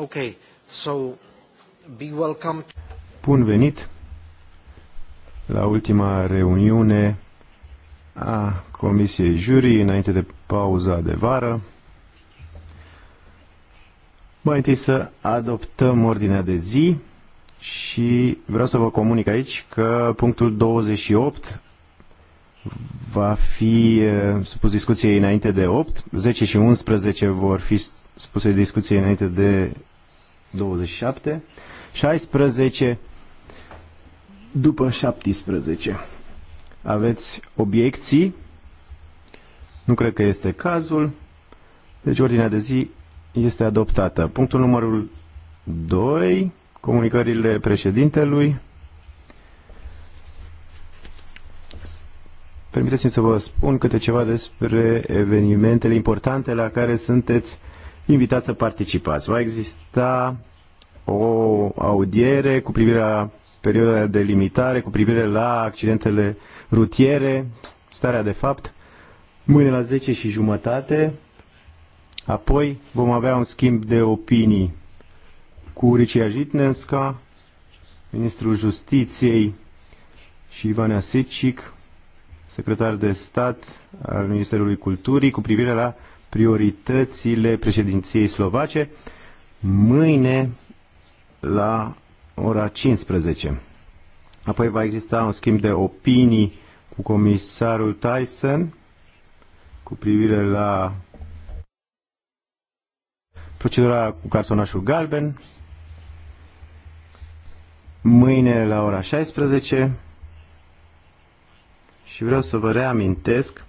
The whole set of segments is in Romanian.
Ok, so be welcome. Bun venit la ultima reuniune a Comisiei Jurii înainte de pauza de vară. Mai întâi să adoptăm ordinea de zi și vreau să vă comunic aici că punctul 28 va fi eh, supus discuției înainte de 8, 10 și 11 vor fi spuse discuției înainte de 27, 16 după 17. Aveți obiecții? Nu cred că este cazul. Deci ordinea de zi este adoptată. Punctul numărul 2, comunicările președintelui. Permiteți-mi să vă spun câte ceva despre evenimentele importante la care sunteți invitați să participați. Va exista o audiere cu privire la perioada de limitare, cu privire la accidentele rutiere, starea de fapt, mâine la 10 și jumătate. Apoi vom avea un schimb de opinii cu Ricia Jitnenska, ministrul justiției și Ivana Sicic, secretar de stat al Ministerului Culturii, cu privire la prioritățile președinției slovace mâine la ora 15. Apoi va exista un schimb de opinii cu comisarul Tyson cu privire la procedura cu cartonașul galben. Mâine la ora 16 și vreau să vă reamintesc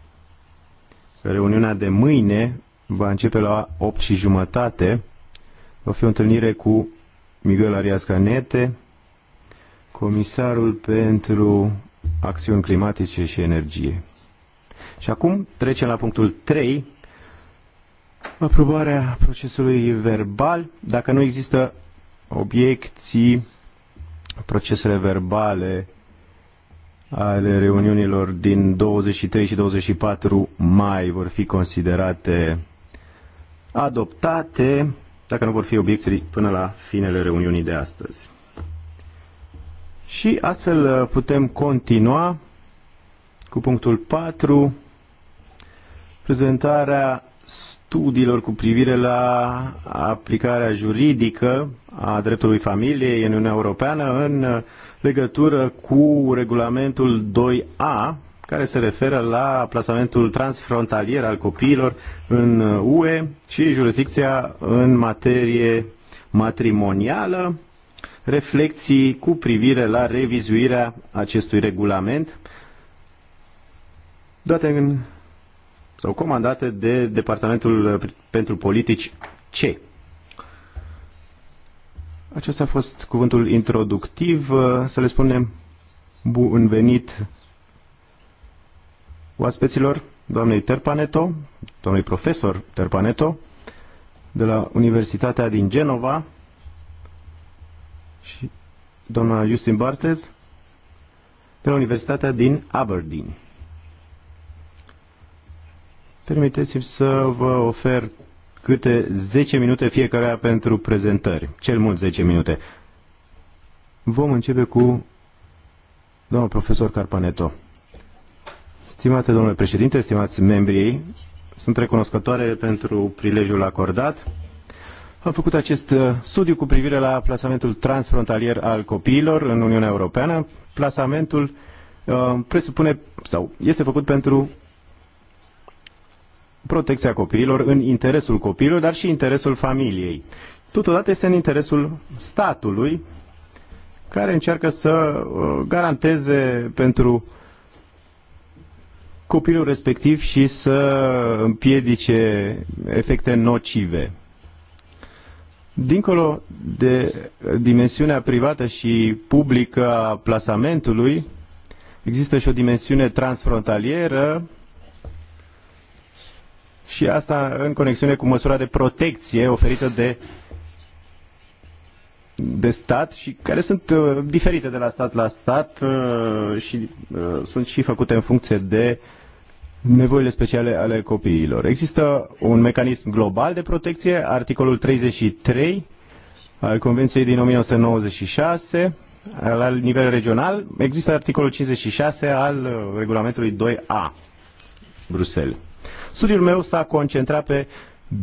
Reuniunea de mâine va începe la 8 și jumătate. Va fi o întâlnire cu Miguel Arias Canete, comisarul pentru acțiuni climatice și energie. Și acum trecem la punctul 3, aprobarea procesului verbal. Dacă nu există obiecții, procesele verbale ale reuniunilor din 23 și 24 mai vor fi considerate adoptate, dacă nu vor fi obiecții până la finele reuniunii de astăzi. Și astfel uh, putem continua cu punctul 4, prezentarea studiilor cu privire la aplicarea juridică a dreptului familiei în Uniunea Europeană în uh, legătură cu regulamentul 2A, care se referă la plasamentul transfrontalier al copiilor în UE și jurisdicția în materie matrimonială, reflexii cu privire la revizuirea acestui regulament, date în, sau comandate de Departamentul pentru Politici C. Acesta a fost cuvântul introductiv. Să le spunem bun venit oaspeților doamnei Terpaneto, doamnei profesor Terpaneto, de la Universitatea din Genova și doamna Justin Bartlett de la Universitatea din Aberdeen. Permiteți-mi să vă ofer câte 10 minute fiecare pentru prezentări, cel mult 10 minute. Vom începe cu domnul profesor Carpaneto. Stimate domnule președinte, stimați membrii, sunt recunoscătoare pentru prilejul acordat. Am făcut acest uh, studiu cu privire la plasamentul transfrontalier al copiilor în Uniunea Europeană. Plasamentul uh, presupune sau este făcut pentru protecția copiilor în interesul copiilor, dar și interesul familiei. Totodată este în interesul statului care încearcă să uh, garanteze pentru copilul respectiv și să împiedice efecte nocive. Dincolo de dimensiunea privată și publică a plasamentului, există și o dimensiune transfrontalieră și asta în conexiune cu măsura de protecție oferită de de stat și care sunt uh, diferite de la stat la stat uh, și uh, sunt și făcute în funcție de nevoile speciale ale copiilor. Există un mecanism global de protecție, articolul 33 al Convenției din 1996, la nivel regional, există articolul 56 al uh, regulamentului 2A, Bruxelles. Studiul meu s-a concentrat pe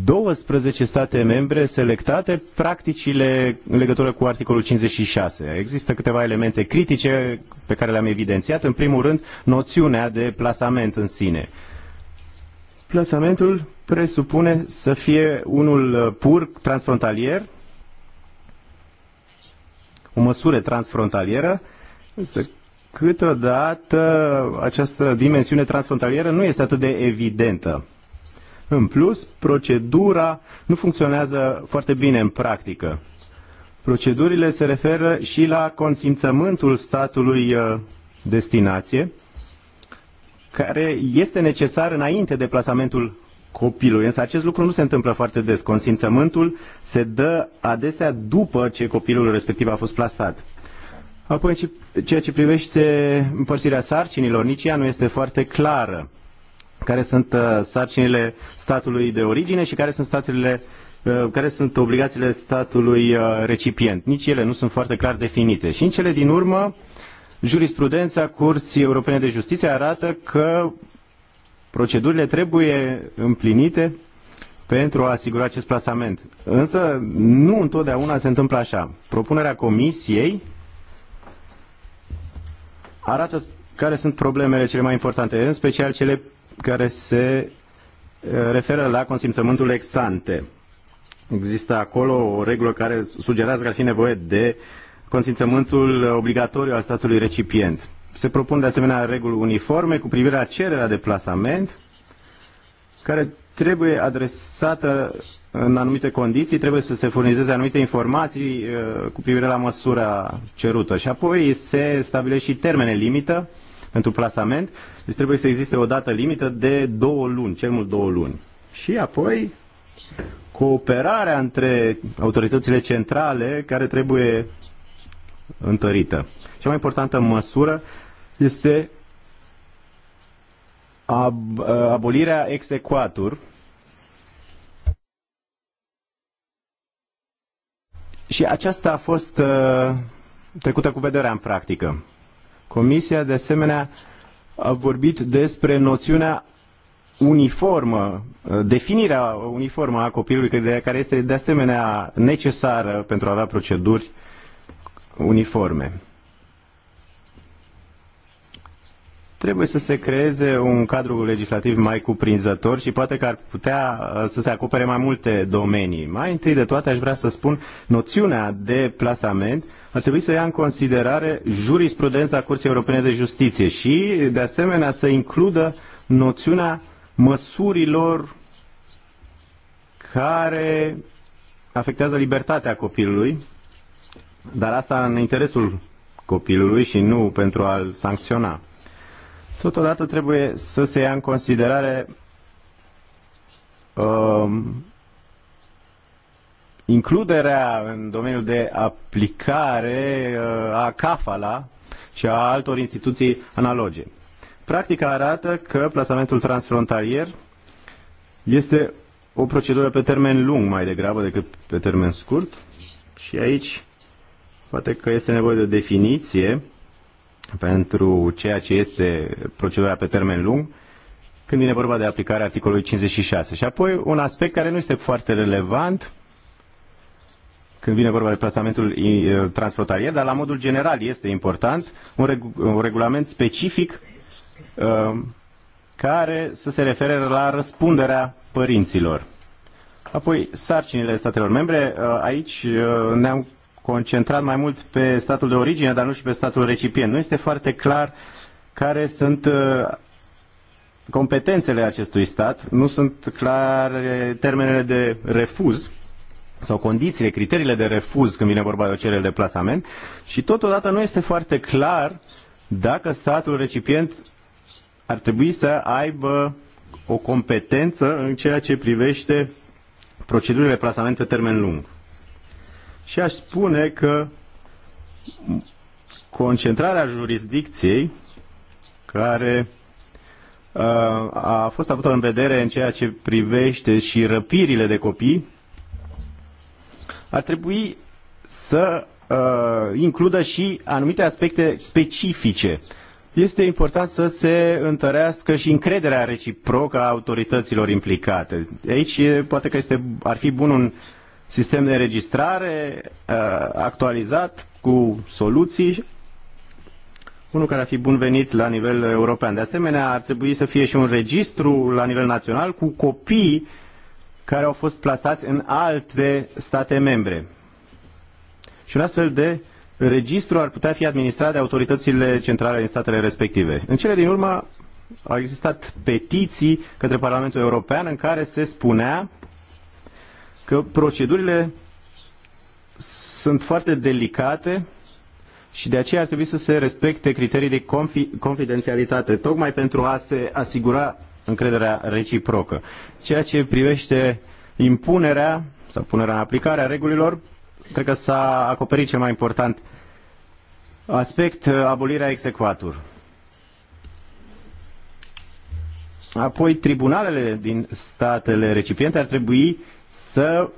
12 state membre selectate practicile în legătură cu articolul 56. Există câteva elemente critice pe care le-am evidențiat. În primul rând, noțiunea de plasament în sine. Plasamentul presupune să fie unul uh, pur transfrontalier, o măsură transfrontalieră, câteodată această dimensiune transfrontalieră nu este atât de evidentă. În plus, procedura nu funcționează foarte bine în practică. Procedurile se referă și la consimțământul statului uh, destinație, care este necesar înainte de plasamentul copilului. Însă acest lucru nu se întâmplă foarte des. Consimțământul se dă adesea după ce copilul respectiv a fost plasat. Apoi, ceea ce privește împărțirea sarcinilor, nici ea nu este foarte clară. Care sunt uh, sarcinile statului de origine și care sunt statele uh, care sunt obligațiile statului uh, recipient. Nici ele nu sunt foarte clar definite. Și în cele din urmă, jurisprudența Curții Europene de Justiție arată că procedurile trebuie împlinite pentru a asigura acest plasament. Însă nu întotdeauna se întâmplă așa. Propunerea Comisiei arată care sunt problemele cele mai importante, în special cele care se uh, referă la consimțământul ex-ante. Există acolo o regulă care sugerează că ar fi nevoie de consimțământul obligatoriu al statului recipient. Se propun de asemenea reguli uniforme cu privire la cererea de plasament, care trebuie adresată în anumite condiții, trebuie să se furnizeze anumite informații uh, cu privire la măsura cerută și apoi se stabilește și termene limită pentru plasament, deci trebuie să existe o dată limită de două luni, cel mult două luni. Și apoi cooperarea între autoritățile centrale care trebuie întărită. Cea mai importantă măsură este ab, uh, abolirea exequatur și aceasta a fost uh, trecută cu vederea în practică. Comisia, de asemenea, a vorbit despre noțiunea uniformă, uh, definirea uniformă a copilului, care este de asemenea necesară pentru a avea proceduri uniforme. trebuie să se creeze un cadru legislativ mai cuprinzător și poate că ar putea uh, să se acopere mai multe domenii. Mai întâi de toate aș vrea să spun noțiunea de plasament ar trebui să ia în considerare jurisprudența Curții Europene de Justiție și de asemenea să includă noțiunea măsurilor care afectează libertatea copilului, dar asta în interesul copilului și nu pentru a-l sancționa. Totodată trebuie să se ia în considerare um, includerea în domeniul de aplicare uh, a CAFALA și a altor instituții analoge. Practica arată că plasamentul transfrontalier este o procedură pe termen lung mai degrabă decât pe termen scurt și aici poate că este nevoie de definiție pentru ceea ce este procedura pe termen lung când vine vorba de aplicarea articolului 56. Și apoi un aspect care nu este foarte relevant când vine vorba de plasamentul transfrontalier, dar la modul general este important un, reg- un regulament specific uh, care să se refere la răspunderea părinților. Apoi, sarcinile statelor membre, uh, aici uh, ne-am concentrat mai mult pe statul de origine, dar nu și pe statul recipient. Nu este foarte clar care sunt uh, competențele acestui stat, nu sunt clare termenele de refuz sau condițiile, criteriile de refuz când vine vorba de o cerere de plasament și totodată nu este foarte clar dacă statul recipient ar trebui să aibă o competență în ceea ce privește procedurile de plasament pe termen lung și aș spune că concentrarea jurisdicției care uh, a fost avută în vedere în ceea ce privește și răpirile de copii, ar trebui să uh, includă și anumite aspecte specifice. Este important să se întărească și încrederea reciprocă a autorităților implicate. Aici poate că este, ar fi bun un uh, sistem de înregistrare uh, actualizat cu soluții, unul care ar fi bun venit la nivel european. De asemenea, ar trebui să fie și un registru la nivel național cu copii care au fost plasați în alte state membre. Și un astfel de registru ar putea fi administrat de autoritățile centrale din statele respective. În cele din urmă au existat petiții către Parlamentul European în care se spunea că procedurile sunt foarte delicate și de aceea ar trebui să se respecte criterii de confi- confidențialitate, tocmai pentru a se asigura încrederea reciprocă. Ceea ce privește impunerea sau punerea în aplicare a regulilor, cred că s-a acoperit cel mai important aspect, abolirea execuatur. Apoi, tribunalele din statele recipiente ar trebui să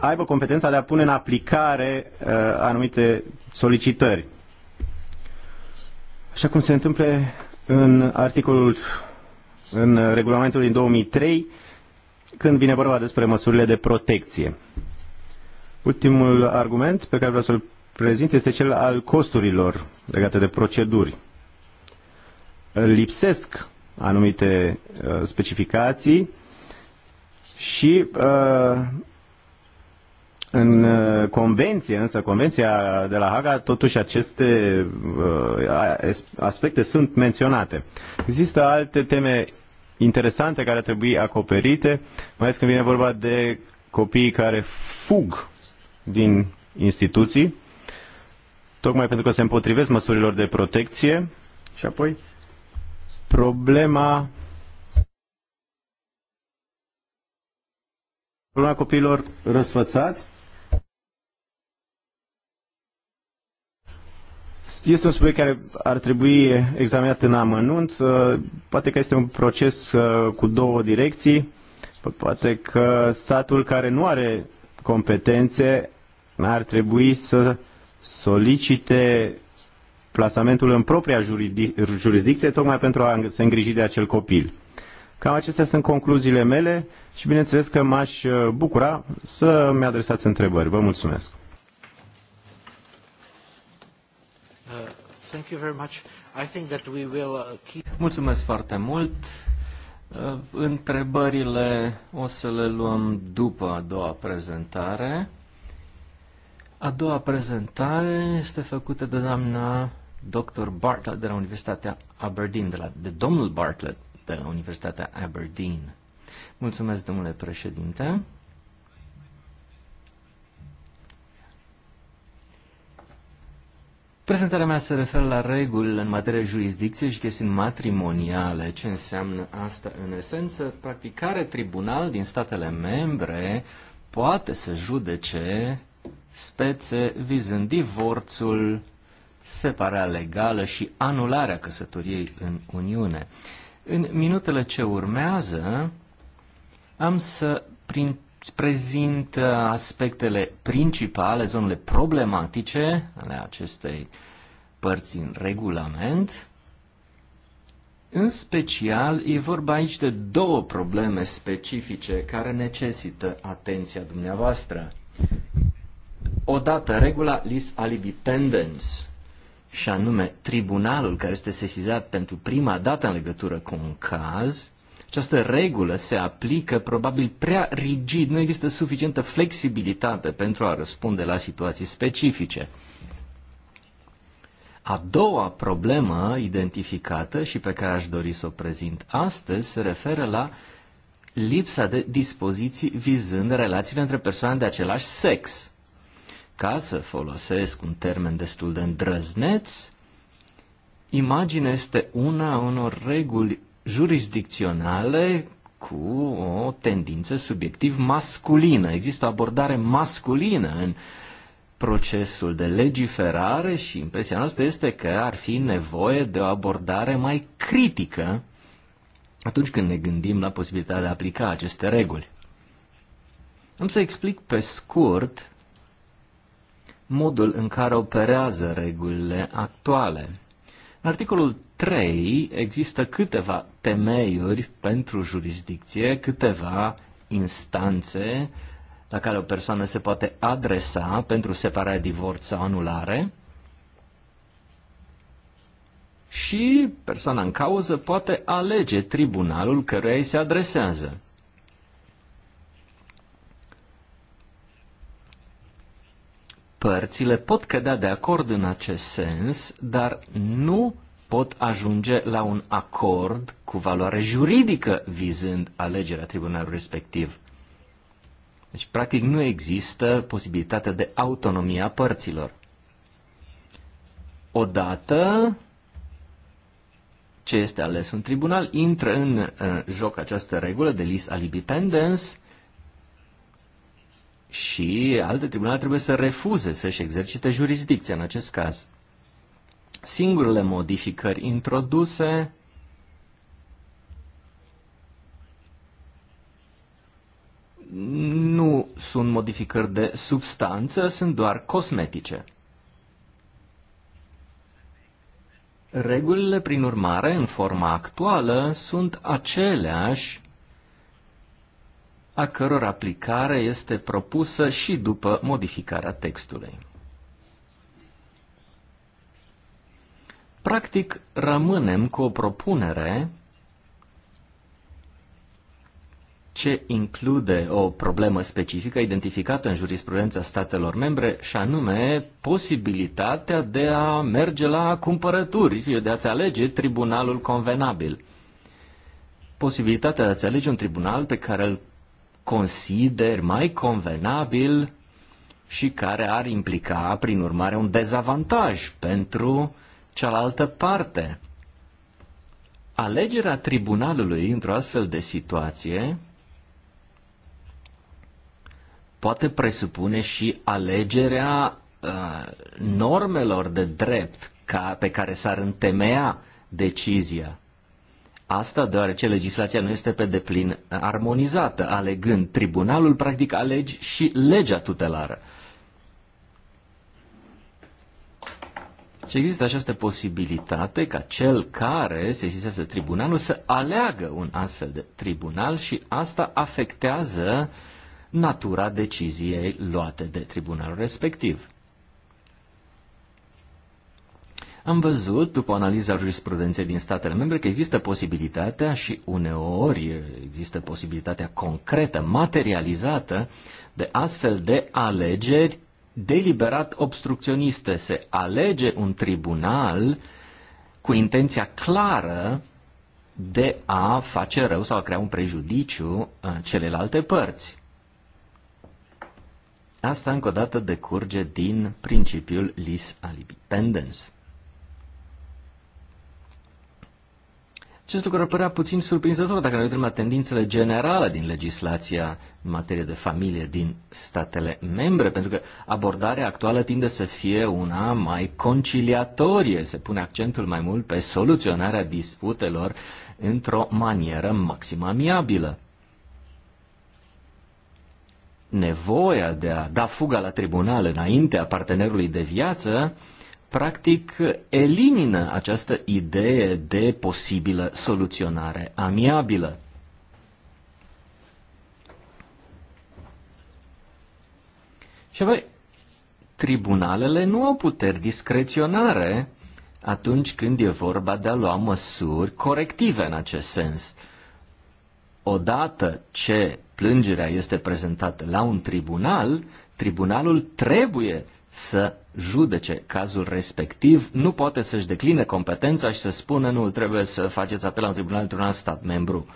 aibă competența de a pune în aplicare uh, anumite solicitări. Așa cum se întâmplă în articolul, în regulamentul din 2003, când vine vorba despre măsurile de protecție. Ultimul argument pe care vreau să-l prezint este cel al costurilor legate de proceduri. Lipsesc anumite uh, specificații și uh, în uh, convenție, însă convenția de la Haga, totuși aceste uh, aspecte sunt menționate. Există alte teme interesante care ar trebui acoperite, mai ales când vine vorba de copiii care fug din instituții, tocmai pentru că se împotrivesc măsurilor de protecție și apoi problema problema copiilor răsfățați este un subiect care ar trebui examinat în amănunt. Uh, poate că este un proces uh, cu două direcții. Poate că statul care nu are competențe ar trebui să solicite plasamentul în propria jurisdicție tocmai pentru a se îngriji de acel copil. Cam acestea sunt concluziile mele și bineînțeles că m-aș uh, bucura să mi-adresați întrebări. Vă mulțumesc. Mulțumesc foarte mult. Uh, întrebările o să le luăm după a doua prezentare. A doua prezentare este făcută de doamna dr. Bartlett de la Universitatea Aberdeen, de, la, de domnul Bartlett de la Universitatea Aberdeen. Mulțumesc, domnule președinte. Prezentarea mea se referă la reguli în materie de jurisdicție și chestiuni matrimoniale. Ce înseamnă asta în esență? Practic, care tribunal din statele membre poate să judece spețe vizând divorțul, separarea legală și anularea căsătoriei în Uniune. În minutele ce urmează am să prin, prezint uh, aspectele principale, zonele problematice ale acestei părți în regulament. În special, e vorba aici de două probleme specifice care necesită atenția dumneavoastră. Odată, regula lis alibi pendens, și anume tribunalul care este sesizat pentru prima dată în legătură cu un caz, această regulă se aplică probabil prea rigid, nu există suficientă flexibilitate pentru a răspunde la situații specifice. A doua problemă identificată și pe care aș dori să o prezint astăzi se referă la lipsa de dispoziții vizând relațiile între persoane de același sex ca să folosesc un termen destul de îndrăzneț, imaginea este una unor reguli jurisdicționale cu o tendință subiectiv masculină. Există o abordare masculină în procesul de legiferare și impresia noastră este că ar fi nevoie de o abordare mai critică atunci când ne gândim la posibilitatea de a aplica aceste reguli. Am să explic pe scurt modul în care operează regulile actuale. În articolul 3 există câteva temeiuri pentru jurisdicție, câteva instanțe la care o persoană se poate adresa pentru separare, divorț sau anulare și persoana în cauză poate alege tribunalul căruia îi se adresează. părțile pot cădea de acord în acest sens, dar nu pot ajunge la un acord cu valoare juridică vizând alegerea tribunalului respectiv. Deci, practic, nu există posibilitatea de autonomie a părților. Odată ce este ales un tribunal, intră în uh, joc această regulă de lis alibi uh, și alte tribunale trebuie să refuze să-și exercite jurisdicția în acest caz. Singurele modificări introduse nu sunt modificări de substanță, sunt doar cosmetice. Regulile, prin urmare, în forma actuală, sunt aceleași a căror aplicare este propusă și după modificarea textului. Practic, rămânem cu o propunere ce include o problemă specifică identificată în jurisprudența statelor membre, și anume posibilitatea de a merge la cumpărături, de a-ți alege tribunalul convenabil. Posibilitatea de a-ți alege un tribunal pe care îl consider mai convenabil și care ar implica, prin urmare, un dezavantaj pentru cealaltă parte. Alegerea tribunalului într-o astfel de situație poate presupune și alegerea uh, normelor de drept ca, pe care s-ar întemeia decizia. Asta deoarece legislația nu este pe deplin armonizată, alegând tribunalul, practic alegi și legea tutelară. Și există această posibilitate ca cel care se sesizează tribunalul să aleagă un astfel de tribunal și asta afectează natura deciziei luate de tribunalul respectiv. Am văzut, după analiza jurisprudenței din statele membre, că există posibilitatea și uneori există posibilitatea concretă, materializată, de astfel de alegeri deliberat obstrucționiste. Se alege un tribunal cu intenția clară de a face rău sau a crea un prejudiciu uh, celelalte părți. Asta, încă o dată, decurge din principiul lis alibi pendens. Acest lucru ar părea puțin surprinzător dacă ne uităm la tendințele generale din legislația în materie de familie din statele membre, pentru că abordarea actuală tinde să fie una mai conciliatorie, se pune accentul mai mult pe soluționarea disputelor într-o manieră maxim amiabilă. Nevoia de a da fuga la tribunal înaintea partenerului de viață practic elimină această idee de posibilă soluționare amiabilă. Și apoi, tribunalele nu au puteri discreționare atunci când e vorba de a lua măsuri corective în acest sens. Odată ce plângerea este prezentată la un tribunal, tribunalul trebuie să judece cazul respectiv, nu poate să-și decline competența și să spună nu, trebuie să faceți apel la un tribunal într-un alt stat membru.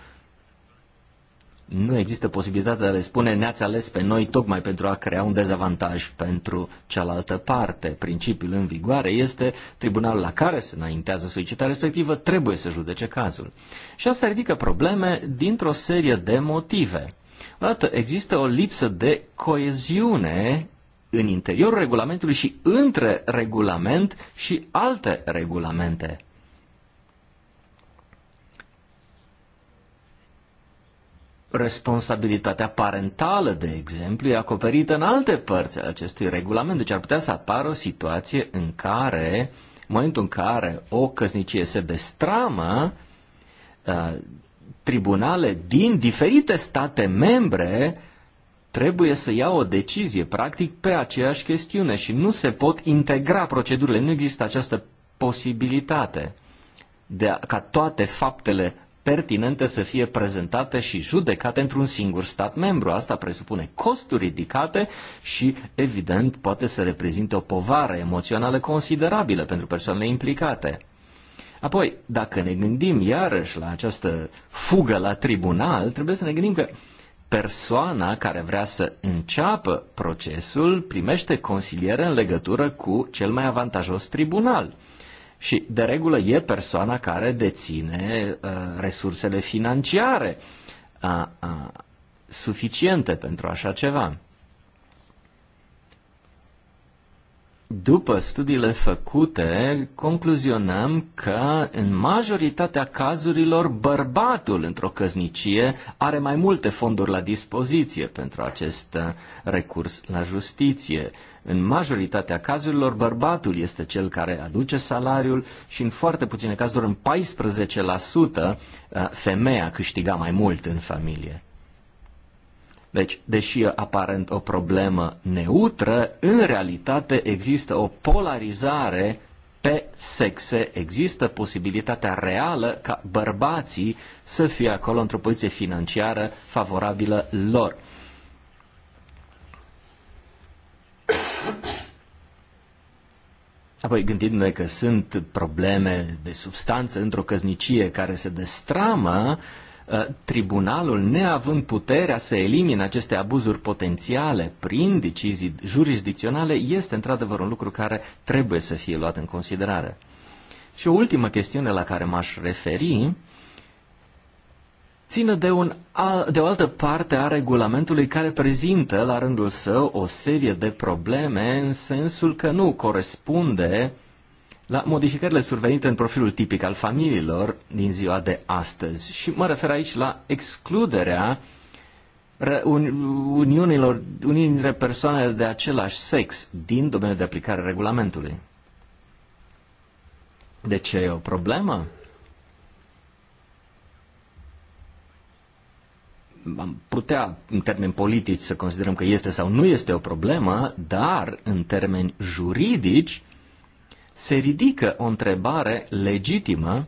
Nu există posibilitatea de a le spune ne-ați ales pe noi tocmai pentru a crea un dezavantaj pentru cealaltă parte. Principiul în vigoare este tribunalul la care se înaintează solicitarea respectivă trebuie să judece cazul. Și asta ridică probleme dintr-o serie de motive. Odată există o lipsă de coeziune în interiorul regulamentului și între regulament și alte regulamente. Responsabilitatea parentală, de exemplu, e acoperită în alte părți ale acestui regulament, deci ar putea să apară o situație în care, în momentul în care o căsnicie se destramă, uh, tribunale din diferite state membre trebuie să ia o decizie, practic, pe aceeași chestiune și nu se pot integra procedurile. Nu există această posibilitate de a, ca toate faptele pertinente să fie prezentate și judecate într-un singur stat membru. Asta presupune costuri ridicate și, evident, poate să reprezinte o povară emoțională considerabilă pentru persoanele implicate. Apoi, dacă ne gândim iarăși la această fugă la tribunal, trebuie să ne gândim că uh, persoana care vrea să înceapă procesul primește consiliere în legătură cu cel mai avantajos tribunal. Și, de regulă, e persoana care deține uh, resursele financiare uh, uh, suficiente pentru așa ceva. După studiile făcute, concluzionăm că în majoritatea cazurilor bărbatul într-o căznicie are mai multe fonduri la dispoziție pentru acest uh, recurs la justiție. În majoritatea cazurilor bărbatul este cel care aduce salariul și în foarte puține cazuri, în 14%, uh, femeia câștiga mai mult în familie. Deci, deși e aparent o problemă neutră, în realitate există o polarizare pe sexe, există posibilitatea reală ca bărbații să fie acolo într-o poziție financiară favorabilă lor. Apoi, gândindu-ne că sunt probleme de substanță într-o căznicie care se destramă, uh, Uh, tribunalul, neavând puterea să elimine aceste abuzuri potențiale prin decizii jurisdicționale, este într-adevăr un lucru care trebuie să fie luat în considerare. Și o ultimă chestiune la care m-aș referi ține de, un, de o altă parte a regulamentului care prezintă la rândul său o serie de probleme în sensul că nu corespunde uh, la modificările survenite în profilul tipic al familiilor din ziua de astăzi. Și mă refer aici la excluderea uniunilor, unii dintre persoanele de același sex din domeniul de aplicare regulamentului. De ce e o problemă? am putea, în termeni politici, să considerăm că este sau nu este o problemă, dar în termeni juridici se ridică o întrebare legitimă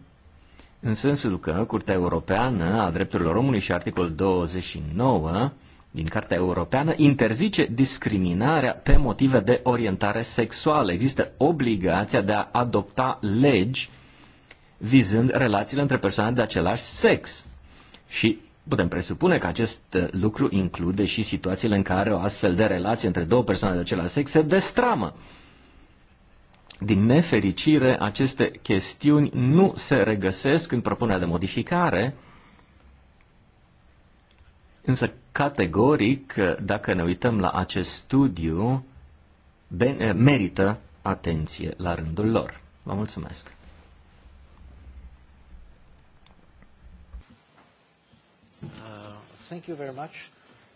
în sensul că Curtea Europeană a Drepturilor Omului și articolul 29 din Cartea Europeană interzice discriminarea pe motive de orientare sexuală. Există obligația de a adopta legi vizând relațiile între persoane de același sex. Și putem presupune că acest uh, lucru include și situațiile în care o astfel de relație între două persoane de același sex se destramă. Din nefericire, aceste chestiuni nu se regăsesc în propunerea de modificare, însă categoric, dacă ne uităm la acest studiu, eh, merită atenție la rândul lor. Vă mulțumesc! Uh,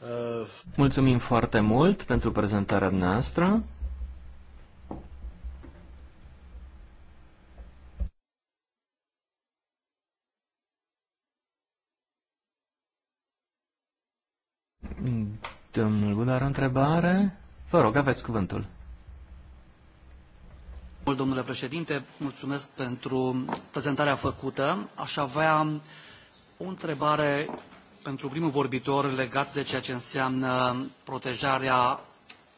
uh, Mulțumim foarte mult pentru prezentarea noastră. Domnul Budar, o întrebare? Vă rog, aveți cuvântul. Mult, domnule președinte, mulțumesc pentru prezentarea făcută. Aș avea o întrebare pentru primul vorbitor legat de ceea ce înseamnă protejarea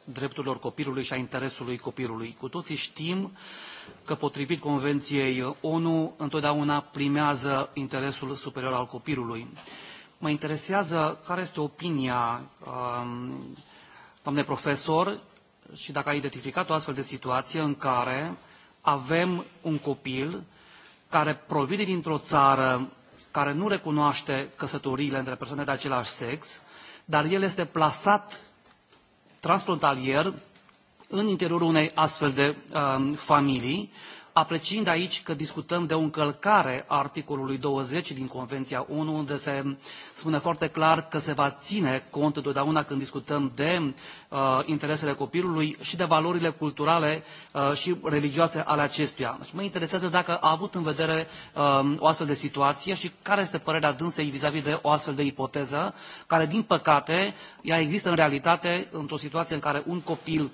drepturilor copilului și a interesului copilului. Cu toții știm că potrivit Convenției ONU întotdeauna primează interesul superior al copilului. Mă interesează care este opinia um, doamnei profesor și dacă a identificat o astfel de situație în care avem un copil care provine dintr-o țară care nu recunoaște căsătoriile între persoane de același sex, dar el este plasat transfrontalier în interiorul unei astfel de uh, familii apreciind aici că discutăm de o încălcare a articolului 20 din Convenția ONU, unde se spune foarte clar că se va ține cont întotdeauna când discutăm de uh, interesele copilului și de valorile culturale uh, și religioase ale acestuia. Și deci mă interesează dacă a avut în vedere uh, o astfel de situație și care este părerea dânsei vis-a-vis de o astfel de ipoteză, care, din păcate, ea există în realitate într-o situație în care un copil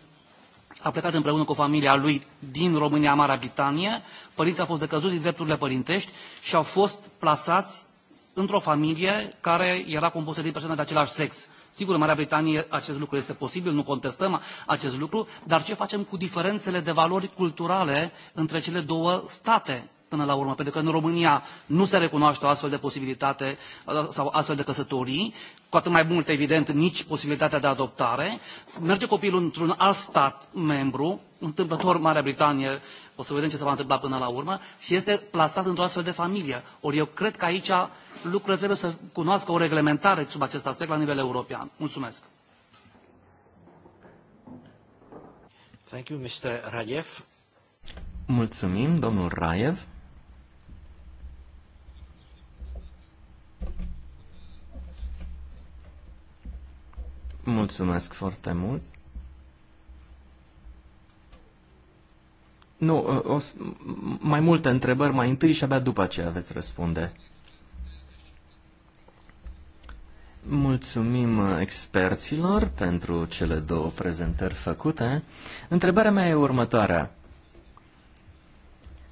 a plecat împreună cu familia lui din România, Marea Britanie. Părinții au fost decăzuți din drepturile părintești și au fost plasați într-o familie care era compusă din persoane de același sex. Sigur, în Marea Britanie acest lucru este posibil, nu contestăm acest lucru, dar ce facem cu diferențele de valori culturale între cele două state până la urmă? Pentru că în România nu se recunoaște o astfel de posibilitate uh, sau astfel de căsătorii, cu atât mai mult, evident, nici posibilitatea de adoptare. Merge copilul într-un alt stat membru, întâmplător Marea Britanie, o să vedem ce se va întâmpla până la urmă, și este plasat într-o astfel de familie. Ori eu cred că aici lucrurile trebuie să cunoască o reglementare sub acest aspect la nivel european. Mulțumesc! Thank you, Mr. Mulțumim, domnul Raev. Mulțumesc foarte mult. Nu, o, mai multe întrebări mai întâi și abia după aceea veți răspunde. Mulțumim uh, experților pentru cele două prezentări făcute. Întrebarea mea e următoarea.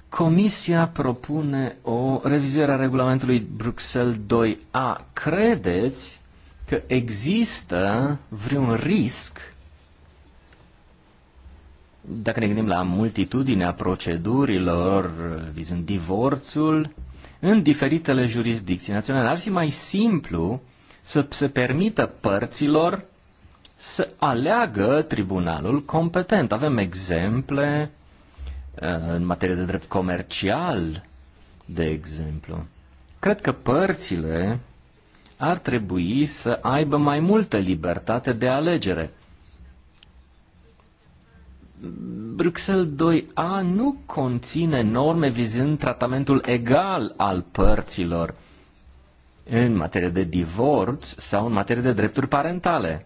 Comisia propune o revizuire a regulamentului Bruxelles 2A. Credeți că există vreun risc, dacă ne gândim la multitudinea procedurilor vizând divorțul, în diferitele jurisdicții naționale. Ar fi mai simplu să se permită părților să aleagă tribunalul competent. Avem exemple uh, în materie de drept comercial, de exemplu. Cred că părțile ar trebui să aibă mai multă libertate de alegere. Bruxelles 2A nu conține norme vizând tratamentul egal al părților în materie de divorț sau în materie de drepturi parentale.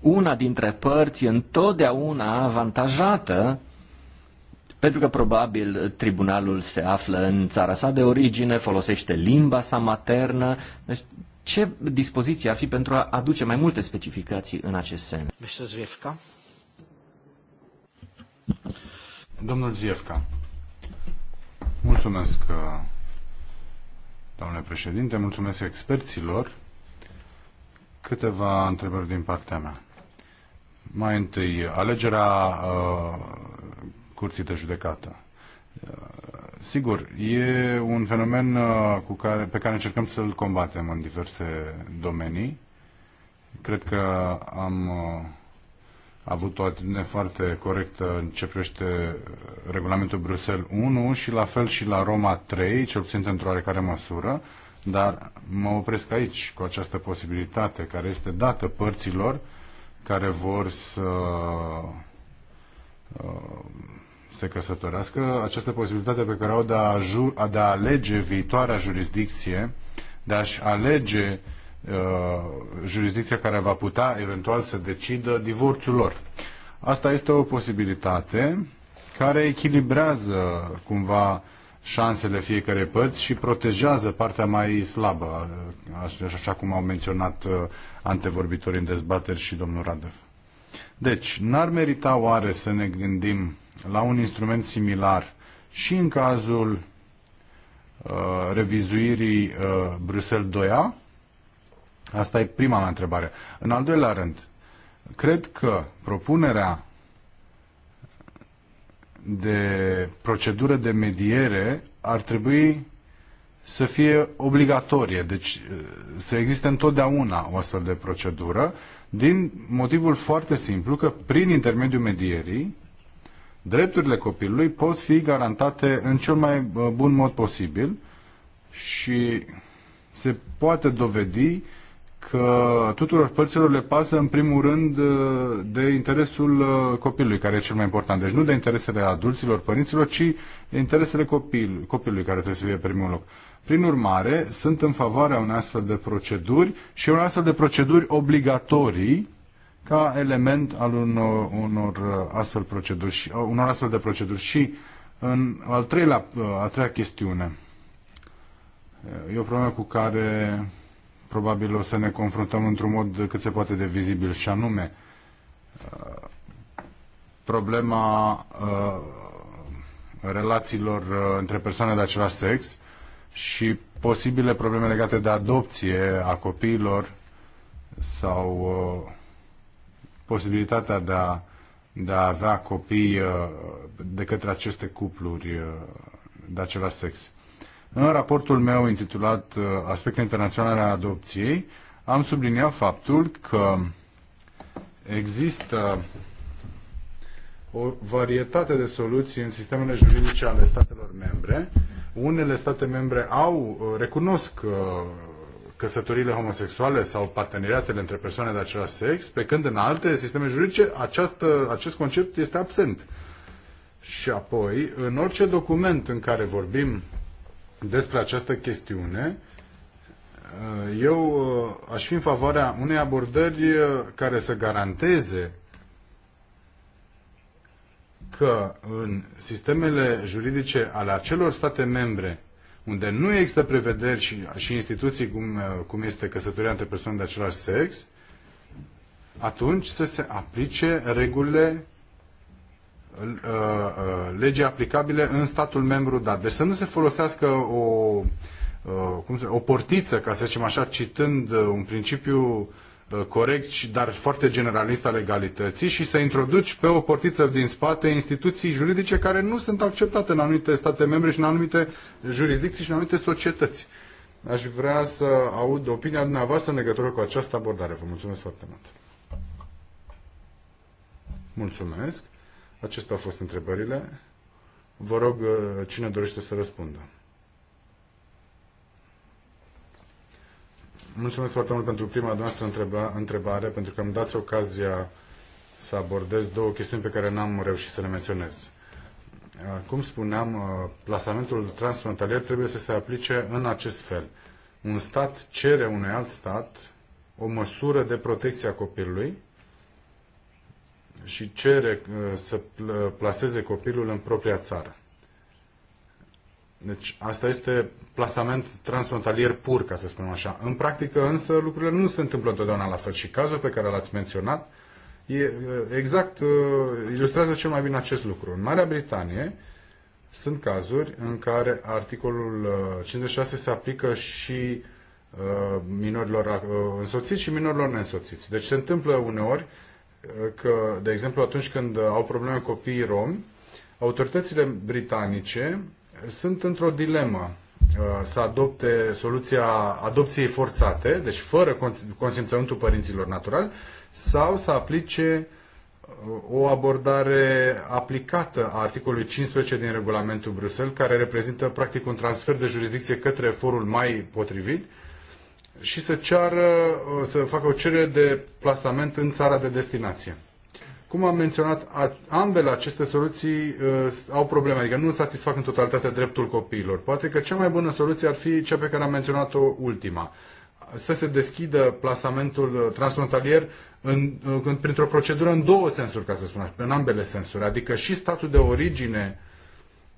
Una dintre părți întotdeauna avantajată pentru că probabil tribunalul se află în țara sa de origine, folosește limba sa maternă, deci ce dispoziție ar fi pentru a aduce mai multe specificații în acest sens? Domnul Ziefca. Mulțumesc, uh, domnule președinte, mulțumesc experților. Câteva întrebări din partea mea. Mai întâi, alegerea uh, curții de judecată. Sigur, e un fenomen uh, cu care, pe care încercăm să-l combatem în diverse domenii. Cred că am uh, avut o atitudine foarte corectă în ce privește uh, regulamentul Bruxelles 1 și la fel și la Roma 3, cel puțin într-o oarecare măsură, dar mă opresc aici cu această posibilitate care este dată părților care vor să se căsătorească, această posibilitate pe care au de a, de a alege viitoarea jurisdicție, de a-și alege uh, jurisdicția care va putea eventual să decidă divorțul lor. Asta este o posibilitate care echilibrează cumva șansele fiecarei părți și protejează partea mai slabă, uh, așa cum au menționat uh, antevorbitorii în dezbateri și domnul Radev. Deci, n-ar merita oare să ne gândim la un instrument similar și în cazul uh, revizuirii uh, Bruxelles 2A? Asta e prima mea întrebare. În al doilea rând, cred că propunerea de procedură de mediere ar trebui să fie obligatorie, deci uh, să existe întotdeauna o astfel de procedură din motivul foarte simplu că prin intermediul medierii drepturile copilului pot fi garantate în cel mai uh, bun mod posibil și se poate dovedi că tuturor părților le pasă în primul rând uh, de interesul uh, copilului, care e cel mai important. Deci nu de interesele adulților, părinților, ci de interesele copil, copilului, care trebuie să fie primul loc. Prin urmare, sunt în favoarea unei astfel de proceduri și unei astfel de proceduri obligatorii ca element al unor, unor uh, astfel proceduri și uh, unor astfel de proceduri. Și în al treilea, uh, a treia chestiune, e o problemă cu care probabil o să ne confruntăm într-un mod cât se poate de vizibil și anume problema relațiilor între persoane de același sex și posibile probleme legate de adopție a copiilor sau uh, posibilitatea de a, de a avea copii uh, de către aceste cupluri uh, de același sex. În raportul meu intitulat uh, Aspecte internaționale ale adopției, am subliniat faptul că există o varietate de soluții în sistemele juridice ale statelor membre unele state membre au, uh, recunosc uh, căsătorile homosexuale sau parteneriatele între persoane de același sex, pe când în alte sisteme juridice această, acest concept este absent. Și apoi, în orice document în care vorbim despre această chestiune, uh, eu aș fi în favoarea unei abordări care să garanteze că în sistemele juridice ale acelor state membre unde nu există prevederi și, și instituții cum, uh, cum este căsătoria între persoane de același sex, atunci să se aplice regulile uh, uh, legii aplicabile în statul membru dat. Deci să nu se folosească o, cum se, o portiță, ca să zicem așa, citând un principiu Uh, corect, dar foarte generalist al legalității și să introduci pe o portiță din spate instituții juridice care nu sunt acceptate în anumite state membre și în anumite jurisdicții și în anumite societăți. Aș vrea să aud opinia dumneavoastră în legătură cu această abordare. Vă mulțumesc foarte mult. Mulțumesc. Acestea au fost întrebările. Vă rog, uh, cine dorește să răspundă. Mulțumesc foarte mult pentru prima noastră întrebare, pentru că îmi dați ocazia să abordez două chestiuni pe care n-am reușit să le menționez. Uh, cum spuneam, uh, plasamentul transfrontalier trebuie să se aplice în acest fel. Un stat cere unui alt stat o măsură de protecție a copilului și cere uh, să plaseze copilul în propria țară. Deci asta este plasament transfrontalier pur, ca să spunem așa. În practică însă lucrurile nu se întâmplă întotdeauna la fel și cazul pe care l-ați menționat e, exact uh, ilustrează cel mai bine acest lucru. În Marea Britanie sunt cazuri în care articolul 56 uh, se aplică și uh, minorilor însoțiți și minorilor neînsoțiți. Deci se întâmplă uneori că, de exemplu, atunci când au probleme copiii romi, autoritățile britanice sunt într-o dilemă uh, să adopte soluția adopției forțate, deci fără consimțământul părinților naturali, sau să aplice uh, o abordare aplicată a articolului 15 din regulamentul Bruxelles, care reprezintă practic un transfer de jurisdicție către forul mai potrivit și să ceară, uh, să facă o cerere de plasament în țara de destinație. Cum am menționat, ambele aceste soluții uh, au probleme, adică nu satisfac în totalitate dreptul copiilor. Poate că cea mai bună soluție ar fi cea pe care am menționat-o ultima. Să se deschidă plasamentul uh, transfrontalier în, uh, în, printr-o procedură în două sensuri, ca să spun așa, în ambele sensuri. Adică și statul de origine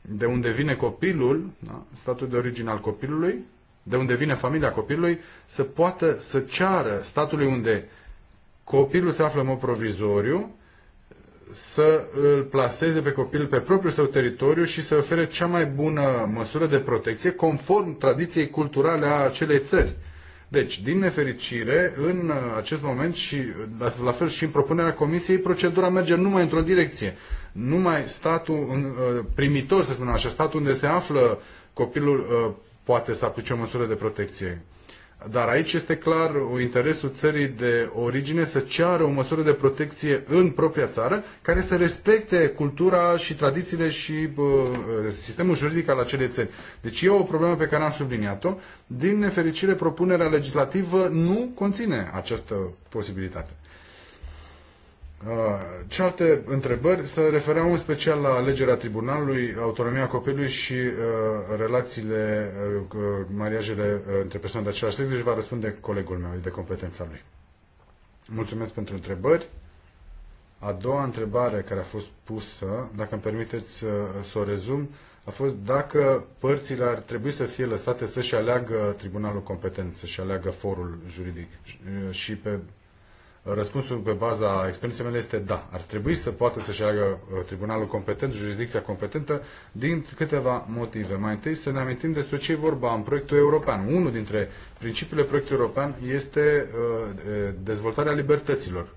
de unde vine copilul, da? statul de origine al copilului, de unde vine familia copilului, să poată să ceară statului unde copilul se află în mod provizoriu să îl plaseze pe copil pe propriul său teritoriu și să ofere cea mai bună măsură de protecție conform tradiției culturale a acelei țări. Deci, din nefericire, în uh, acest moment și uh, la fel și în propunerea Comisiei, procedura merge numai într-o direcție. Numai statul uh, primitor, să spunem așa, statul unde se află copilul poate să aplice o măsură de protecție. Dar aici este clar interesul țării de origine să ceară o măsură de protecție în propria țară care să respecte cultura și tradițiile și sistemul juridic al acelei țări. Deci e o problemă pe care am subliniat-o. Din nefericire, propunerea legislativă nu conține această posibilitate. Ah, Celelalte întrebări se refereau în special la alegerea tribunalului, autonomia copilului și uh, relațiile, uh, mariajele uh, între persoane de același sex, deci va răspunde colegul meu, de competența lui. Mulțumesc pentru întrebări. A doua întrebare care a fost pusă, dacă îmi permiteți uh, să o rezum, a fost dacă părțile ar trebui să fie lăsate să-și aleagă tribunalul competent, să-și aleagă forul juridic uh, și pe Răspunsul pe baza experienței mele este da. Ar trebui să poată să-și aleagă uh, tribunalul competent, jurisdicția competentă, din câteva motive. Mai întâi să ne amintim despre ce e vorba în proiectul european. Unul dintre principiile proiectului european este uh, dezvoltarea libertăților.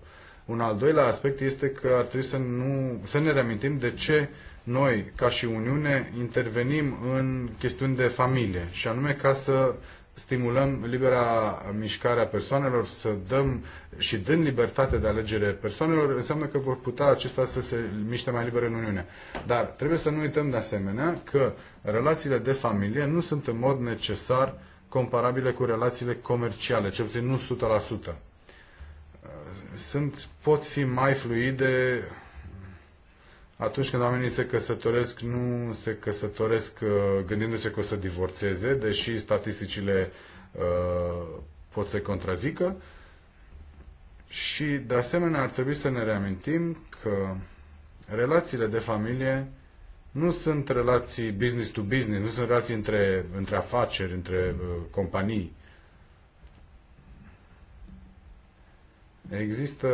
Un al doilea aspect este că ar trebui să, nu, să ne reamintim de ce noi, ca și Uniune, intervenim în chestiuni de familie, și anume ca să stimulăm libera mișcare a persoanelor, să dăm și dând libertate de alegere persoanelor, înseamnă că vor putea acestea să se miște mai liber în Uniune. Dar trebuie să nu uităm de asemenea că relațiile de familie nu sunt în mod necesar comparabile cu relațiile comerciale, cel puțin nu 100%. Sunt, pot fi mai fluide, atunci când oamenii se căsătoresc, nu se căsătoresc uh, gândindu-se că o să divorțeze, deși statisticile uh, pot să contrazică. Și, de asemenea, ar trebui să ne reamintim că relațiile de familie nu sunt relații business to business, nu sunt relații între, între afaceri, între uh, companii. Există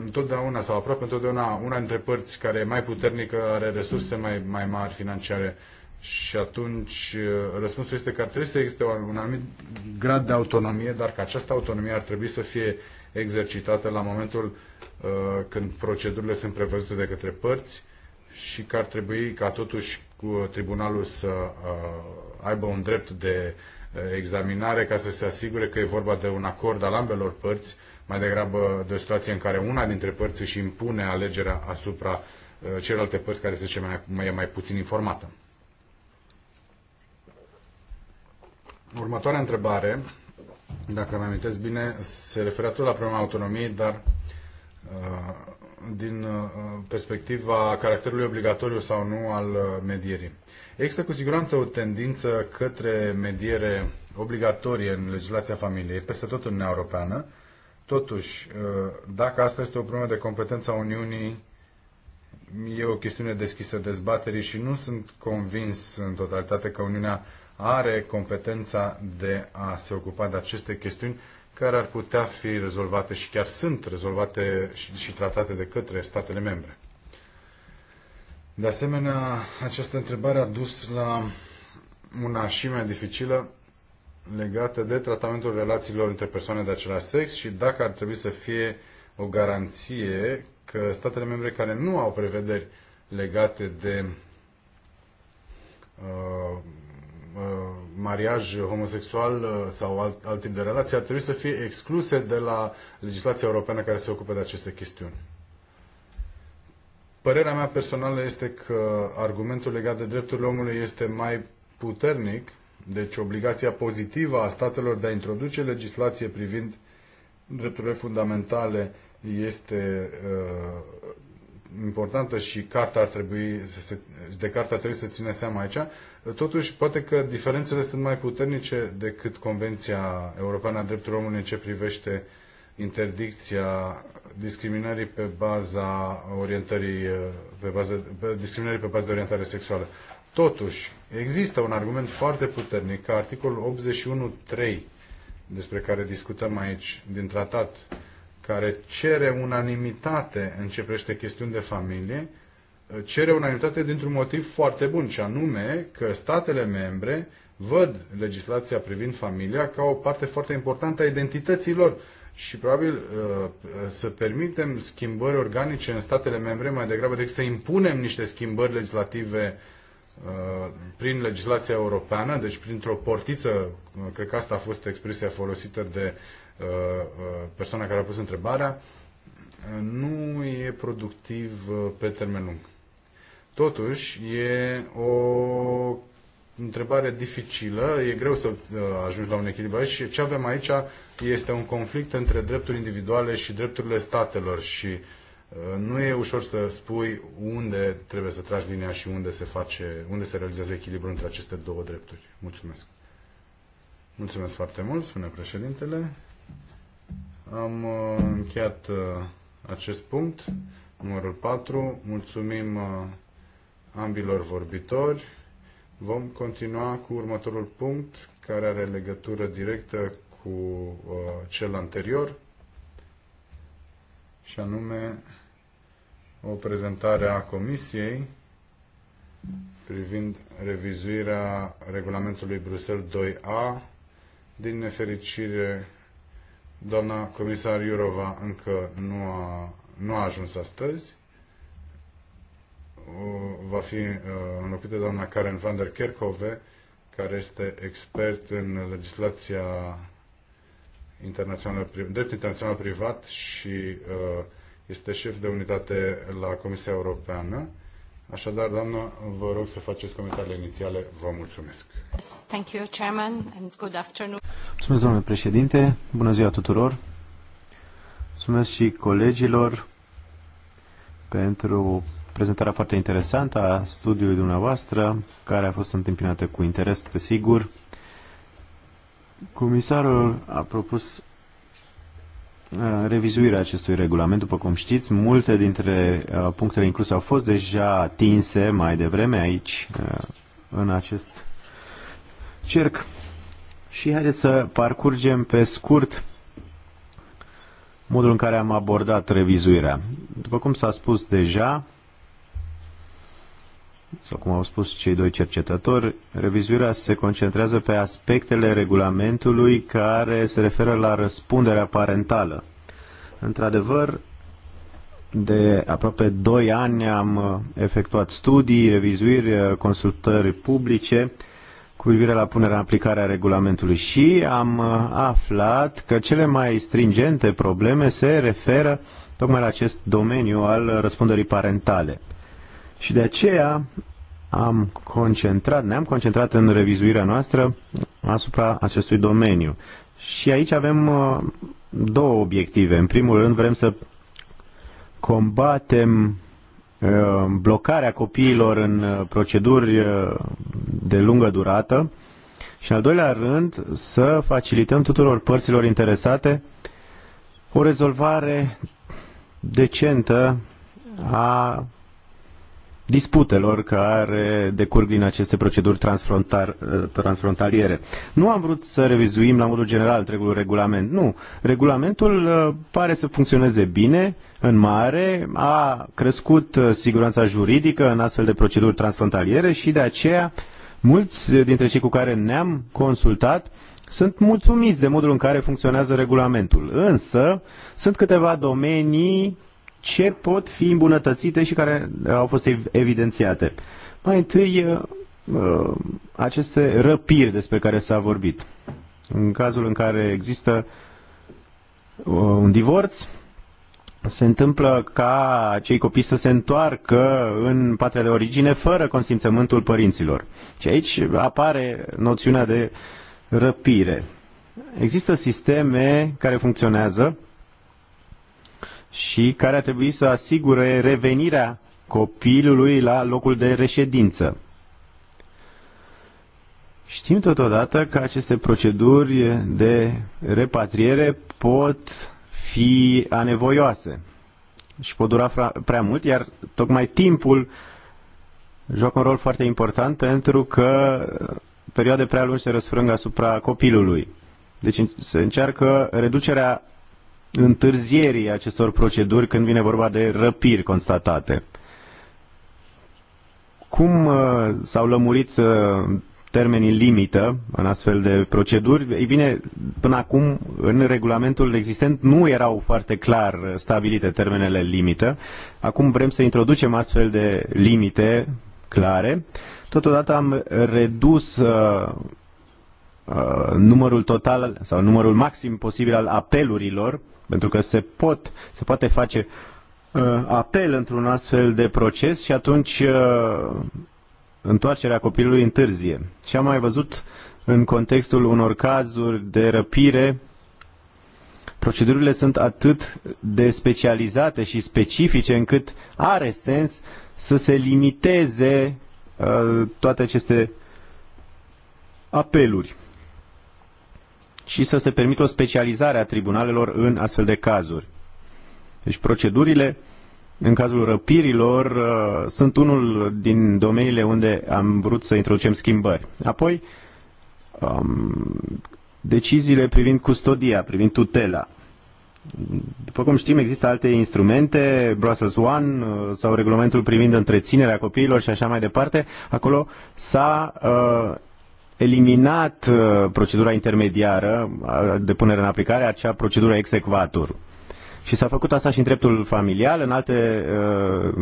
întotdeauna sau aproape întotdeauna una dintre părți care e mai puternică are resurse mai, mai mari financiare și atunci răspunsul este că ar trebui să existe un anumit grad de autonomie, dar că această autonomie ar trebui să fie exercitată la momentul uh, când procedurile sunt prevăzute de către părți și că ar trebui ca totuși cu tribunalul să uh, aibă un drept de examinare ca să se asigure că e vorba de un acord al ambelor părți mai degrabă de o situație în care una dintre părți își impune alegerea asupra uh, celelalte părți care, se zice mai, mai, mai puțin informată. Următoarea întrebare, dacă mă amintesc bine, se referă tot la problema autonomiei, dar uh, din uh, perspectiva caracterului obligatoriu sau nu al medierii. Există cu siguranță o tendință către mediere obligatorie în legislația familiei, peste tot în Uniunea Europeană, Totuși, uh, dacă asta este o problemă de competență a Uniunii, e o chestiune deschisă dezbaterii și nu sunt convins în totalitate că Uniunea are competența de a se ocupa de aceste chestiuni care ar putea fi rezolvate și chiar sunt rezolvate și, și tratate de către statele membre. De asemenea, această întrebare a dus la una și mai dificilă, legată de tratamentul relațiilor între persoane de același sex și dacă ar trebui să fie o garanție că statele membre care nu au prevederi legate de uh, uh, mariaj homosexual uh, sau alt, alt tip de relație ar trebui să fie excluse de la legislația europeană care se ocupă de aceste chestiuni. Părerea mea personală este că argumentul legat de drepturile omului este mai puternic deci obligația pozitivă a statelor de a introduce legislație privind drepturile fundamentale este uh, importantă și carta ar trebui să se, de carta ar trebui să ține seama aici. Totuși, poate că diferențele sunt mai puternice decât Convenția Europeană a Drepturilor Omului în ce privește interdicția discriminării pe baza orientării, uh, pe bază, pe discriminării pe bază de orientare sexuală. Totuși, există un argument foarte puternic că articolul 81.3 despre care discutăm aici din tratat, care cere unanimitate în ce prește chestiuni de familie, cere unanimitate dintr-un motiv foarte bun, și anume că statele membre văd legislația privind familia ca o parte foarte importantă a identității lor și probabil uh, să permitem schimbări organice în statele membre mai degrabă decât să impunem niște schimbări legislative Uh, prin legislația europeană, deci printr-o portiță, uh, cred că asta a fost expresia folosită de uh, persoana care a pus întrebarea, nu e productiv pe termen lung. Totuși, e o întrebare dificilă, e greu să ajungi la un echilibru aici și ce avem aici este un conflict între drepturi individuale și drepturile statelor și uh, Uh, nu e ușor să spui unde trebuie să tragi linia și unde se face, unde se realizează echilibrul între aceste două drepturi. Mulțumesc. Mulțumesc foarte mult, spune președintele. Am uh, încheiat uh, acest punct, numărul 4. Mulțumim ambilor vorbitori. Vom continua cu următorul punct, care are legătură directă cu cel anterior, și anume o prezentare a Comisiei privind revizuirea regulamentului Bruxelles 2A. Din nefericire, doamna comisar Iurova încă nu a, nu a ajuns astăzi. Va fi uh, înlocuită doamna Karen van der Kerkhove, care este expert în legislația internațională, drept internațional privat și uh, este șef de unitate la Comisia Europeană. Așadar, doamnă, vă rog să faceți comentariile inițiale. Vă mulțumesc. Thank you, Chairman, and good afternoon. Mulțumesc, domnule președinte. Bună ziua tuturor. Mulțumesc și colegilor pentru prezentarea foarte interesantă a studiului dumneavoastră, care a fost întâmpinată cu interes, desigur. Comisarul a propus Uh, revizuirea acestui regulament. După cum știți, multe dintre uh, punctele incluse au fost deja atinse mai devreme aici, uh, în acest cerc. Și haideți să parcurgem pe scurt modul în care am abordat revizuirea. După cum s-a spus deja, sau cum au spus cei doi cercetători, revizuirea se concentrează pe aspectele regulamentului care se referă la răspunderea parentală. Într-adevăr, de aproape 2 ani am efectuat studii, revizuiri, consultări publice cu privire la punerea în aplicare a regulamentului și am aflat că cele mai stringente probleme se referă tocmai la acest domeniu al răspunderii parentale. Și de aceea am concentrat, ne-am concentrat în revizuirea noastră asupra acestui domeniu. Și aici avem uh, două obiective. În primul rând vrem să combatem uh, blocarea copiilor în uh, proceduri de lungă durată și, în al doilea rând, să facilităm tuturor părților interesate o rezolvare decentă a disputelor care decurg din aceste proceduri transfrontar, transfrontaliere. Nu am vrut să revizuim la modul general întregul regulament. Nu. Regulamentul uh, pare să funcționeze bine, în mare, a crescut uh, siguranța juridică în astfel de proceduri transfrontaliere și de aceea mulți dintre cei cu care ne-am consultat sunt mulțumiți de modul în care funcționează regulamentul. Însă, sunt câteva domenii ce pot fi îmbunătățite și care uh, au fost evidențiate. Mai întâi, uh, uh, aceste răpiri despre care s-a vorbit. În cazul în care există un divorț, se întâmplă ca cei copii să se întoarcă în patria de origine fără consimțământul părinților. Și aici apare noțiunea de răpire. Există sisteme care funcționează și care ar trebui să asigure revenirea copilului la locul de reședință. Știm totodată că aceste proceduri de repatriere pot fi anevoioase și pot dura prea mult, iar tocmai timpul joacă un rol foarte important pentru că perioade prea lungi se răsfrâng asupra copilului. Deci se încearcă reducerea întârzierii acestor proceduri când vine vorba de răpiri constatate. Cum uh, s-au lămurit uh, termenii limită în astfel de proceduri. Ei bine, până acum, în regulamentul existent, nu erau foarte clar uh, stabilite termenele limită. Acum vrem să introducem astfel de limite clare. Totodată am redus uh, uh, numărul total sau numărul maxim posibil al apelurilor pentru că se, pot, se poate face uh, apel într-un astfel de proces și atunci uh, întoarcerea copilului întârzie. Și am mai văzut în contextul unor cazuri de răpire, procedurile sunt atât de specializate și specifice încât are sens să se limiteze uh, toate aceste apeluri și să se permită o specializare a tribunalelor în astfel de cazuri. Deci procedurile în cazul răpirilor uh, sunt unul din domeniile unde am vrut să introducem schimbări. Apoi, um, deciziile privind custodia, privind tutela. După cum știm, există alte instrumente, Brussels One uh, sau regulamentul privind întreținerea copiilor și așa mai departe. Acolo s-a uh, eliminat uh, procedura intermediară uh, de punere în aplicare, acea procedură execvatur. Și s-a făcut asta și în dreptul familial, în alte uh,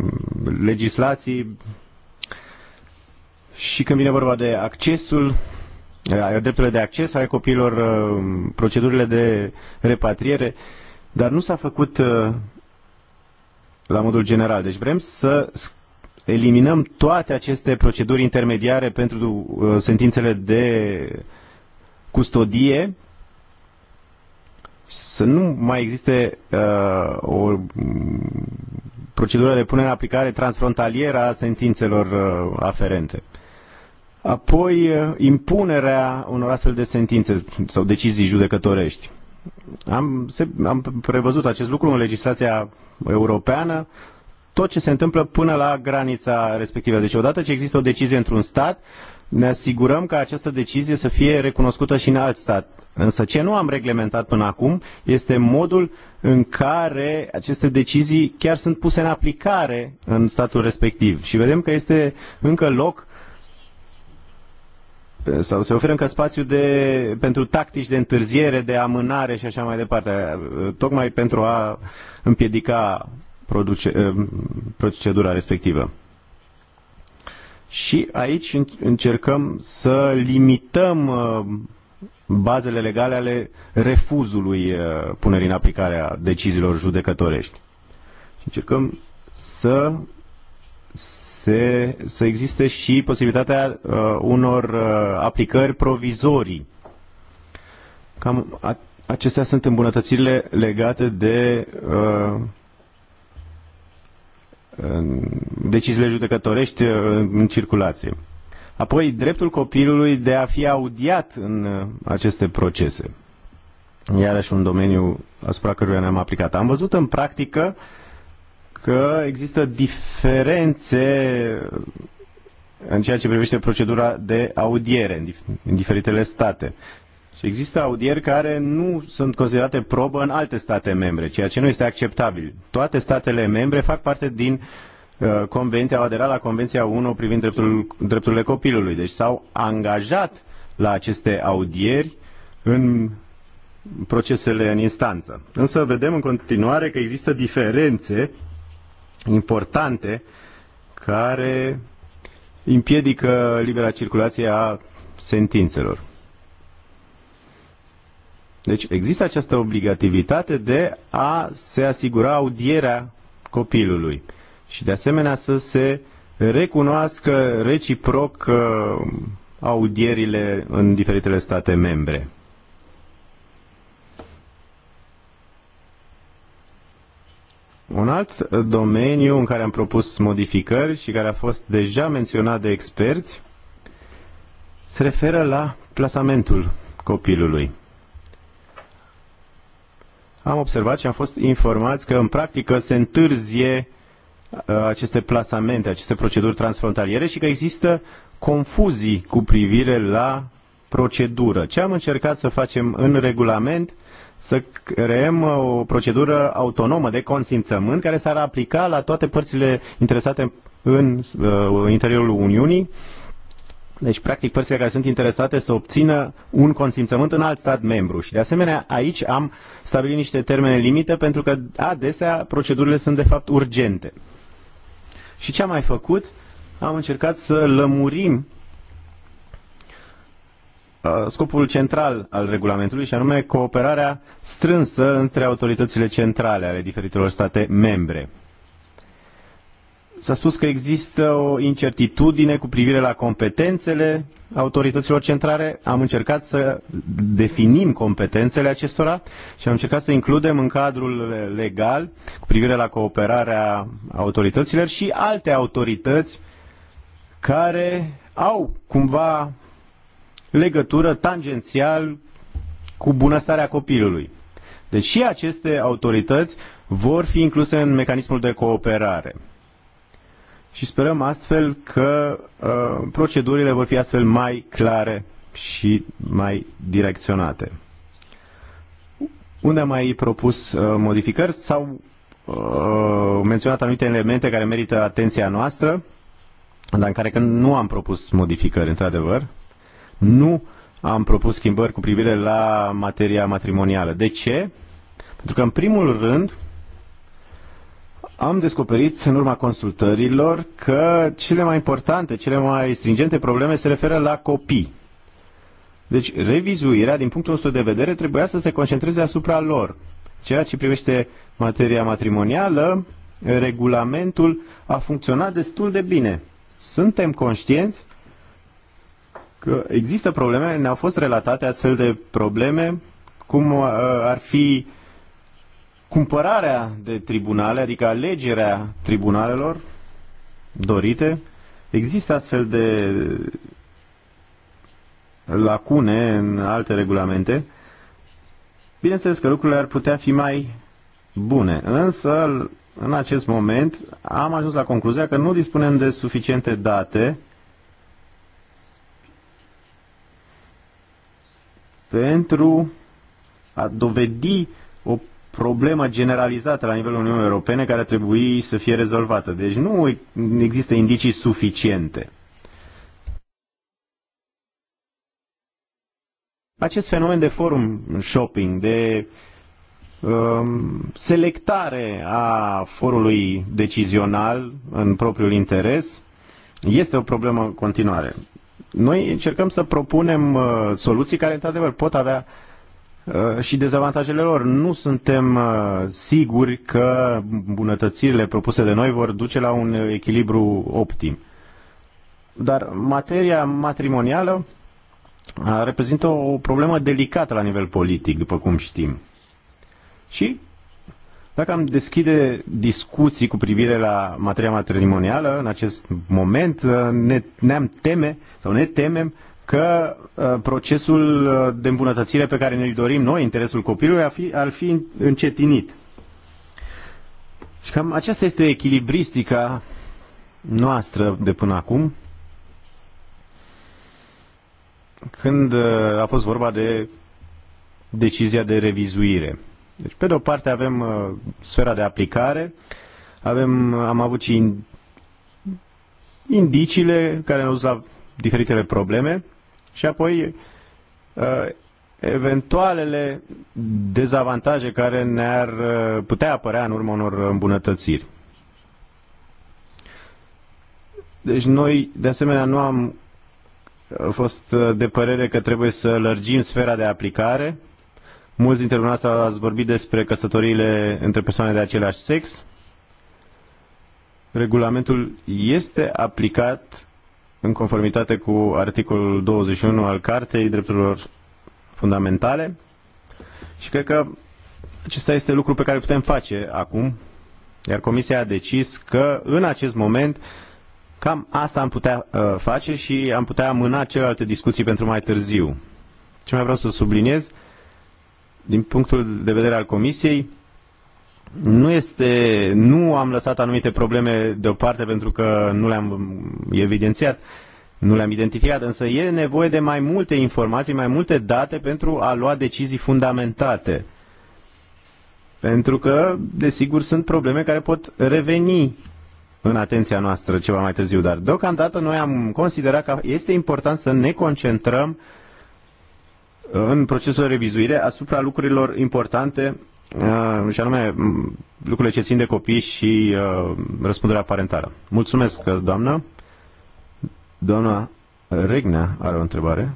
legislații și când vine vorba de accesul, uh, drepturile de acces ale copiilor, uh, procedurile de repatriere, dar nu s-a făcut uh, la modul general. Deci vrem să eliminăm toate aceste proceduri intermediare pentru uh, sentințele de custodie, să nu mai existe uh, o mm, procedură de punere în aplicare transfrontalieră a sentințelor uh, aferente. Apoi, uh, impunerea unor astfel de sentințe sau decizii judecătorești. Am, se, am prevăzut acest lucru în legislația europeană, tot ce se întâmplă până la granița respectivă. Deci odată ce există o decizie într-un stat, ne asigurăm că această decizie să fie recunoscută și în alt stat. Însă ce nu am reglementat până acum este modul în care aceste decizii chiar sunt puse în aplicare în statul respectiv. Și vedem că este încă loc sau se oferă încă spațiu de, pentru tactici de întârziere, de amânare și așa mai departe, tocmai pentru a împiedica produce, uh, procedura respectivă. Și aici încercăm să limităm uh, bazele legale ale refuzului uh, punerii în aplicare a deciziilor judecătorești. Și încercăm să, se, să existe și posibilitatea unor aplicări provizorii. Cam acestea sunt îmbunătățirile legate de uh, deciziile judecătorești uh, în circulație. Apoi, dreptul copilului de a fi audiat în uh, aceste procese. Iarăși un domeniu asupra căruia ne-am aplicat. Am văzut în practică că există diferențe în ceea ce privește procedura de audiere în diferitele state. Și există audieri care nu sunt considerate probă în alte state membre, ceea ce nu este acceptabil. Toate statele membre fac parte din uh, convenția, au aderat la Convenția 1 privind dreptul, drepturile copilului. Deci s-au angajat la aceste audieri în procesele în instanță. Însă vedem în continuare că există diferențe importante care împiedică libera circulație a sentințelor. Deci există această obligativitate de a se asigura audierea copilului și de asemenea să se recunoască reciproc uh, audierile în diferitele state membre. Un alt domeniu în care am propus modificări și care a fost deja menționat de experți se referă la plasamentul copilului am observat și am fost informați că în practică se întârzie uh, aceste plasamente, aceste proceduri transfrontaliere și că există confuzii cu privire la procedură. Ce am încercat să facem în regulament să creăm uh, o procedură autonomă de consimțământ care s-ar aplica la toate părțile interesate în uh, interiorul Uniunii deci, practic, părțile care sunt interesate să obțină un consimțământ în alt stat membru. Și, de asemenea, aici am stabilit niște termene limite pentru că adesea procedurile sunt, de fapt, urgente. Și ce am mai făcut? Am încercat să lămurim uh, scopul central al regulamentului și anume cooperarea strânsă între autoritățile centrale ale diferitelor state membre. S-a spus că există o incertitudine cu privire la competențele autorităților centrale. Am încercat să definim competențele acestora și am încercat să includem în cadrul legal cu privire la cooperarea autorităților și alte autorități care au cumva legătură tangențial cu bunăstarea copilului. Deci și aceste autorități vor fi incluse în mecanismul de cooperare și sperăm astfel că uh, procedurile vor fi astfel mai clare și mai direcționate. Unde am mai propus uh, modificări sau uh, menționat anumite elemente care merită atenția noastră, dar în care că nu am propus modificări, într-adevăr. Nu am propus schimbări cu privire la materia matrimonială. De ce? Pentru că, în primul rând, uh, am descoperit în urma consultărilor că cele mai importante, cele mai stringente probleme se referă la copii. Deci revizuirea, din punctul nostru de vedere, trebuia să se concentreze asupra lor. Ceea ce privește materia matrimonială, regulamentul a funcționat destul de bine. Suntem conștienți că există probleme, ne-au fost relatate astfel de probleme, cum uh, ar fi uh, cumpărarea de tribunale, adică alegerea tribunalelor dorite, există astfel de lacune în alte regulamente. Bineînțeles că lucrurile ar putea fi mai bune, însă în acest moment am ajuns la concluzia că nu dispunem de suficiente date pentru a dovedi o problemă generalizată la nivelul Uniunii Europene care ar trebui să fie rezolvată. Deci nu există indicii suficiente. Acest fenomen de forum shopping, de uh, selectare a forului decizional în propriul interes, este o problemă în continuare. Noi încercăm să propunem uh, soluții care, într-adevăr, pot avea uh, Uh, și dezavantajele lor. Nu suntem uh, siguri că bunătățirile propuse de noi vor duce la un echilibru optim. Dar materia matrimonială uh, reprezintă o problemă delicată la nivel politic, după cum știm. Și dacă am deschide discuții cu privire la materia matrimonială în acest moment, ne, ne-am teme sau ne temem că uh, procesul uh, de îmbunătățire pe care ne-l dorim noi, interesul copilului, ar fi, ar fi încetinit. Și cam aceasta este echilibristica noastră de până acum, când uh, a fost vorba de decizia de revizuire. Deci, pe de o parte avem sfera de aplicare, avem, am avut și indiciile care ne-au dus la diferitele probleme și apoi uh, eventualele dezavantaje care ne-ar uh, putea apărea în urma unor îmbunătățiri. Deci noi, de asemenea, nu am uh, fost de părere că trebuie să lărgim sfera de aplicare. Mulți dintre dumneavoastră ați vorbit despre căsătoriile între persoane de același sex. Regulamentul este aplicat în conformitate cu articolul 21 al Cartei Drepturilor Fundamentale. Și cred că acesta este lucru pe care îl putem face acum, iar Comisia a decis că în acest moment cam asta am putea uh, face și am putea amâna celelalte discuții pentru mai târziu. Ce mai vreau să subliniez, din punctul de vedere al Comisiei, nu este, nu am lăsat anumite probleme deoparte pentru că nu le-am evidențiat, nu le-am identificat, însă e nevoie de mai multe informații, mai multe date pentru a lua decizii fundamentate. Pentru că, desigur, sunt probleme care pot reveni în atenția noastră ceva mai târziu, dar deocamdată noi am considerat că este important să ne concentrăm în procesul de revizuire asupra lucrurilor importante Uh, și anume lucrurile ce țin de copii și uh, răspunderea parentală. Mulțumesc, uh, doamnă. Doamna Regnea are o întrebare.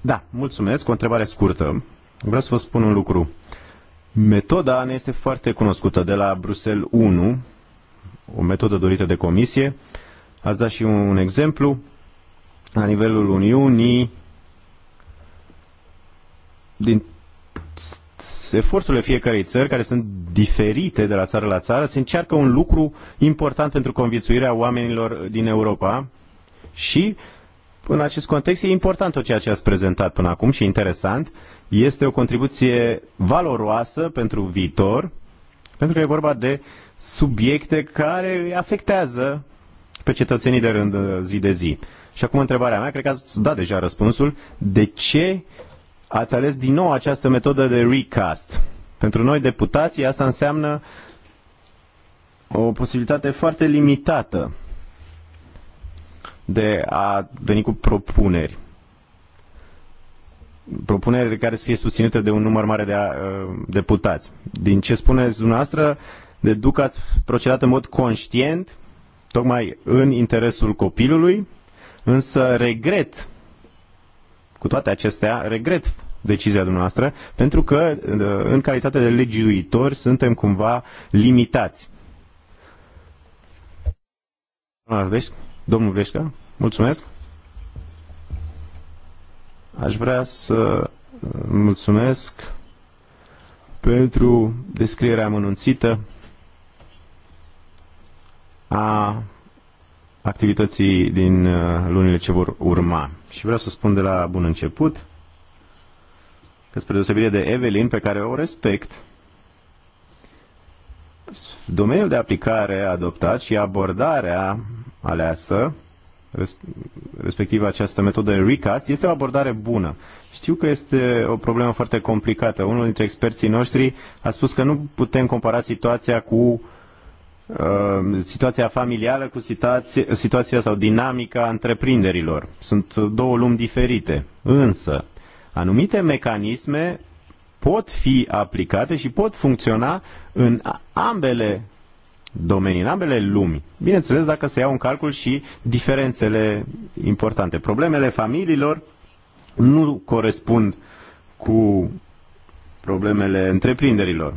Da, mulțumesc. O întrebare scurtă. Vreau să vă spun un lucru. Metoda ne este foarte cunoscută de la Bruxelles 1, o metodă dorită de comisie. Ați dat și un exemplu. La nivelul Uniunii, din eforturile fiecărei țări, care sunt diferite de la țară la țară, se încearcă un lucru important pentru conviețuirea oamenilor din Europa și în acest context e important tot ceea ce ați prezentat până acum și interesant. Este o contribuție valoroasă pentru viitor, pentru că e vorba de subiecte care afectează pe cetățenii de rând zi de zi. Și acum întrebarea mea, cred că ați dat deja răspunsul, de ce ați ales din nou această metodă de recast. Pentru noi deputații asta înseamnă o posibilitate foarte limitată de a veni cu propuneri. Propuneri care să fie susținute de un număr mare de a, uh, deputați. Din ce spuneți dumneavoastră, deduc ați procedat în mod conștient, tocmai în interesul copilului, însă regret cu toate acestea, regret decizia dumneavoastră, pentru că în calitate de legiuitori suntem cumva limitați. Domnul Veșca, mulțumesc. Aș vrea să mulțumesc pentru descrierea amănunțită a activității din uh, lunile ce vor urma. Și vreau să spun de la bun început că spre deosebire de Evelyn, pe care o respect, domeniul de aplicare adoptat și abordarea aleasă, respectiv această metodă recast, este o abordare bună. Știu că este o problemă foarte complicată. Unul dintre experții noștri a spus că nu putem compara situația cu uh, Um, situația familială cu situația situația sau dinamica întreprinderilor. Sunt două lumi diferite. Însă, anumite mecanisme pot fi aplicate și pot funcționa în ambele domenii, în ambele lumi. Bineînțeles, dacă se iau în calcul și diferențele importante. Problemele familiilor nu corespund cu problemele întreprinderilor.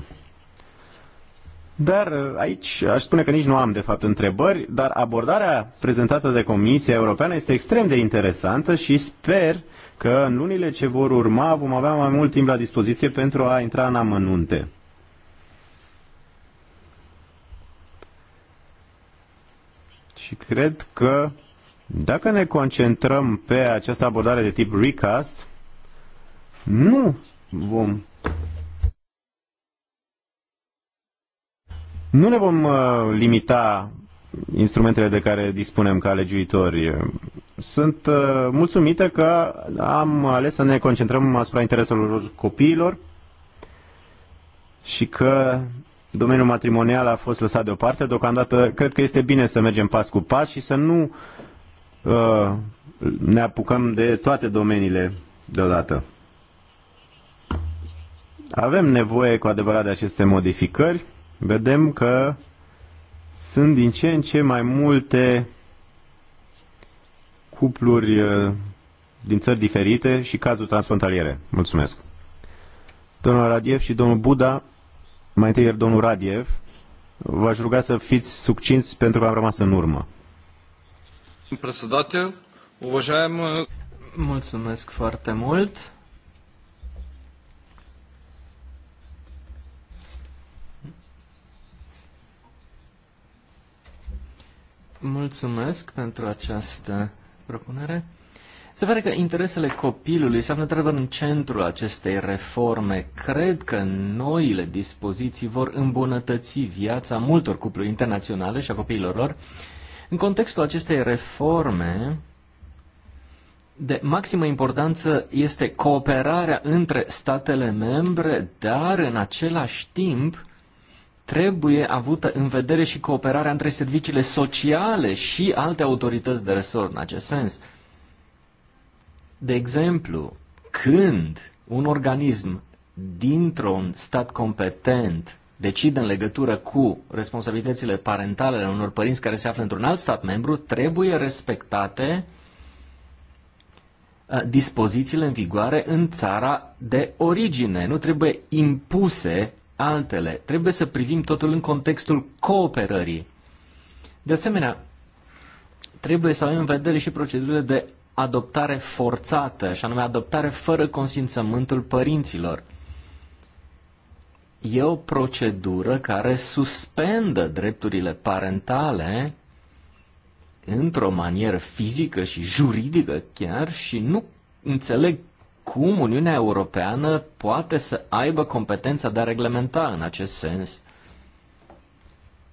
Dar uh, aici aș spune că nici nu am, de fapt, întrebări, dar abordarea prezentată de Comisia Europeană este extrem de interesantă și sper că în lunile ce vor urma vom avea mai mult timp la dispoziție pentru a intra în amănunte. Și cred că dacă ne concentrăm pe această abordare de tip recast, nu vom Nu ne vom uh, limita instrumentele de care dispunem ca legiuitori. Sunt uh, mulțumită că am ales să ne concentrăm asupra intereselor copiilor și că domeniul matrimonial a fost lăsat deoparte. Deocamdată cred că este bine să mergem pas cu pas și să nu uh, ne apucăm de toate domeniile deodată. Avem nevoie cu adevărat de aceste modificări vedem că sunt din ce în ce mai multe cupluri uh, din țări diferite și cazuri transfrontaliere. Mulțumesc. Domnul Radiev și domnul Buda, mai întâi domnul Radiev, v-aș ruga să fiți succinți pentru că am rămas în urmă. Mulțumesc foarte mult. Mulțumesc pentru această propunere. Se pare că interesele copilului se află într în centrul acestei reforme. Cred că noile dispoziții vor îmbunătăți viața multor cupluri internaționale și a copiilor lor. În contextul acestei reforme, de maximă importanță este cooperarea între statele membre, dar în același timp trebuie avută în vedere și cooperarea între serviciile sociale și alte autorități de resort în acest sens. De exemplu, când un organism dintr-un stat competent decide în legătură cu responsabilitățile parentale ale unor părinți care se află într-un alt stat membru, trebuie respectate dispozițiile în vigoare în țara de origine. Nu trebuie impuse altele. Trebuie să privim totul în contextul cooperării. De asemenea, trebuie să avem în vedere și procedurile de adoptare forțată, și anume adoptare fără consimțământul părinților. E o procedură care suspendă drepturile parentale într-o manieră fizică și juridică chiar și nu înțeleg cum Uniunea Europeană poate să aibă competența de a reglementa în acest sens.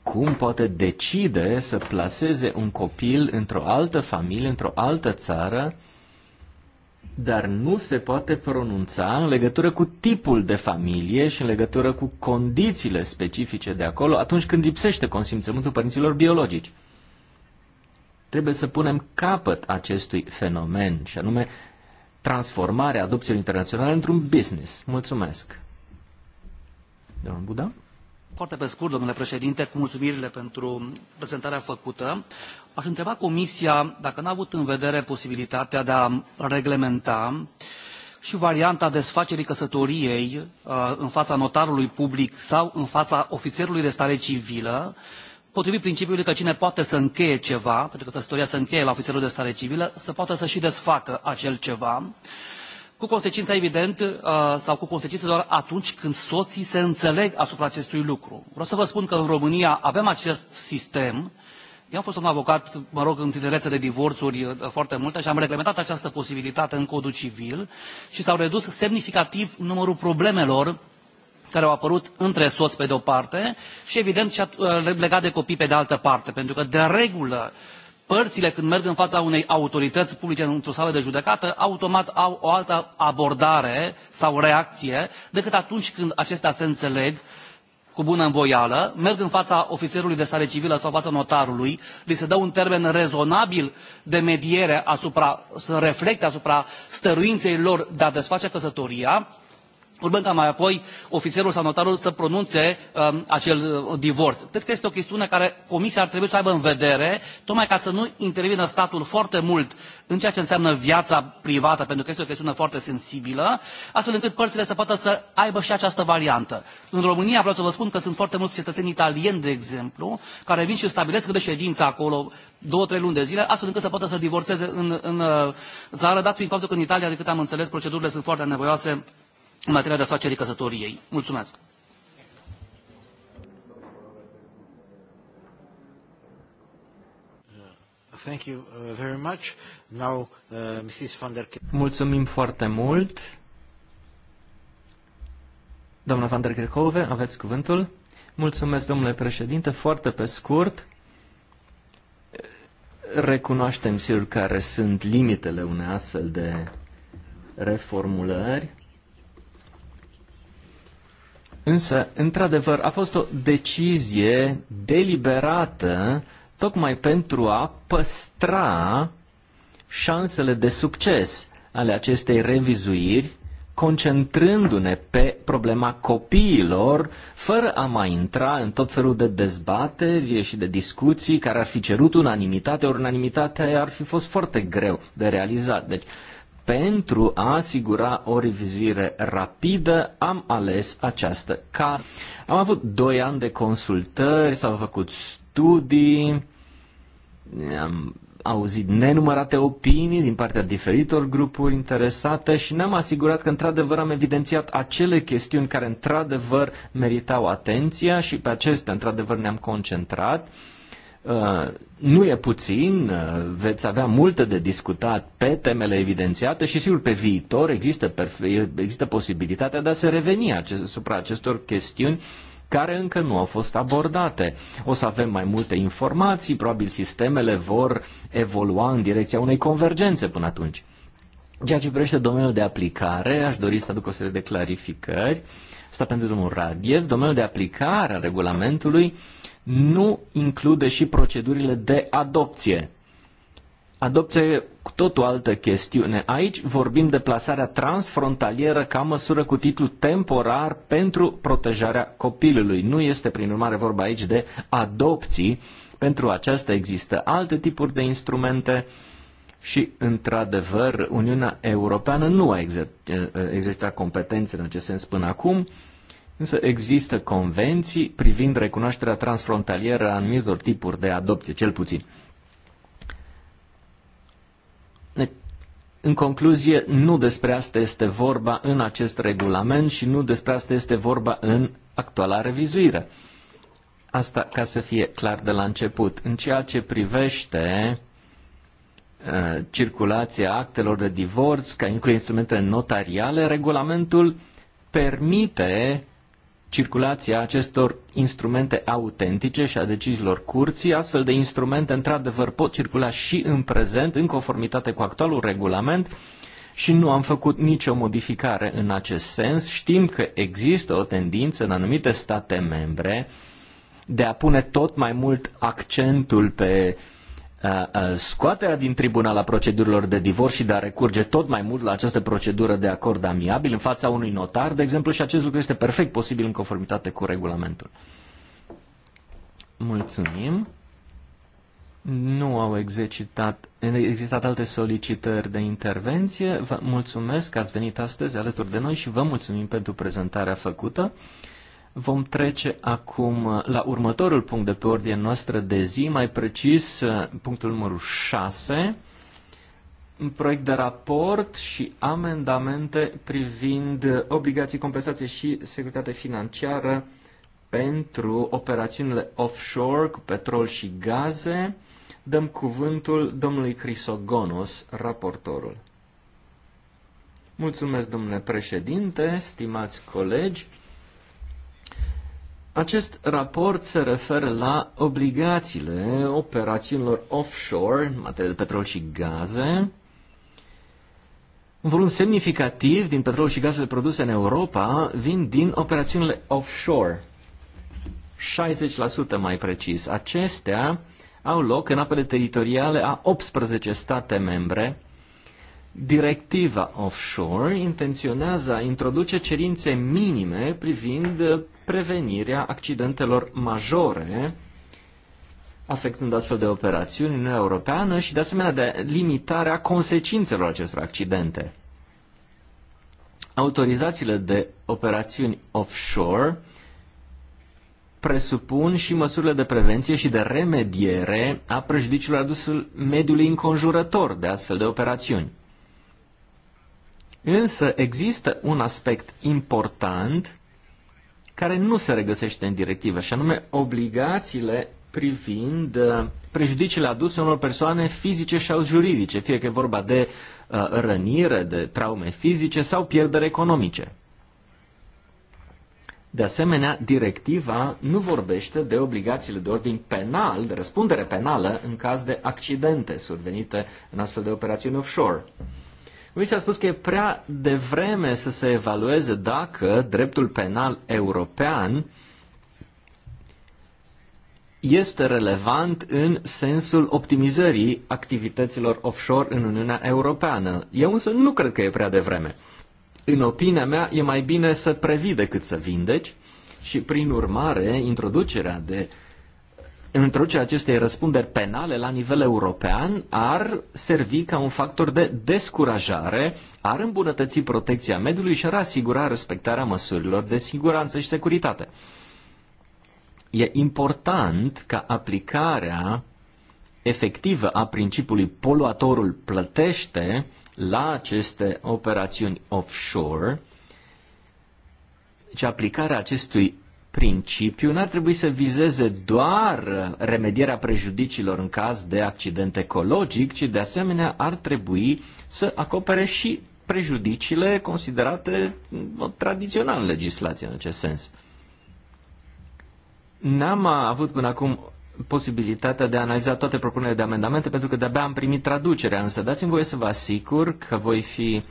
Cum poate decide să plaseze un copil într-o altă familie, într-o altă țară, dar nu se poate pronunța în legătură cu tipul de familie și în legătură cu condițiile specifice de acolo atunci când lipsește consimțământul părinților biologici. Trebuie să punem capăt acestui fenomen și anume transformarea adopțiilor internaționale într-un business. Mulțumesc. Domnul Buda? Foarte pe scurt, domnule președinte, cu mulțumirile pentru prezentarea făcută. Aș întreba Comisia dacă n-a avut în vedere posibilitatea de a reglementa și varianta desfacerii căsătoriei uh, în fața notarului public sau în fața ofițerului de stare civilă, potrivit principiului că cine poate să încheie ceva, pentru că căsătoria se încheie la ofițerul de stare civilă, să poată să și desfacă acel ceva, cu consecința evident uh, sau cu consecința doar atunci când soții se înțeleg asupra acestui lucru. Vreau să vă spun că în România avem acest sistem. Eu am fost un avocat, mă rog, în tinerețe de divorțuri uh, foarte multe și am reglementat această posibilitate în codul civil și s-au redus semnificativ numărul problemelor care au apărut între soți pe de-o parte și, evident, și uh, legat de copii pe de altă parte. Pentru că, de regulă, părțile când merg în fața unei autorități publice într-o sală de judecată, automat au o altă abordare sau reacție decât atunci când acestea se înțeleg cu bună învoială, merg în fața ofițerului de stare civilă sau fața notarului, li se dă un termen rezonabil de mediere asupra, să reflecte asupra stăruinței lor de a desface căsătoria urmând ca mai apoi ofițerul sau notarul să pronunțe um, acel uh, divorț. Cred că este o chestiune care Comisia ar trebui să aibă în vedere, tocmai ca să nu intervină statul foarte mult în ceea ce înseamnă viața privată, pentru că este o chestiune foarte sensibilă, astfel încât părțile să poată să aibă și această variantă. În România vreau să vă spun că sunt foarte mulți cetățeni italieni, de exemplu, care vin și stabilesc reședința acolo două, trei luni de zile, astfel încât să poată să divorțeze în, în uh, țară, dat fiind faptul că în Italia, de cât am înțeles, procedurile sunt foarte nevoioase în materia de afaceri căsătoriei. Mulțumesc! Thank you uh, very much. Now, uh, Mrs. Van der Mulțumim foarte mult. Doamna Van der Kerkhove, aveți cuvântul. Mulțumesc, domnule președinte. Foarte pe scurt, recunoaștem, sigur, care sunt limitele unei astfel de reformulări. Însă, într-adevăr, a fost o decizie deliberată tocmai pentru a păstra șansele de succes ale acestei revizuiri, concentrându-ne pe problema copiilor, fără a mai intra în tot felul de dezbateri și de discuții care ar fi cerut unanimitate, ori unanimitatea ar fi fost foarte greu de realizat. Deci, pentru a asigura o revizuire rapidă, am ales această carte. Am avut 2 ani de consultări, s-au făcut studii, am auzit nenumărate opinii din partea diferitor grupuri interesate și ne-am asigurat că într-adevăr am evidențiat acele chestiuni care într-adevăr meritau atenția și pe acestea într-adevăr ne-am concentrat Uh, nu e puțin, uh, veți avea multe de discutat pe temele evidențiate și sigur pe viitor există, există posibilitatea de a se reveni asupra acestor chestiuni care încă nu au fost abordate. O să avem mai multe informații, probabil sistemele vor evolua în direcția unei convergențe până atunci. Ceea ce privește domeniul de aplicare, aș dori să aduc o serie de clarificări. Sta pentru domnul Radiev. Domeniul de aplicare a regulamentului uh, nu include și procedurile de adopție. Adopție e cu totul altă chestiune. Aici vorbim de plasarea transfrontalieră ca măsură cu titlu temporar pentru protejarea copilului. Nu este, prin urmare, vorba aici de adopții. Pentru aceasta există alte tipuri de instrumente și, într-adevăr, Uniunea Europeană nu a exercitat competențe în acest sens până acum. Însă există convenții privind recunoașterea transfrontalieră a anumitor tipuri de adopție, cel puțin. În concluzie, nu despre asta este vorba în acest regulament și nu despre asta este vorba în actuala revizuire. Asta ca să fie clar de la început. În ceea ce privește uh, circulația actelor de divorț, ca inclusiv instrumentele notariale, regulamentul permite circulația acestor instrumente autentice și a deciziilor curții. Astfel de instrumente, într-adevăr, pot circula și în prezent, în conformitate cu actualul regulament și nu am făcut nicio modificare în acest sens. Știm că există o tendință în anumite state membre de a pune tot mai mult accentul pe uh, scoaterea din tribunal a procedurilor de divorț și de a recurge tot mai mult la această procedură de acord amiabil în fața unui notar, de exemplu, și acest lucru este perfect posibil în conformitate cu regulamentul. Mulțumim. Nu au exercitat, existat alte solicitări de intervenție. Vă mulțumesc că ați venit astăzi alături de noi și vă mulțumim pentru prezentarea făcută. Vom trece acum uh, la următorul punct de pe ordine noastră de zi, mai precis uh, punctul numărul 6, un proiect de raport și amendamente privind uh, obligații, compensație și securitate financiară pentru operațiunile offshore cu petrol și gaze. Dăm cuvântul domnului Crisogonos, raportorul. Mulțumesc, domnule președinte, stimați colegi. Acest raport se referă la obligațiile operațiunilor offshore în materie de petrol și gaze. Un volum semnificativ din petrol și gazele produse în Europa vin din operațiunile offshore. 60% mai precis. Acestea au loc în apele teritoriale a 18 state membre, Directiva offshore intenționează a introduce cerințe minime privind prevenirea accidentelor majore afectând astfel de operațiuni în Europeană și de asemenea de limitarea consecințelor acestor accidente. Autorizațiile de operațiuni offshore presupun și măsurile de prevenție și de remediere a prejudiciilor adusul mediului înconjurător de astfel de operațiuni. Însă există un aspect important care nu se regăsește în directivă, și anume obligațiile privind uh, prejudiciile aduse unor persoane fizice sau juridice, fie că e vorba de uh, rănire, de traume fizice sau pierdere economice. De asemenea, directiva nu vorbește de obligațiile de ordin penal, de răspundere penală, în caz de accidente survenite în astfel de operațiuni offshore. Mi s-a spus că e prea devreme să se evalueze dacă dreptul penal european este relevant în sensul optimizării activităților offshore în Uniunea Europeană. Eu însă nu cred că e prea devreme. În opinia mea, e mai bine să previi decât să vindeci și, prin urmare, introducerea de introducerea acestei răspunderi penale la nivel european ar servi ca un factor de descurajare, ar îmbunătăți protecția mediului și ar asigura respectarea măsurilor de siguranță și securitate. E important ca aplicarea efectivă a principiului poluatorul plătește la aceste operațiuni offshore, deci aplicarea acestui principiu n-ar trebui să vizeze doar remedierea prejudiciilor în caz de accident ecologic, ci de asemenea ar trebui să acopere și prejudiciile considerate tradițional în legislație în acest sens. N-am avut până acum posibilitatea de a analiza toate propunerile de amendamente pentru că de-abia am primit traducerea, însă dați-mi voie să vă asigur că voi fi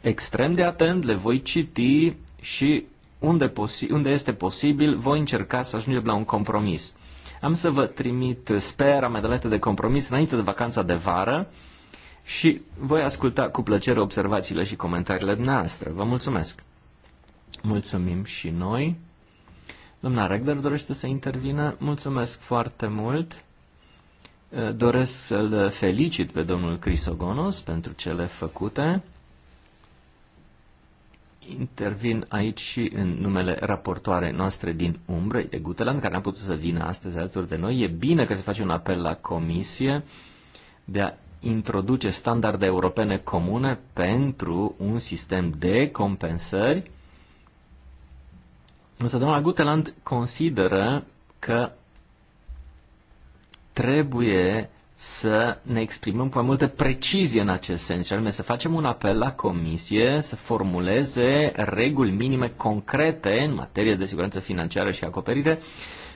extrem de atent, le voi citi și unde, unde este posibil, voi încerca să ajungem la un compromis. Am să vă trimit, sper, medalete de compromis înainte de vacanța de vară și voi asculta cu plăcere observațiile și comentariile noastre. Vă mulțumesc! Mulțumim și noi! Doamna Regler dorește să intervină. Mulțumesc foarte mult! Doresc să-l felicit pe domnul Crisogonos pentru cele făcute. Intervin aici și în numele raportoarei noastre din umbră, de Guteland, care n-a putut să vină astăzi alături de noi. E bine că se face un apel la comisie de a introduce standarde europene comune pentru un sistem de compensări. Însă doamna Guteland consideră că trebuie să ne exprimăm cu mai multă precizie în acest sens, și anume să facem un apel la Comisie să formuleze reguli minime concrete în materie de siguranță financiară și acoperire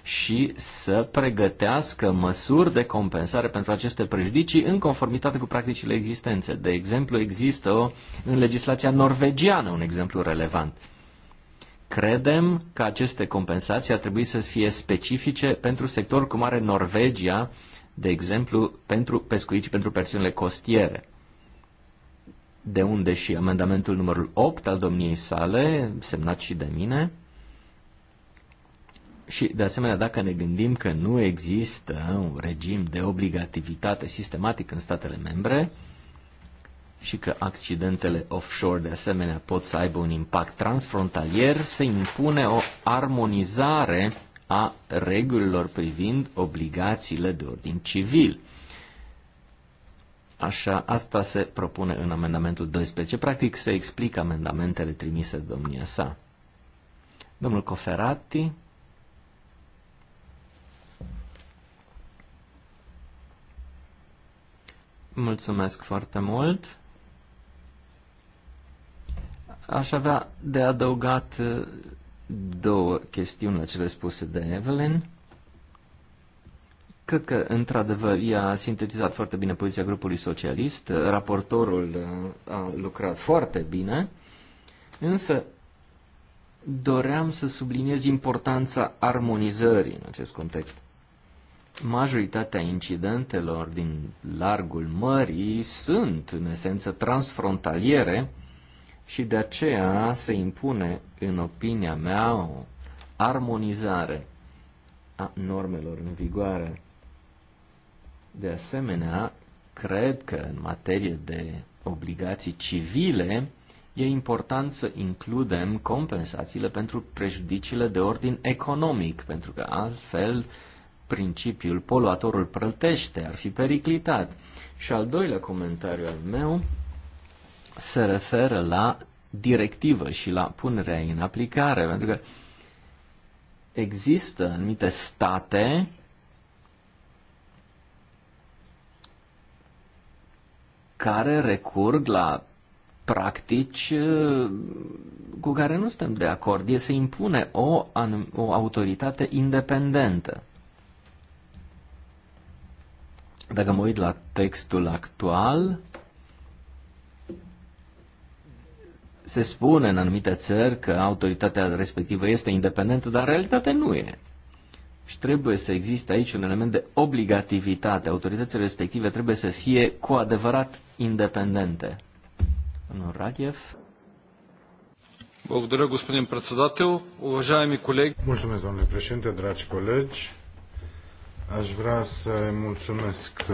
și să pregătească măsuri de compensare pentru aceste prejudicii în conformitate cu practicile existențe. De exemplu, există o, în legislația norvegiană un exemplu relevant. Credem că aceste compensații ar trebui să fie specifice pentru sectorul cum are Norvegia, de exemplu, pentru pescuit și pentru persoanele costiere. De unde și amendamentul numărul 8 al domniei sale, semnat și de mine. Și, de asemenea, dacă ne gândim că nu există un regim de obligativitate sistematic în statele membre și că accidentele offshore, de asemenea, pot să aibă un impact transfrontalier, se impune o armonizare a regulilor privind obligațiile de ordin civil. Așa, asta se propune în amendamentul 12. Practic se explică amendamentele trimise de domnia sa. Domnul Coferati. Mulțumesc foarte mult. Aș avea de adăugat două chestiuni la cele spuse de Evelyn. Cred că, într-adevăr, ea a sintetizat foarte bine poziția grupului socialist, raportorul uh, a lucrat foarte bine, însă doream să subliniez importanța armonizării în acest context. Majoritatea incidentelor din largul mării sunt, în esență, transfrontaliere, și de aceea se impune, în opinia mea, o armonizare a normelor în vigoare. De asemenea, cred că în materie de obligații civile e important să includem compensațiile pentru prejudiciile de ordin economic, pentru că altfel principiul poluatorul prăltește ar fi periclitat. Și al doilea comentariu al meu se referă la directivă și la punerea în aplicare, pentru că există anumite state care recurg la practici uh, cu care nu suntem de acord. E se impune o, o autoritate independentă. Dacă mă uit la textul actual, se spune în anumite țări că autoritatea respectivă este independentă, dar realitatea nu e. Și trebuie să existe aici un element de obligativitate. Autoritățile respective trebuie să fie cu adevărat independente. Domnul Radiev. Благодаря, господин председател. Уважаеми колеги. Mulțumesc, domnule președinte, dragi colegi. Aș vrea să mulțumesc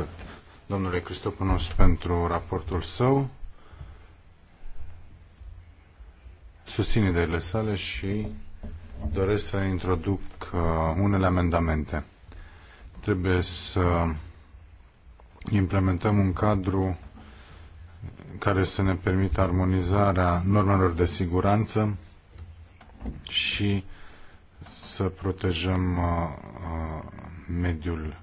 domnule Cristoponos pentru raportul său susțin ideile sale și doresc să introduc uh, unele amendamente. Trebuie să implementăm un cadru care să ne permită armonizarea normelor de siguranță și să protejăm uh, uh, mediul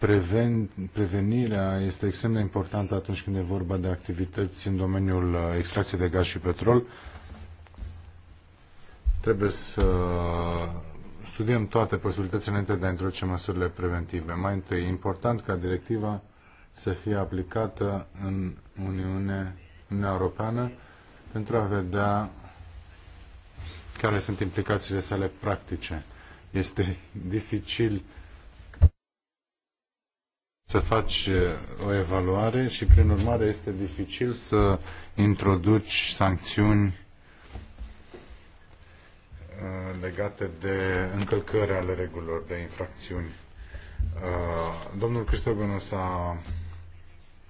preven, prevenirea este extrem de importantă atunci când e vorba de activități în domeniul uh, extracției de gaz și petrol. Trebuie să studiem toate posibilitățile înainte de a introduce măsurile preventive. Mai întâi, important ca directiva să fie aplicată în Uniune, Uniunea Europeană pentru a vedea care sunt implicațiile sale practice. Este dificil să faci uh, o evaluare și, prin urmare, este dificil să introduci sancțiuni uh, legate de încălcări ale regulilor, de infracțiuni. Uh, domnul Cristobenu s-a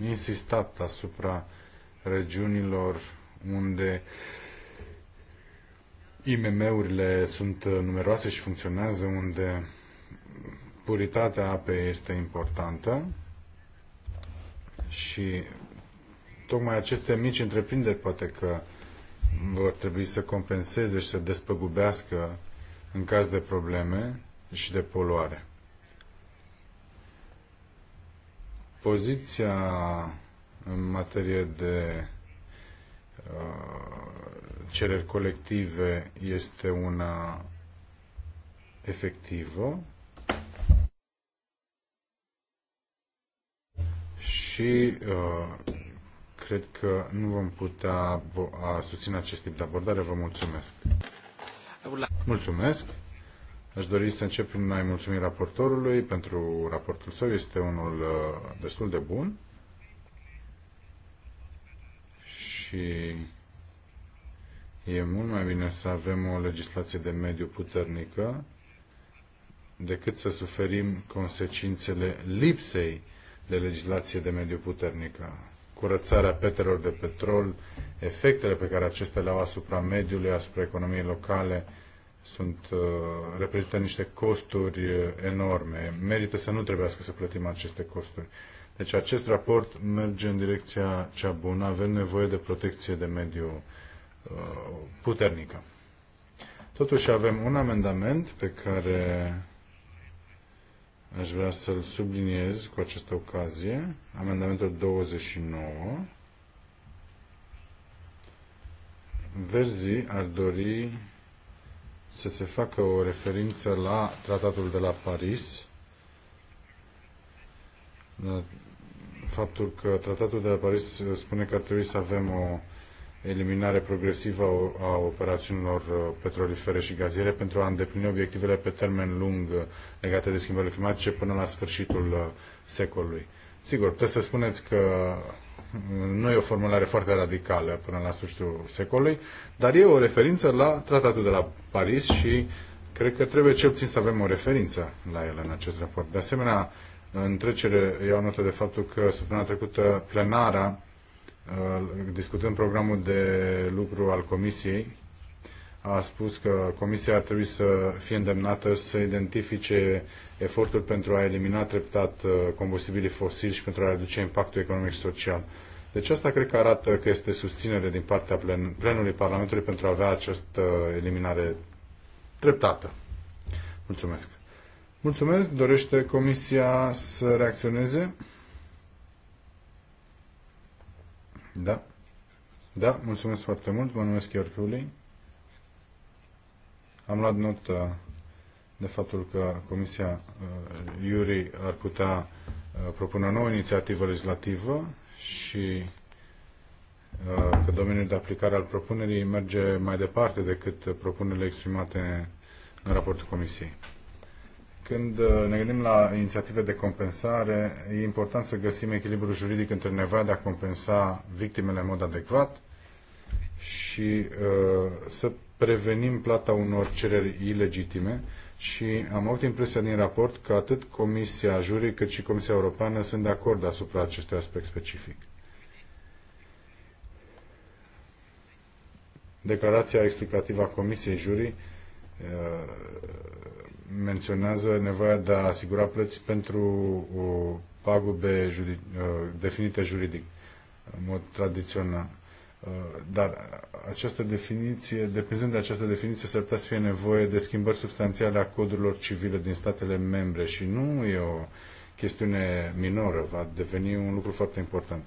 insistat asupra regiunilor unde IMM-urile sunt numeroase și funcționează, unde puritatea apei este importantă și tocmai aceste mici întreprinderi poate că vor trebui să compenseze și să despăgubească în caz de probleme și de poluare. Poziția în materie de uh, cereri colective este una efectivă și uh, cred că nu vom putea a susține acest tip de abordare. Vă mulțumesc. Mulțumesc. Aș dori să încep prin a-i mulțumi raportorului pentru raportul său. Este unul uh, destul de bun și e mult mai bine să avem o legislație de mediu puternică decât să suferim consecințele lipsei de legislație de mediu puternică. Curățarea petelor de petrol, efectele pe care acestea le-au asupra mediului, asupra economiei locale, sunt, uh, reprezintă niște costuri uh, enorme. Merită să nu trebuiască să plătim aceste costuri. Deci acest raport merge în direcția cea bună. Avem nevoie de protecție de mediu uh, puternică. Totuși avem un amendament pe care Aș vrea să-l subliniez cu această ocazie. Amendamentul 29. Verzi ar dori să se facă o referință la tratatul de la Paris, la faptul că tratatul de la Paris spune că ar trebui să avem o eliminare progresivă a operațiunilor uh, petrolifere și gaziere pentru a îndeplini obiectivele pe termen lung uh, legate de schimbările climatice până la sfârșitul uh, secolului. Sigur, puteți să spuneți că nu e o formulare foarte radicală până la sfârșitul secolului, dar e o referință la tratatul de la Paris și cred că trebuie cel puțin să avem o referință la el în acest raport. De asemenea, în trecere iau notă de faptul că săptămâna trecută plenara discutând programul de lucru al Comisiei, a spus că Comisia ar trebui să fie îndemnată să identifice eforturi pentru a elimina treptat uh, combustibilii fosili și pentru a reduce impactul economic și social. Deci asta cred că arată că este susținere din partea plen- plenului Parlamentului pentru a avea această eliminare treptată. Mulțumesc. Mulțumesc. Dorește Comisia să reacționeze? Da. Da, mulțumesc foarte mult. Mă numesc Iorchiului. Am luat notă de faptul că Comisia uh, Iuri ar putea uh, propune o nouă inițiativă legislativă și uh, că domeniul de aplicare al propunerii merge mai departe decât propunerile exprimate în raportul Comisiei. Când uh, ne gândim la inițiative de compensare, e important să găsim echilibru juridic între nevoia de a compensa victimele în mod adecvat și uh, să prevenim plata unor cereri ilegitime și am avut impresia din raport că atât Comisia Jurii cât și Comisia Europeană sunt de acord asupra acestui aspect specific. Declarația explicativă a Comisiei Jurii uh, menționează nevoia de a asigura plăți pentru uh, pagube juridic, uh, definite juridic, în mod tradițional. Uh, dar această definiție, depinzând de această definiție, s-ar putea să fie nevoie de schimbări substanțiale a codurilor civile din statele membre și nu e o chestiune minoră, va deveni un lucru foarte important.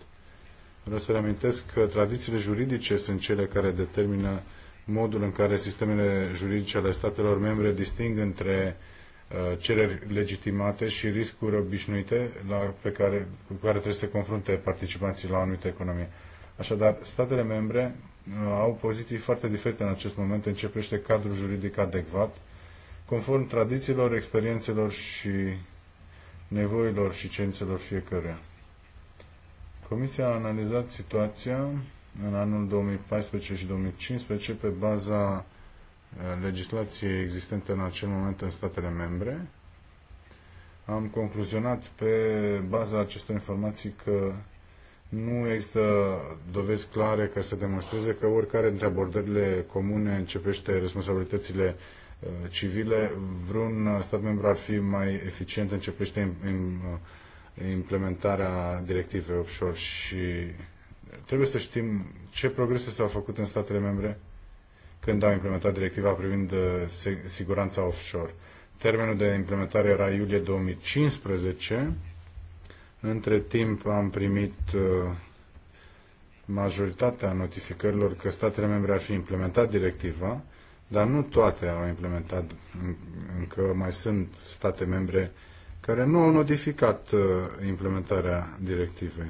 Vreau să reamintesc că tradițiile juridice sunt cele care determină modul în care sistemele juridice ale statelor membre disting între uh, cereri legitimate și riscuri obișnuite la, pe care, cu care trebuie să se confrunte participanții la o anumită economie. Așadar, statele membre uh, au poziții foarte diferite în acest moment în ce privește cadrul juridic adecvat, conform tradițiilor, experiențelor și nevoilor și cerințelor fiecăruia. Comisia a analizat situația în anul 2014 și 2015 pe baza uh, legislației existente în acel moment în statele membre. Am concluzionat pe baza acestor informații că nu există dovezi clare că se demonstreze că oricare dintre abordările comune începește responsabilitățile uh, civile, vreun stat membru ar fi mai eficient începește uh, implementarea directivei offshore și trebuie să știm ce progrese s-au făcut în statele membre când au implementat directiva privind uh, siguranța offshore. Termenul de implementare era iulie 2015. Între timp am primit uh, majoritatea notificărilor că statele membre ar fi implementat directiva, dar nu toate au implementat, încă mai sunt state membre care nu au notificat uh, implementarea directivei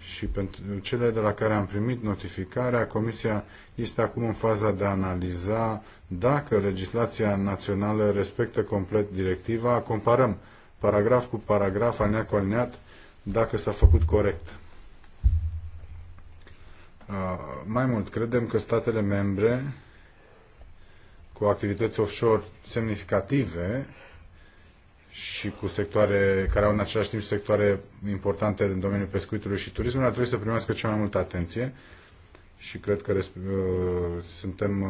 și pentru cele de la care am primit notificarea, Comisia este acum în faza de a analiza dacă legislația națională respectă complet directiva. Comparăm paragraf cu paragraf, alineat cu alineat, dacă s-a făcut corect. Uh, mai mult, credem că statele membre cu activități offshore semnificative și cu sectoare care au în același timp sectoare importante în domeniul pescuitului și turismului, ar trebui să primească cea mai multă atenție și cred că uh, suntem uh,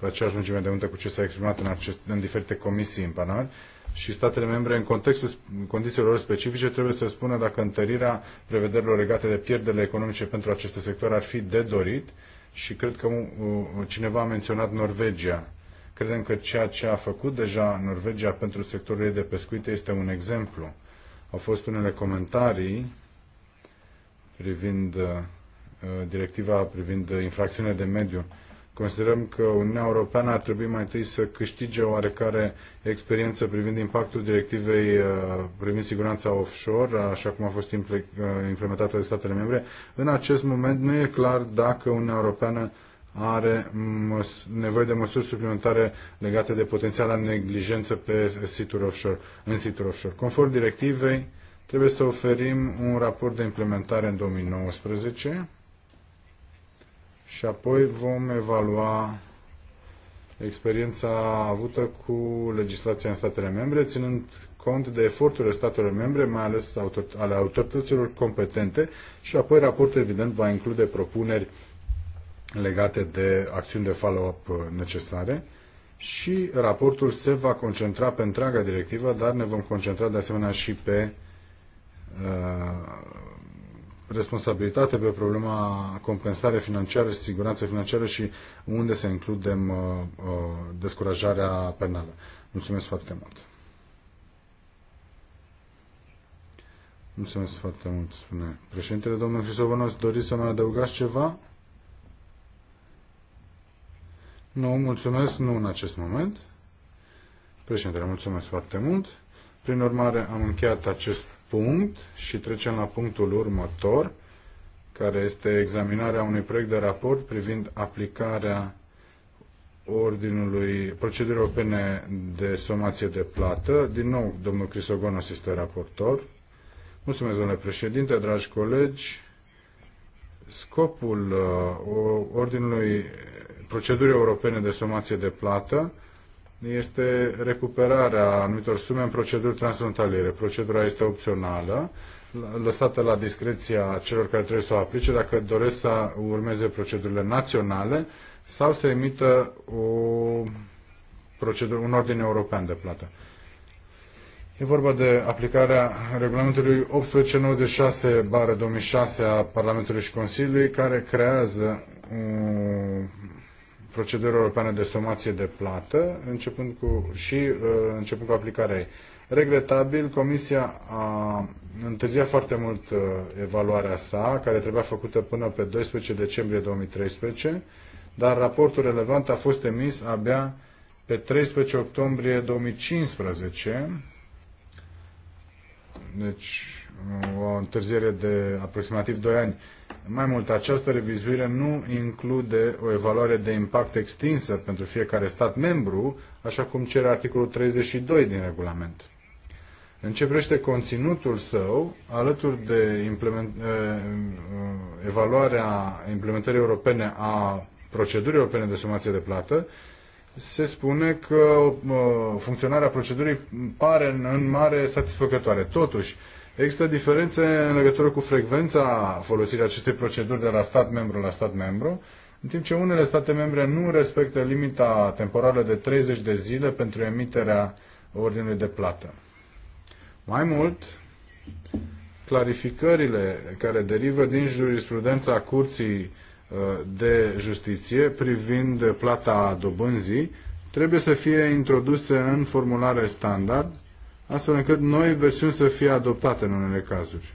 pe aceeași lungime de unde cu ce s-a exprimat în, acest, în diferite comisii în Parlament și statele membre, în contextul condițiilor specifice, trebuie să spună dacă întărirea prevederilor legate de pierderile economice pentru aceste sectoare ar fi de dorit și cred că uh, uh cineva a menționat Norvegia Credem că ceea ce a făcut deja Norvegia pentru sectorul ei de pescuit este un exemplu. Au fost unele comentarii privind uh, directiva privind infracțiunile de mediu. Considerăm că Uniunea Europeană ar trebui mai întâi să câștige oarecare experiență privind impactul directivei uh, privind siguranța offshore, așa cum a fost uh, implementată de statele membre. În acest moment nu e clar dacă Uniunea Europeană are nevoie de măsuri suplimentare legate de potențiala neglijență pe situri offshore, în situri offshore. Conform directivei, trebuie să oferim un raport de implementare în 2019 și apoi vom evalua experiența avută cu legislația în statele membre, ținând cont de eforturile statelor membre, mai ales ale autorităților competente și apoi raportul evident va include propuneri legate de acțiuni de follow-up necesare și raportul se va concentra pe întreaga directivă, dar ne vom concentra de asemenea și pe uh, responsabilitate, pe problema compensare financiară și siguranță financiară și unde să includem uh, uh, descurajarea penală. Mulțumesc foarte mult! Mulțumesc foarte mult, spune președintele. Domnul Hristovănos, doriți să mai adăugați ceva? Nu, mulțumesc, nu în acest moment. Președintele, mulțumesc foarte mult. Prin urmare, am încheiat acest punct și trecem la punctul următor, care este examinarea unui proiect de raport privind aplicarea ordinului procedurii europene de somație de plată. Din nou, domnul Crisogonos este raportor. Mulțumesc, domnule președinte, dragi colegi. Scopul uh, ordinului procedurii europene de somație de plată este recuperarea anumitor sume în proceduri transfrontaliere. Procedura este opțională, lăsată la discreția celor care trebuie să o aplice, dacă doresc să urmeze procedurile naționale sau să emită o procedură, un ordin european de plată. E vorba de aplicarea regulamentului 1896-2006 a Parlamentului și Consiliului, care creează procedura europeană de somație de plată începând cu, și uh, începând cu aplicarea ei. Regretabil, Comisia a întârziat foarte mult uh, evaluarea sa, care trebuia făcută până pe 12 decembrie 2013, dar raportul relevant a fost emis abia pe 13 octombrie 2015. Deci, o întârziere de aproximativ 2 ani. Mai mult, această revizuire nu include o evaluare de impact extinsă pentru fiecare stat membru, așa cum cere articolul 32 din regulament. În ce privește conținutul său, alături de implement, eh, eh, evaluarea implementării europene a procedurii europene de sumație de plată, se spune că eh, funcționarea procedurii pare în mare satisfăcătoare. Totuși, Există diferențe în legătură cu frecvența folosirii acestei proceduri de la stat membru la stat membru, în timp ce unele state membre nu respectă limita temporală de 30 de zile pentru emiterea ordinului de plată. Mai mult, clarificările care derivă din jurisprudența Curții uh, de Justiție privind plata dobânzii trebuie să fie introduse în formulare standard astfel încât noi versiuni să fie adoptate în unele cazuri.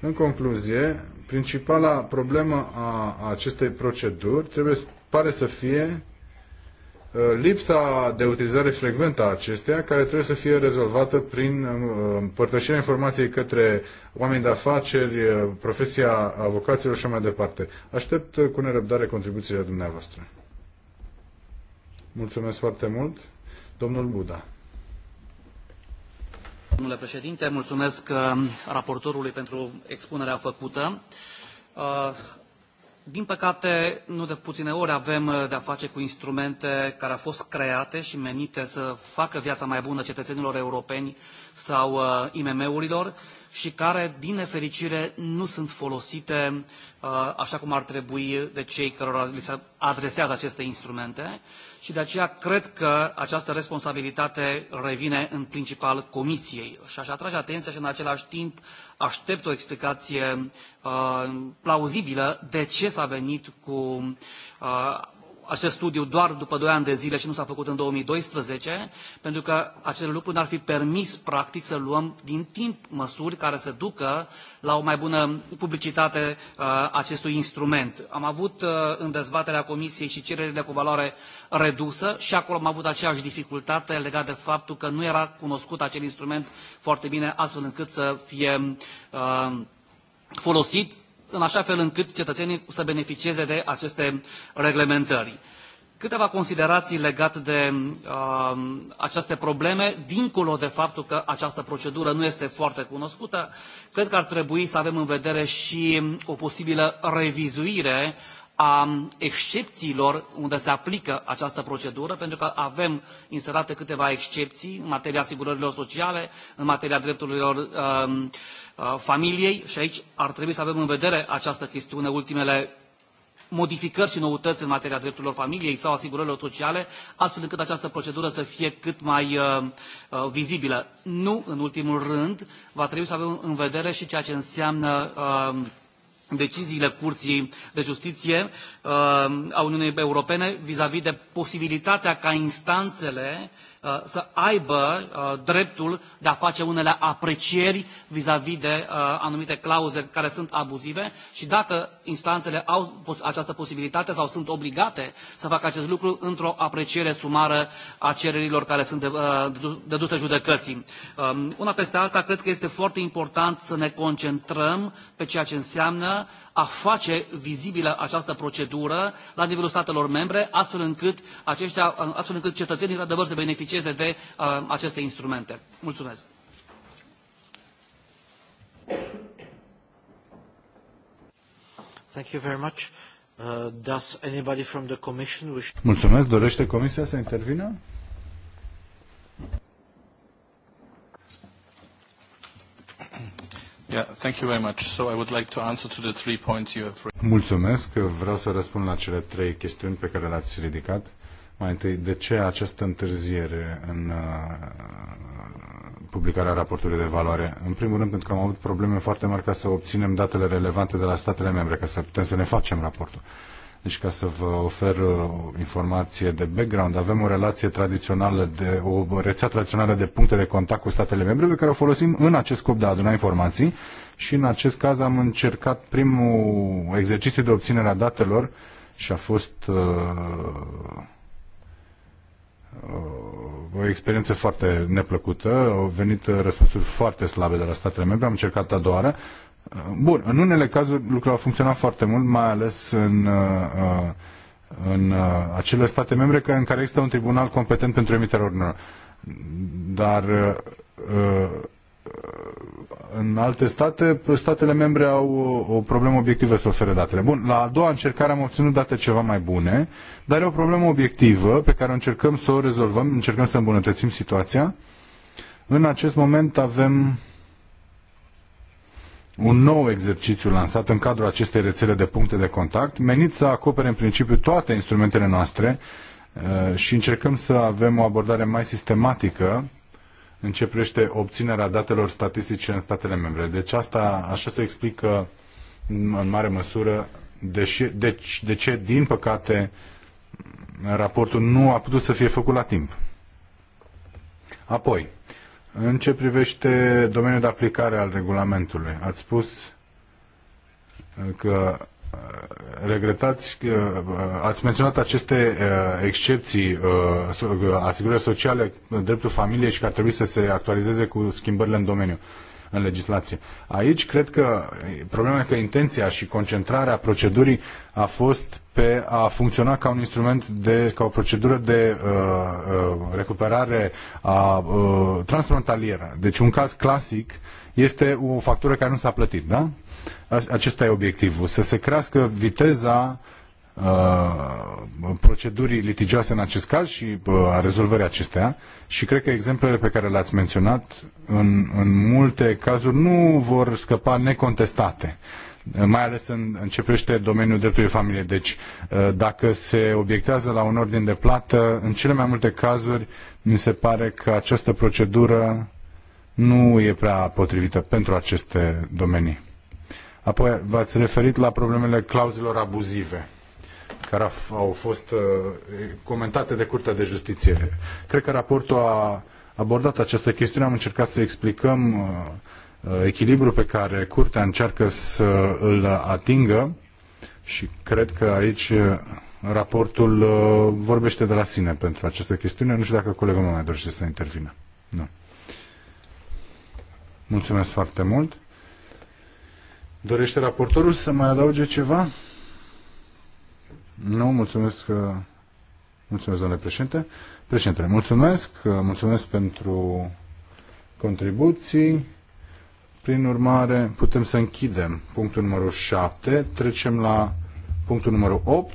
În concluzie, principala problemă a acestei proceduri trebuie, pare să fie uh, lipsa de utilizare frecventă a acesteia, care trebuie să fie rezolvată prin uh, împărtășirea informației către oameni de afaceri, uh, profesia avocaților și mai departe. Aștept cu nerăbdare contribuțiile dumneavoastră. Mulțumesc foarte mult. Domnul Buda. Domnule președinte, mulțumesc uh, raportorului pentru expunerea făcută. Uh, din păcate, nu de puține ori avem uh, de-a face cu instrumente care au fost create și menite să facă viața mai bună cetățenilor europeni sau IMM-urilor și care, din nefericire, nu sunt folosite așa cum ar trebui de cei cărora li se adresează aceste instrumente și de aceea cred că această responsabilitate revine în principal Comisiei. Și aș atrage atenția și în același timp aștept o explicație uh, plauzibilă de ce s-a venit cu uh, acest studiu doar după doi ani de zile și nu s-a făcut în 2012, pentru că acest lucru ne-ar fi permis, practic, să luăm din timp măsuri care să ducă la o mai bună publicitate a uh, acestui instrument. Am avut uh, în dezbaterea Comisiei și cererile cu valoare redusă și acolo am avut aceeași dificultate legată de faptul că nu era cunoscut acel instrument foarte bine, astfel încât să fie uh, folosit în așa fel încât cetățenii să beneficieze de aceste reglementări. Câteva considerații legate de uh, um, aceste probleme, dincolo de faptul că această procedură nu este foarte cunoscută, cred că ar trebui să avem în vedere și o posibilă revizuire a excepțiilor unde se aplică această procedură, pentru că avem inserate câteva excepții în materia asigurărilor sociale, în materia drepturilor um, uh, familiei și aici ar trebui să avem în vedere această chestiune, ultimele modificări și noutăți în materia drepturilor familiei sau asigurărilor sociale, astfel încât această procedură să fie cât mai uh, uh vizibilă. Nu, în ultimul rând, va trebui să avem în vedere și ceea ce înseamnă uh, deciziile Curții de Justiție uh, a Uniunii Europene vis a -vis de posibilitatea ca instanțele uh, Uh, să aibă uh, dreptul de a face unele aprecieri vis-a-vis -vis de uh, anumite clauze care sunt abuzive și dacă instanțele au această posibilitate sau sunt obligate să facă acest lucru într-o apreciere sumară a cererilor care sunt deduse judecății. Um, una peste alta, cred că este foarte important să ne concentrăm pe ceea ce înseamnă uh, a face vizibilă această procedură la nivelul statelor membre, astfel încât, aceștia, astfel încât cetățenii, într-adevăr, să beneficieze de uh, aceste instrumente. Mulțumesc! Thank you very much. Uh, does anybody from the commission wish... Mulțumesc. Dorește Comisia să intervină? Mulțumesc. Vreau să răspund la cele trei chestiuni pe care le-ați ridicat. Mai întâi, de ce această întârziere în uh, publicarea raportului de valoare? În primul rând, pentru că am avut probleme foarte mari ca să obținem datele relevante de la statele membre, ca să putem să ne facem raportul. Deci ca să vă ofer uh, informație de background, avem o relație tradițională de o rețea tradițională de puncte de contact cu statele membre pe care o folosim în acest scop de a aduna informații și în acest caz am încercat primul exercițiu de obținere a datelor și a fost uh, uh o experiență foarte neplăcută. Au venit uh, răspunsuri foarte slabe de la statele membre. Am încercat a doua oară Bun, în unele cazuri lucrurile au funcționat foarte mult, mai ales în, uh, uh, în uh, acele state membre în care există un tribunal competent pentru emiterea ordinelor. Dar în alte state, statele membre au o problemă obiectivă să ofere datele. Bun, la a doua încercare am obținut date ceva mai bune, dar e o problemă obiectivă pe care încercăm să o rezolvăm, încercăm să îmbunătățim situația. În acest moment avem un nou exercițiu lansat în cadrul acestei rețele de puncte de contact, menit să acopere în principiu toate instrumentele noastre uh, și încercăm să avem o abordare mai sistematică în ce privește obținerea datelor statistice în statele membre. Deci asta, așa se explică în mare măsură deși, de, de ce din păcate, raportul nu a putut să fie făcut la timp. Apoi, în ce privește domeniul de aplicare al regulamentului, ați spus uh, că uh, regretați că uh, ați menționat aceste excepții, asigurări sociale, dreptul familiei și că ar trebui să se actualizeze cu schimbările în domeniu în legislație. Aici cred că problema e că intenția și concentrarea procedurii a fost pe a funcționa ca un instrument de, ca o procedură de uh, uh, recuperare a, uh, transfrontalieră. Deci un caz clasic este o factură care nu s-a plătit, da? Acesta e obiectivul, să se crească viteza Uh, procedurii litigioase în acest caz și uh, a rezolvării acestea și cred că exemplele pe care le-ați menționat în, în multe cazuri nu vor scăpa necontestate uh, mai ales în, în ce privește domeniul dreptului familiei. Deci, dacă se obiectează la un ordin de plată, în cele mai multe cazuri, mi se pare că această procedură nu e prea potrivită pentru aceste domenii. Apoi, v-ați referit la problemele clauzelor abuzive care au fost uh, comentate de Curtea de Justiție. Cred că raportul a abordat această chestiune, am încercat să explicăm uh, uh, echilibru pe care Curtea încearcă să îl atingă și cred că aici raportul vorbește de la sine pentru această chestiune. Nu știu dacă colegul meu mai dorește să intervină. Nu. Mulțumesc foarte mult. Dorește raportorul să mai adauge ceva? Nu, mulțumesc, uh, mulțumesc, domnule președinte. Președinte, mulțumesc, uh, mulțumesc pentru contribuții. Prin urmare, putem să închidem punctul numărul 7. Trecem la punctul numărul 8.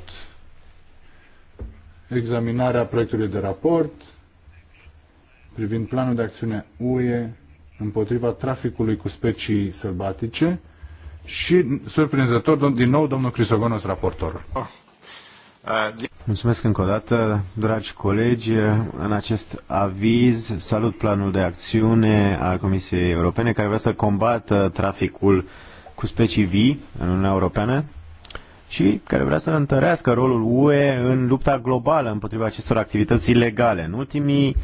Examinarea proiectului de raport privind planul de acțiune UE împotriva traficului cu specii sălbatice și, surprinzător, din nou, domnul Crisogonos, raportor. Ah. Mulțumesc încă o dată, dragi colegi. În acest aviz salut planul de acțiune al Comisiei Europene care vrea să combată traficul cu specii vii în Uniunea Europeană și care vrea să întărească rolul UE în lupta globală împotriva acestor activități ilegale. În ultimii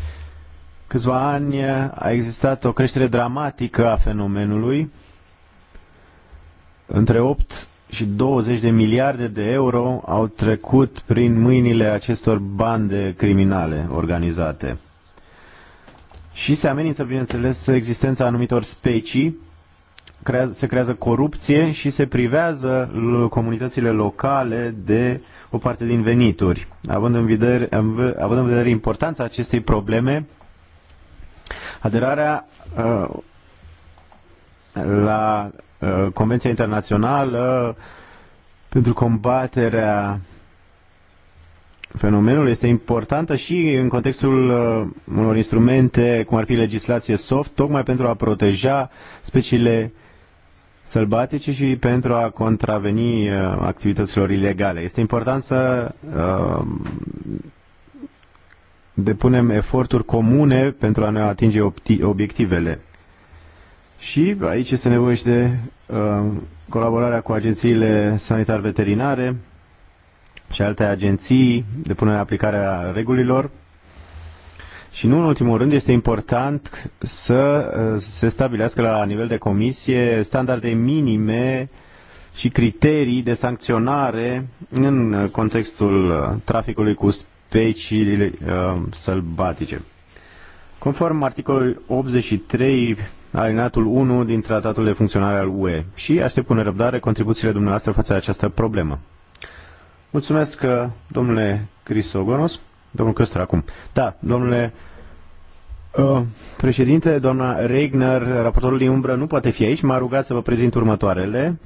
câțiva ani a existat o creștere dramatică a fenomenului. Între 8 și 20 de miliarde de euro au trecut prin mâinile acestor bande criminale organizate. Și se amenință, bineînțeles, existența anumitor specii, se creează corupție și se privează comunitățile locale de o parte din venituri. Având în vedere, având în vedere importanța acestei probleme, aderarea uh, la uh, Convenția Internațională pentru combaterea fenomenului este importantă și în contextul uh, unor instrumente, cum ar fi legislație soft, tocmai pentru a proteja speciile sălbatice și pentru a contraveni uh, activităților ilegale. Este important să uh, depunem eforturi comune pentru a ne atinge obiectivele. Și aici este nevoie și de uh, colaborarea cu agențiile sanitar-veterinare și alte agenții de punere în aplicare a regulilor. Și nu în ultimul rând este important să uh, se stabilească la nivel de comisie standarde minime și criterii de sancționare în uh, contextul uh, traficului cu speciile uh, sălbatice. Conform articolului 83 alinatul 1 din Tratatul de Funcționare al UE și aștept cu nerăbdare contribuțiile dumneavoastră față de această problemă. Mulțumesc, uh, domnule Crisogonos. Domnul Căstor acum. Da, domnule uh, președinte, doamna Regner, raportorul din umbră, nu poate fi aici. M-a rugat să vă prezint următoarele.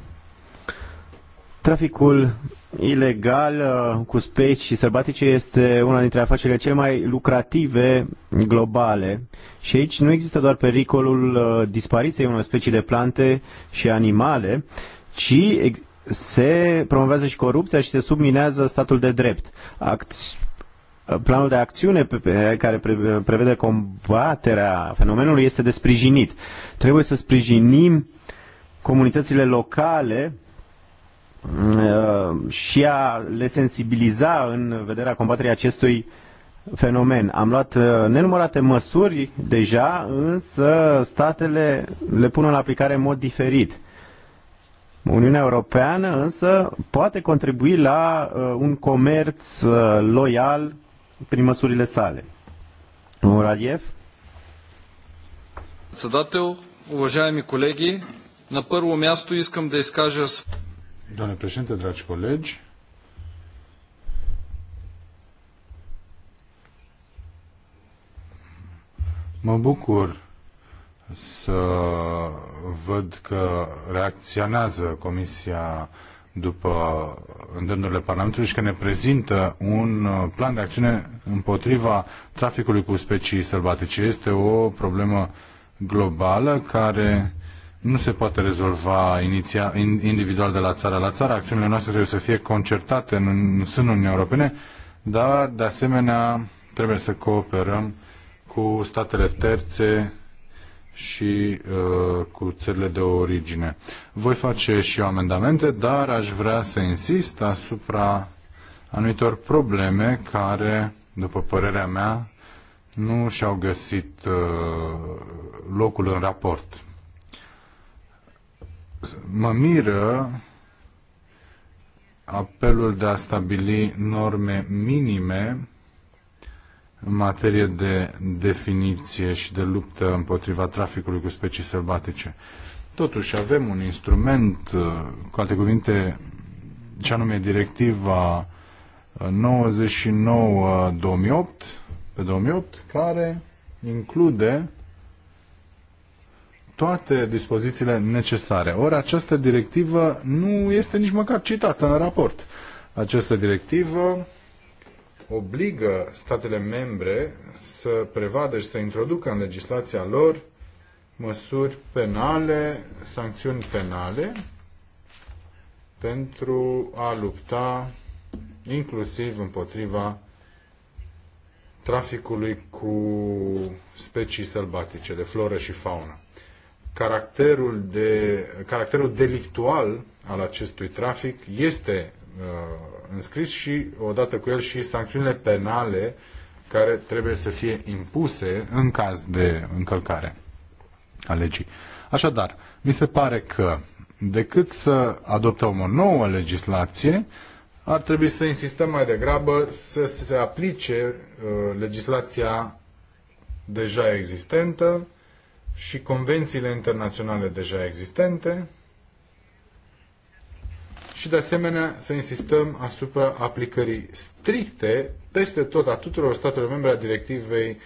Traficul ilegal uh, cu specii sălbatice este una dintre afacerile cele mai lucrative globale. Și aici nu există doar pericolul uh, dispariției unor specii de plante și animale, ci se promovează și corupția și se subminează statul de drept. Act- planul de acțiune pe care prevede combaterea fenomenului este de sprijinit. Trebuie să sprijinim comunitățile locale Uh, și a le sensibiliza în vederea combaterii acestui fenomen. Am luat uh, nenumărate măsuri deja, însă statele le pun în aplicare în mod diferit. Uniunea Europeană însă poate contribui la uh, un comerț loial prin măsurile sale. Muraliev? Председател, уважаеми колеги, на първо място искам да изкажа Doamne președinte, dragi colegi, mă bucur să văd că reacționează Comisia după îndemnurile Parlamentului și că ne prezintă un plan de acțiune împotriva traficului cu specii sălbatice. Este o problemă globală care nu se poate rezolva iniția, individual de la țară la țară. Acțiunile noastre trebuie să fie concertate în, în sânul Uniunii Europene, dar, de asemenea, trebuie să cooperăm cu statele terțe și uh, cu țările de origine. Voi face și eu amendamente, dar aș vrea să insist asupra anumitor probleme care, după părerea mea, nu și-au găsit uh, locul în raport mă miră apelul de a stabili norme minime în materie de definiție și de luptă împotriva traficului cu specii sălbatice. Totuși avem un instrument, uh, cu alte cuvinte, ce anume directiva 99-2008, uh, pe 2008, care include toate dispozițiile necesare. Ori această directivă nu este nici măcar citată în raport. Această directivă obligă statele membre să prevadă și să introducă în legislația lor măsuri penale, sancțiuni penale pentru a lupta inclusiv împotriva traficului cu specii sălbatice, de floră și faună caracterul, de, caracterul delictual al acestui trafic este uh, înscris și odată cu el și sancțiunile penale care trebuie să fie impuse în caz de încălcare a legii. Așadar, mi se pare că decât să adoptăm o nouă legislație, ar trebui să insistăm mai degrabă să se aplice uh, legislația deja existentă și convențiile internaționale deja existente și de asemenea să insistăm asupra aplicării stricte peste tot a tuturor statelor membre a directivei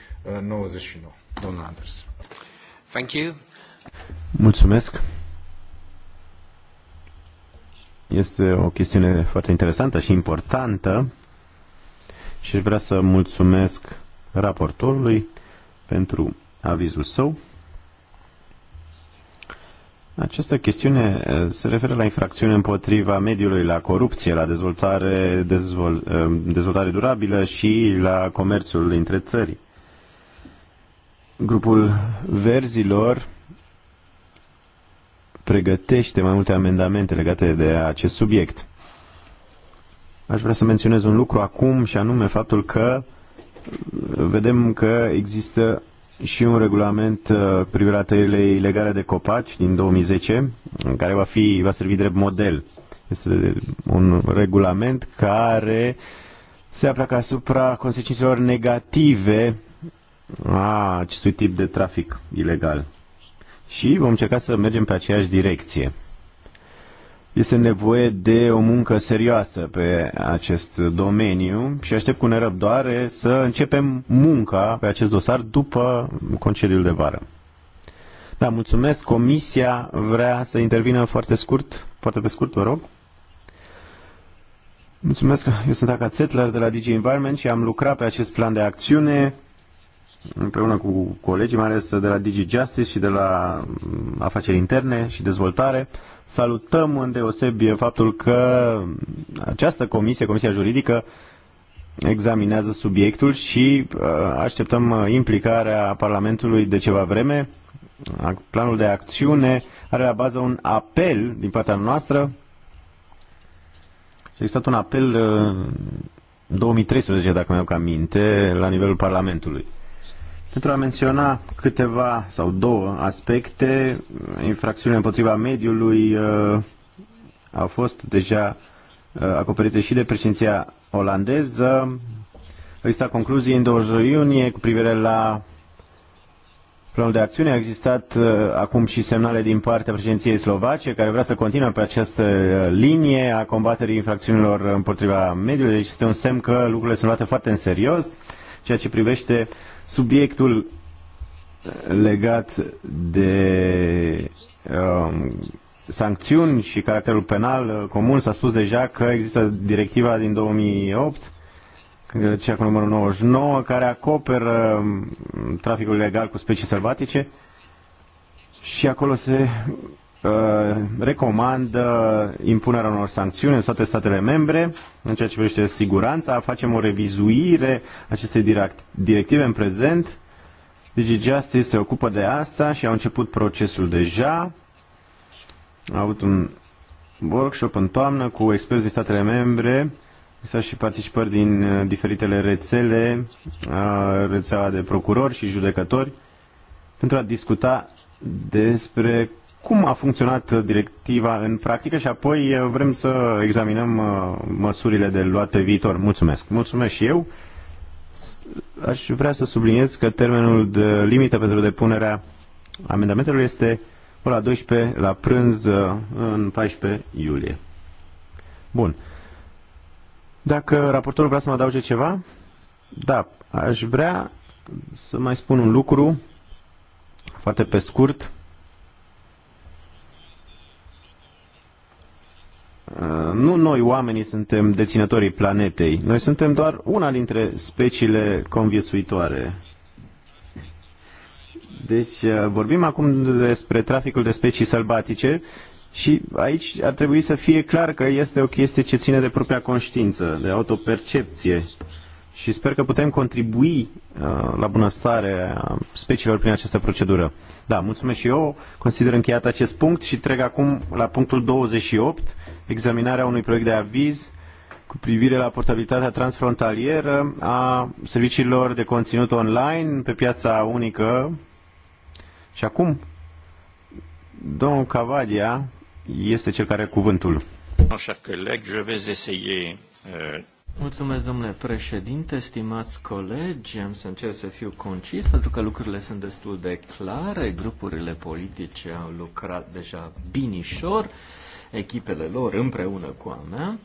99. Uh, Domnul Anders. Thank you. Mulțumesc. Este o chestiune foarte interesantă și importantă și vreau să mulțumesc raportorului pentru avizul său. Această chestiune eh, se referă la infracțiune împotriva mediului, la corupție, la dezvoltare, dezvol, eh, dezvoltare durabilă și la comerțul între țări. Grupul Verzilor pregătește mai multe amendamente legate de acest subiect. Aș vrea să menționez un lucru acum și anume faptul că vedem că există și un regulament uh, privind tăierile ilegale de copaci din 2010, care va, fi, va servi drept model. Este un regulament care se aplacă asupra consecințelor negative a acestui tip de trafic ilegal. Și vom încerca să mergem pe aceeași direcție. Este nevoie de o muncă serioasă pe acest domeniu și aștept cu nerăbdoare să începem munca pe acest dosar după concediul de vară. Da, mulțumesc. Comisia vrea să intervină foarte scurt, foarte pe scurt, vă rog. Mulțumesc, eu sunt Aca Zetler de la DG Environment și am lucrat pe acest plan de acțiune împreună cu colegii, mai ales de la Digi Justice și de la mm, afaceri interne și dezvoltare. Salutăm îndeosebi faptul că această comisie, Comisia Juridică, examinează subiectul și uh, așteptăm uh, implicarea Parlamentului de ceva vreme. Planul de acțiune are la bază un apel din partea noastră. Și a existat un apel 2013, uh, dacă mi am aminte, la nivelul Parlamentului. Pentru a menționa câteva sau două aspecte, infracțiunile împotriva mediului uh, au fost deja uh, acoperite și de președinția olandeză. Lista concluzii în 22 iunie cu privire la planul de acțiune. A existat uh, acum și semnale din partea președinției slovace care vrea să continue pe această uh, linie a combaterii infracțiunilor împotriva mediului. Deci este un semn că lucrurile sunt luate foarte în serios ceea ce privește uh, Subiectul legat de um, sancțiuni și caracterul penal comun s-a spus deja că există directiva din 2008 cea cu numărul 99, care acoperă um, traficul legal cu specii sălbatice și acolo se Uh, Recomand impunerea unor sancțiuni în toate statele membre în ceea ce privește siguranța. Facem o revizuire acestei directive în prezent. Digi Justice se ocupă de asta și au început procesul deja. Au avut un workshop în toamnă cu experți din statele membre. Există și participări din uh, diferitele rețele, uh, rețeaua de procurori și judecători, pentru a discuta despre cum a funcționat uh, directiva în practică și apoi uh, vrem să examinăm uh, măsurile de luat pe viitor. Mulțumesc. Mulțumesc și eu. Aș vrea să subliniez că termenul de limită pentru depunerea amendamentelor este ora 12 la prânz în 14 iulie. Bun. Dacă raportorul vrea să mă adauge ceva, da, aș vrea să mai spun un lucru foarte pe scurt Uh, nu noi oamenii suntem deținătorii planetei, noi suntem doar una dintre speciile conviețuitoare. Deci uh, vorbim acum despre traficul de specii sălbatice și aici ar trebui să fie clar că este o chestie ce ține de propria conștiință, de autopercepție. Uh, și sper că putem contribui uh, la bunăstarea speciilor prin această procedură. Da, mulțumesc și eu. Consider încheiat acest punct și trec acum la punctul 28, examinarea unui proiect de aviz cu privire la portabilitatea transfrontalieră a serviciilor de conținut online pe piața unică. Și acum, domnul Cavadia este cel care are cuvântul. Așa că, leg, je vais essayer uh... Mulțumesc, domnule președinte, stimați colegi, am să încerc să fiu concis pentru că lucrurile sunt destul de clare, grupurile politice au lucrat deja binișor, echipele lor împreună cu a mea.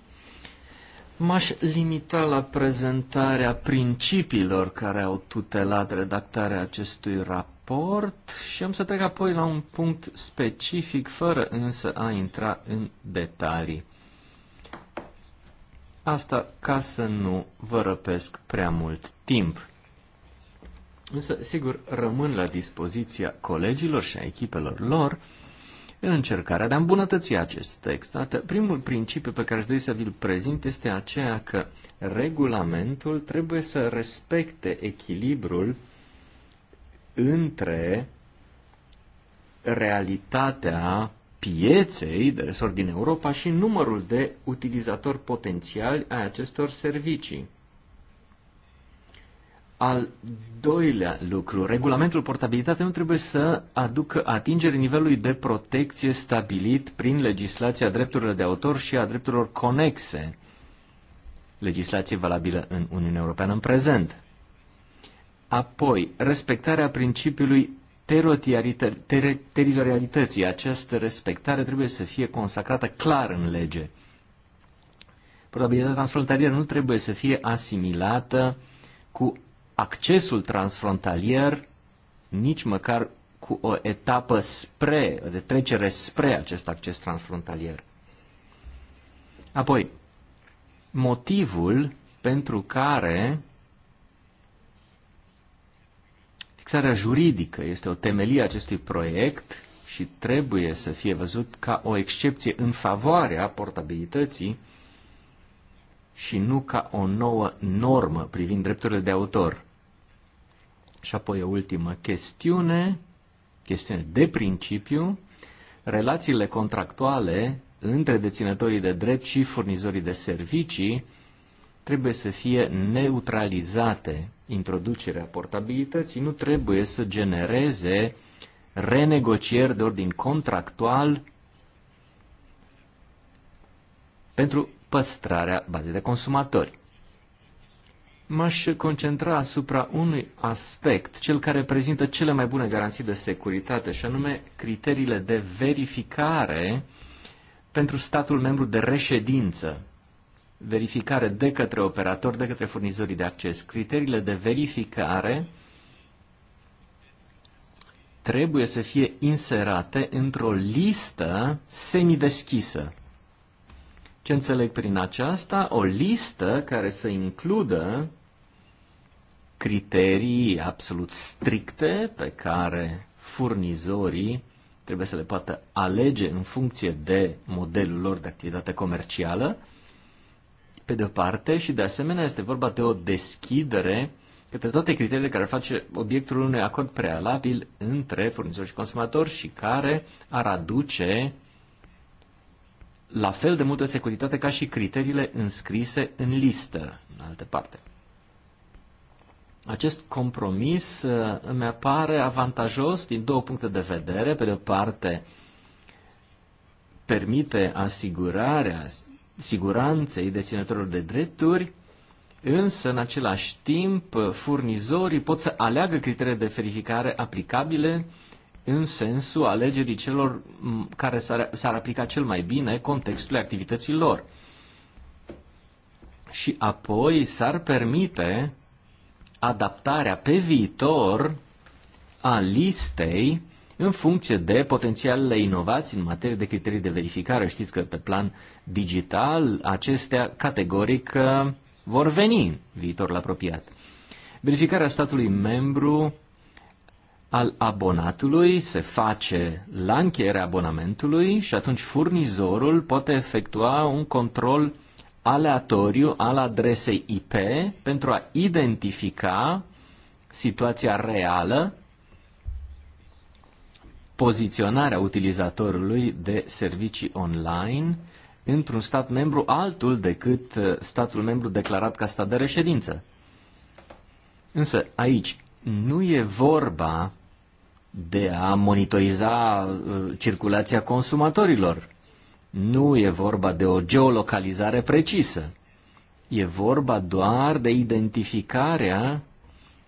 M-aș limita la prezentarea principiilor care au tutelat redactarea acestui raport și am să trec apoi la un punct specific, fără însă a intra în detalii. Asta ca să nu vă răpesc prea mult timp. Însă, sigur, rămân la dispoziția colegilor și a echipelor lor în încercarea de a îmbunătăți acest text. Atât, primul principiu pe care aș dori să vi-l prezint este aceea că regulamentul trebuie să respecte echilibrul între realitatea pieței de resort din Europa și numărul de utilizatori potențiali ai acestor servicii. Al doilea lucru, regulamentul portabilitate nu trebuie să aducă atingere nivelului de protecție stabilit prin legislația drepturilor de autor și a drepturilor conexe, legislație valabilă în Uniunea Europeană în prezent. Apoi, respectarea principiului teritorialității, această respectare trebuie să fie consacrată clar în lege. Probabilitatea transfrontalieră nu trebuie să fie asimilată cu accesul transfrontalier, nici măcar cu o etapă spre, de trecere spre acest acces transfrontalier. Apoi, motivul pentru care Fixarea juridică este o temelie a acestui proiect și trebuie să fie văzut ca o excepție în favoarea portabilității și nu ca o nouă normă privind drepturile de autor. Și apoi o ultimă chestiune, chestiune de principiu, relațiile contractuale între deținătorii de drept și furnizorii de servicii trebuie să fie neutralizate introducerea portabilității nu trebuie să genereze renegocieri de ordin contractual pentru păstrarea bazei de consumatori. M-aș concentra asupra unui aspect, cel care prezintă cele mai bune garanții de securitate, și anume criteriile de verificare pentru statul membru de reședință verificare de către operator, de către furnizorii de acces. Criteriile de verificare trebuie să fie inserate într-o listă semideschisă. Ce înțeleg prin aceasta? O listă care să includă criterii absolut stricte pe care furnizorii trebuie să le poată alege în funcție de modelul lor de activitate comercială, pe de-o parte, și de asemenea este vorba de o deschidere către toate criteriile care face obiectul unui acord prealabil între furnizor și consumator și care ar aduce la fel de multă securitate ca și criteriile înscrise în listă, în altă parte. Acest compromis uh, îmi apare avantajos din două puncte de vedere. Pe de o parte, permite asigurarea siguranței deținătorilor de drepturi, însă în același timp furnizorii pot să aleagă criterii de verificare aplicabile în sensul alegerii celor care s-ar aplica cel mai bine contextului activității lor. Și apoi s-ar permite adaptarea pe viitor a listei în funcție de potențialele inovații în materie de criterii de verificare. Știți că pe plan digital acestea categoric uh, vor veni în viitorul apropiat. Verificarea statului membru al abonatului se face la încheierea abonamentului și atunci furnizorul poate efectua un control aleatoriu al adresei IP pentru a identifica situația reală poziționarea utilizatorului de servicii online într-un stat membru altul decât uh, statul membru declarat ca stat de reședință. Însă aici nu e vorba de a monitoriza uh, circulația consumatorilor. Nu e vorba de o geolocalizare precisă. E vorba doar de identificarea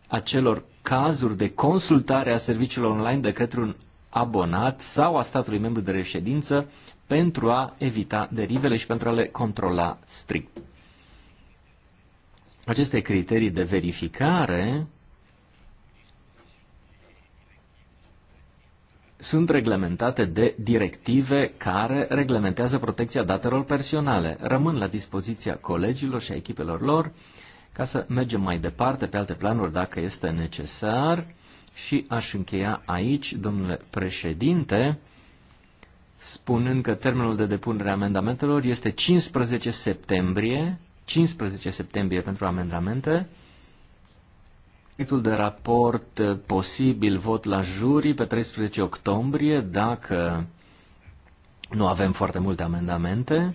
acelor cazuri de consultare a serviciilor online de către un abonat sau a statului membru de reședință pentru a evita derivele și pentru a le controla strict. Aceste criterii de verificare sunt reglementate de directive care reglementează protecția datelor personale. Rămân la dispoziția colegilor și a echipelor lor ca să mergem mai departe pe alte planuri dacă este necesar și aș încheia aici, domnule președinte, spunând că termenul de depunere a amendamentelor este 15 septembrie, 15 septembrie pentru amendamente, Titlul de raport eh, posibil vot la jurii pe 13 octombrie, dacă nu avem foarte multe amendamente,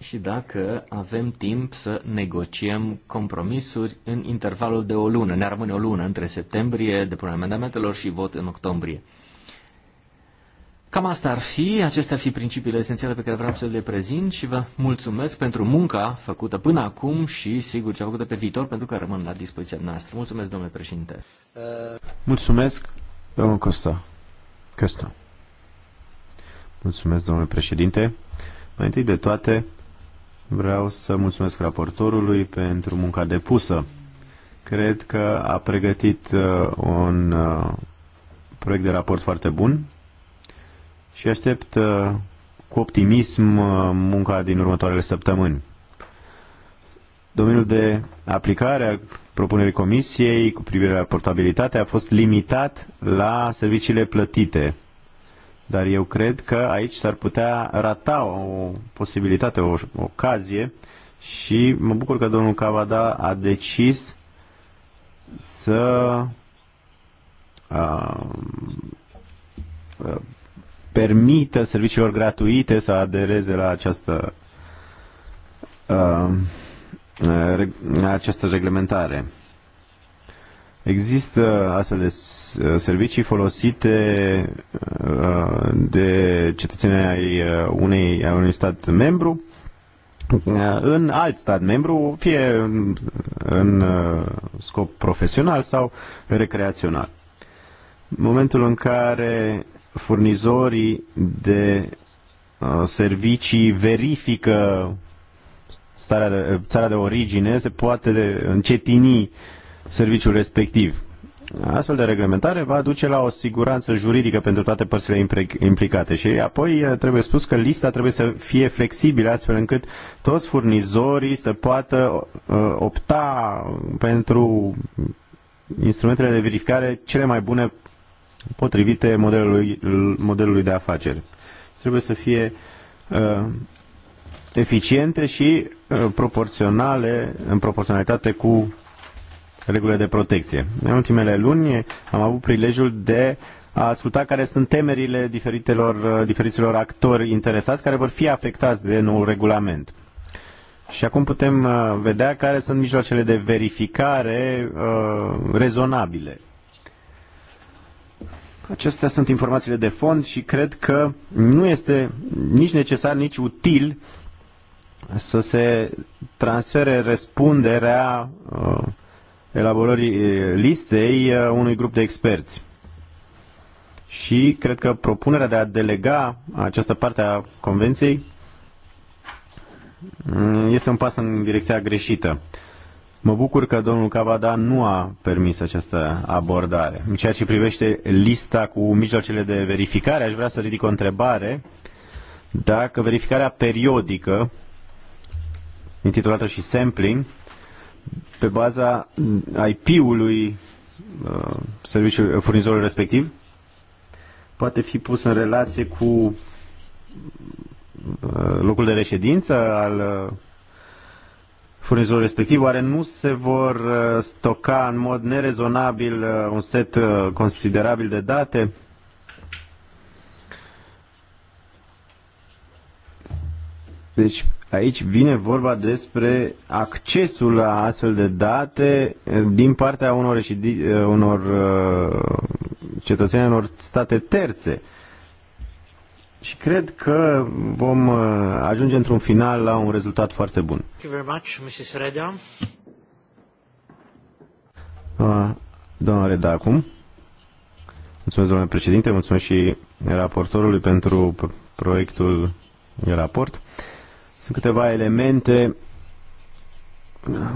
și dacă avem timp să negociem compromisuri în intervalul de o lună. Ne rămâne o lună între septembrie, depunerea amendamentelor și vot în octombrie. Cam asta ar fi, acestea ar fi principiile esențiale pe care vreau să le prezint și vă mulțumesc pentru munca făcută până acum și sigur a făcută pe viitor pentru că rămân la dispoziția noastră. Mulțumesc, domnule președinte. Mulțumesc, domnul Costa. Costa. Mulțumesc, domnule președinte. Mai întâi de toate, Vreau să mulțumesc raportorului pentru munca depusă. Cred că a pregătit uh, un uh, proiect de raport foarte bun și aștept uh, cu optimism munca din următoarele săptămâni. Domeniul de aplicare a propunerii comisiei cu privire la portabilitate a fost limitat la serviciile plătite dar eu cred că aici s-ar putea rata o posibilitate, o ocazie și mă bucur că domnul Cavada a decis să a, uh, a, uh, permită serviciilor gratuite să adereze la această, uh, a, această reglementare. Există astfel de uh, servicii folosite uh, de cetățenii ai uh, unei, a unui stat membru în alt stat membru, fie în scop profesional sau recreațional. În momentul în care furnizorii de servicii verifică starea de, țara de origine, se poate încetini uh, serviciul respectiv. Astfel de reglementare va duce la o siguranță juridică pentru toate părțile implicate și apoi eh, trebuie spus că lista trebuie să fie flexibilă astfel încât toți furnizorii să poată eh, opta pentru instrumentele de verificare cele mai bune potrivite modelului, modelului de afaceri. Trebuie să fie uh, eficiente și uh, proporționale, în proporționalitate cu regulile de protecție. În ultimele luni am avut prilejul de a asculta care sunt temerile diferitelor, diferiților actori interesați care vor fi afectați de noul regulament. Și acum putem uh, vedea care sunt mijloacele de verificare uh, rezonabile. Acestea sunt informațiile de fond și cred că nu este nici necesar, nici util să se transfere răspunderea uh, elaborării listei unui grup de experți. Și cred că propunerea de a delega această parte a convenției mm, este un pas în direcția greșită. Mă bucur că domnul Cavada nu a permis această abordare. În ceea ce privește lista cu mijloacele de verificare, aș vrea să ridic o întrebare. Dacă verificarea periodică, intitulată și sampling, pe baza IP-ului uh, serviciul, uh, furnizorul respectiv poate fi pus în relație cu uh, locul de reședință al furnizorului respectiv, oare nu se vor stoca în mod nerezonabil un set considerabil de date? Deci aici vine vorba despre accesul la astfel de date eh, din partea unor, și, eh, unor eh, cetățeni unor state terțe. Și cred că vom ajunge într-un final la un rezultat foarte bun. Thank you very much, Mrs. Reda. Ah, doamna Reda, acum. Mulțumesc, domnule președinte, mulțumesc și raportorului pentru proiectul de raport. Sunt câteva elemente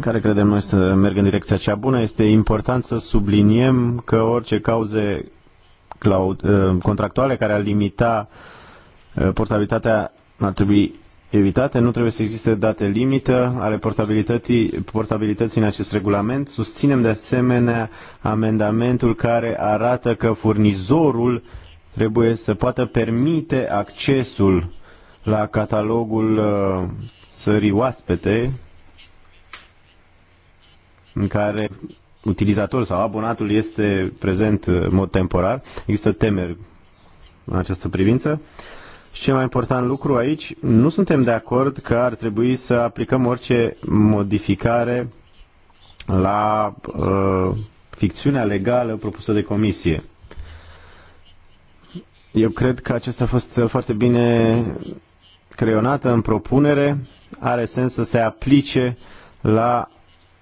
care credem noi să merg în direcția cea bună. Este important să subliniem că orice cauze uh, contractuale care ar limita uh, portabilitatea ar trebui evitate. Nu trebuie să existe date limită ale portabilității, portabilității în acest regulament. Susținem de asemenea amendamentul care arată că furnizorul trebuie să poată permite accesul la catalogul uh, țării oaspete în care utilizatorul sau abonatul este prezent uh, în mod temporar. Există temeri în această privință. Și cel mai important lucru aici, nu suntem de acord că ar trebui să aplicăm orice modificare la uh, ficțiunea legală propusă de comisie. Eu cred că acesta a fost foarte bine creionată în propunere are sens să se aplice la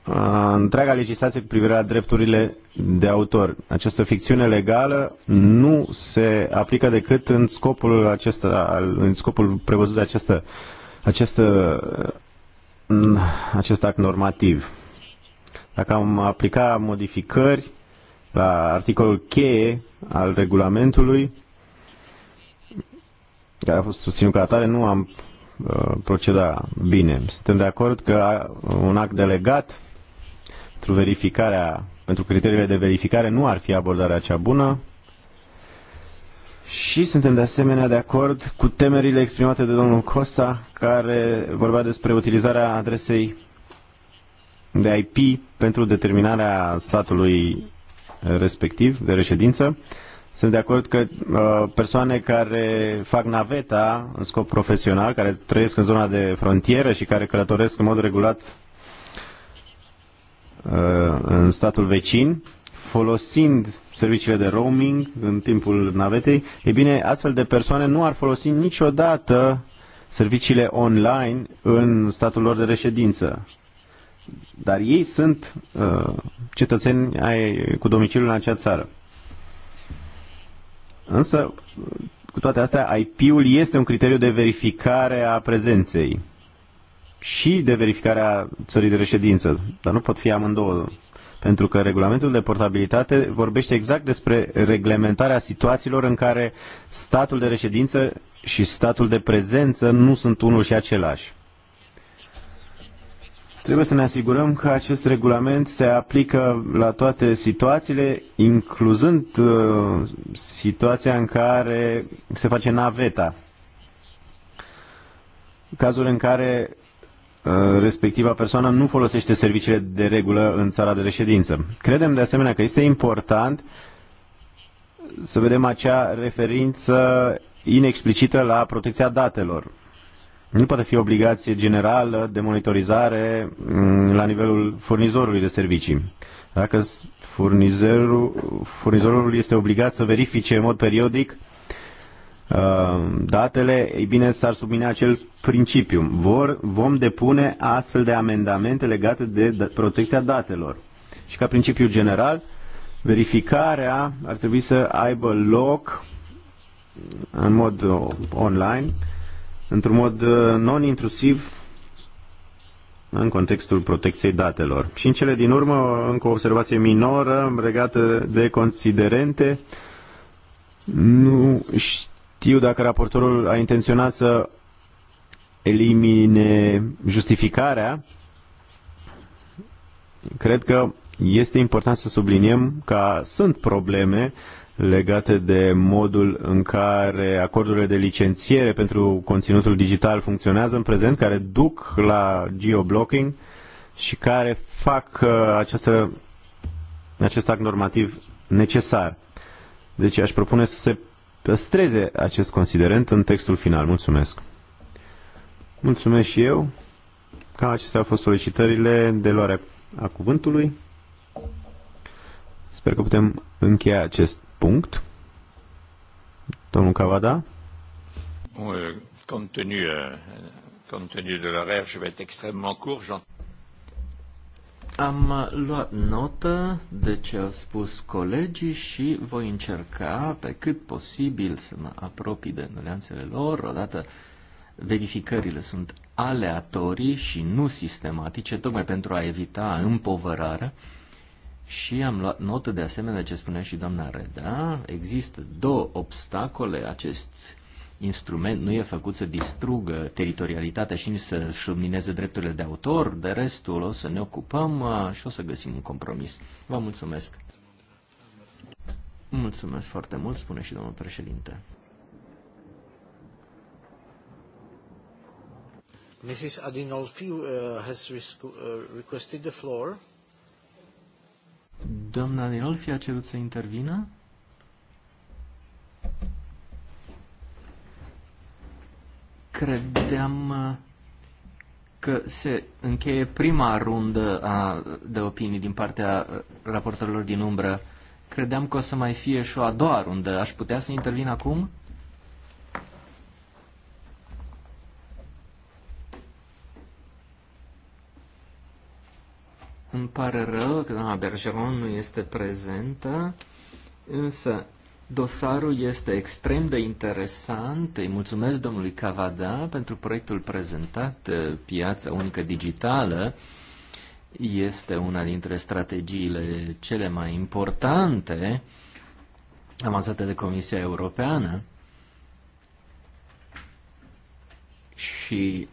uh, întreaga legislație cu privire la drepturile de autor. Această ficțiune legală nu se aplică decât în scopul, acesta, în scopul prevăzut de această, această, uh, acest act normativ. Dacă am aplica modificări la articolul cheie al regulamentului, care a fost susținut ca atare, nu am uh, proceda bine. Suntem de acord că un act delegat pentru verificarea, pentru criteriile de verificare nu ar fi abordarea cea bună și suntem de asemenea de acord cu temerile exprimate de domnul Costa care vorbea despre utilizarea adresei de IP pentru determinarea statului respectiv de reședință. Uh, sunt de acord că uh, persoane care fac naveta în scop profesional, care trăiesc în zona de frontieră și care călătoresc în mod regulat uh, în statul vecin, folosind serviciile de roaming în timpul navetei, e bine, astfel de persoane nu ar folosi niciodată serviciile online în statul lor de reședință. Dar ei sunt uh, cetățeni ai, cu domiciliul în acea țară. Însă, cu toate astea, IP-ul este un criteriu de verificare a prezenței și de verificare a țării de reședință, dar nu pot fi amândouă. Pentru că regulamentul de portabilitate vorbește exact despre reglementarea situațiilor în care statul de reședință și statul de prezență nu sunt unul și același. Trebuie să ne asigurăm că acest regulament se aplică la toate situațiile, incluzând uh, situația în care se face naveta. Cazul în care uh, respectiva persoană nu folosește serviciile de regulă în țara de reședință. Credem de asemenea că este important să vedem acea referință inexplicită la protecția datelor nu poate fi obligație generală de monitorizare mm, la nivelul furnizorului de servicii. Dacă furnizorul, furnizorul este obligat să verifice în mod periodic uh, datele, ei bine, s-ar submina acel principiu. Vor, vom depune astfel de amendamente legate de da, protecția datelor. Și ca principiu general, verificarea ar trebui să aibă loc în mod uh, online într-un mod uh, non-intrusiv în contextul protecției datelor. Și în cele din urmă, încă o observație minoră legată de considerente. Nu știu dacă raportorul a intenționat să elimine justificarea. Cred că este important să subliniem că sunt probleme legate de modul în care acordurile de licențiere pentru conținutul digital funcționează în prezent, care duc la geoblocking și care fac uh, această, acest act normativ necesar. Deci aș propune să se păstreze acest considerent în textul final. Mulțumesc. Mulțumesc și eu. Cam acestea au fost solicitările de luare a cuvântului. Sper că putem încheia acest punct. Domnul Cavada? Euh, euh, de Am luat notă de ce au spus colegii și voi încerca pe cât posibil să mă apropii de nuanțele lor. Odată verificările sunt aleatorii și nu sistematice, tocmai pentru a evita împovărarea. Și am luat notă de asemenea ce spunea și doamna Reda, există două obstacole, acest instrument nu e făcut să distrugă teritorialitatea și nici să șumineze drepturile de autor, de restul o să ne ocupăm uh, și o să găsim un compromis. Vă mulțumesc! Mulțumesc foarte mult, spune și domnul președinte. Mrs. Adinolfi uh, has uh, requested the floor. Doamna Nirolfi a cerut să intervină. Credeam uh, că se încheie prima rundă a, de opinii din partea uh, raportorilor din umbră. Credeam că o să mai fie și o a doua rundă. Aș putea să intervin acum? Îmi pare rău că doamna Bergeron nu este prezentă, însă dosarul este extrem de interesant. Îi mulțumesc domnului Cavada pentru proiectul prezentat, uh, Piața Unică Digitală. Este una dintre strategiile cele mai importante avansate de Comisia Europeană și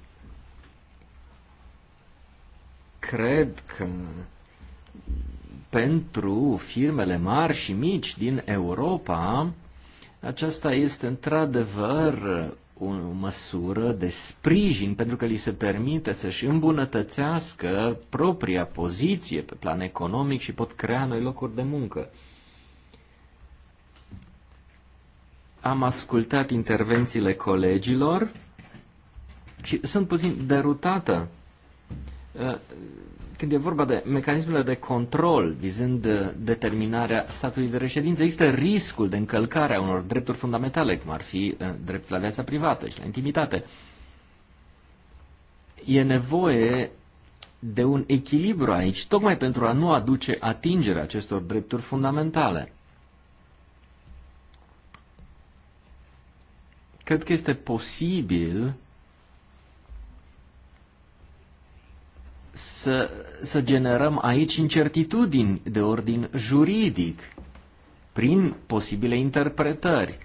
cred că pentru firmele mari și mici din Europa, aceasta este într-adevăr o măsură de sprijin pentru că li se permite să-și îmbunătățească propria poziție pe plan economic și pot crea noi locuri de muncă. Am ascultat intervențiile colegilor și sunt puțin derutată când e vorba de mecanismele de control vizând uh, determinarea statului de reședință, există riscul de încălcare a unor drepturi fundamentale, cum ar fi uh, dreptul la viața privată și la intimitate. E nevoie de un echilibru aici, tocmai pentru a nu aduce atingerea acestor drepturi fundamentale. Cred că este posibil să, să generăm aici incertitudini de ordin juridic prin posibile interpretări.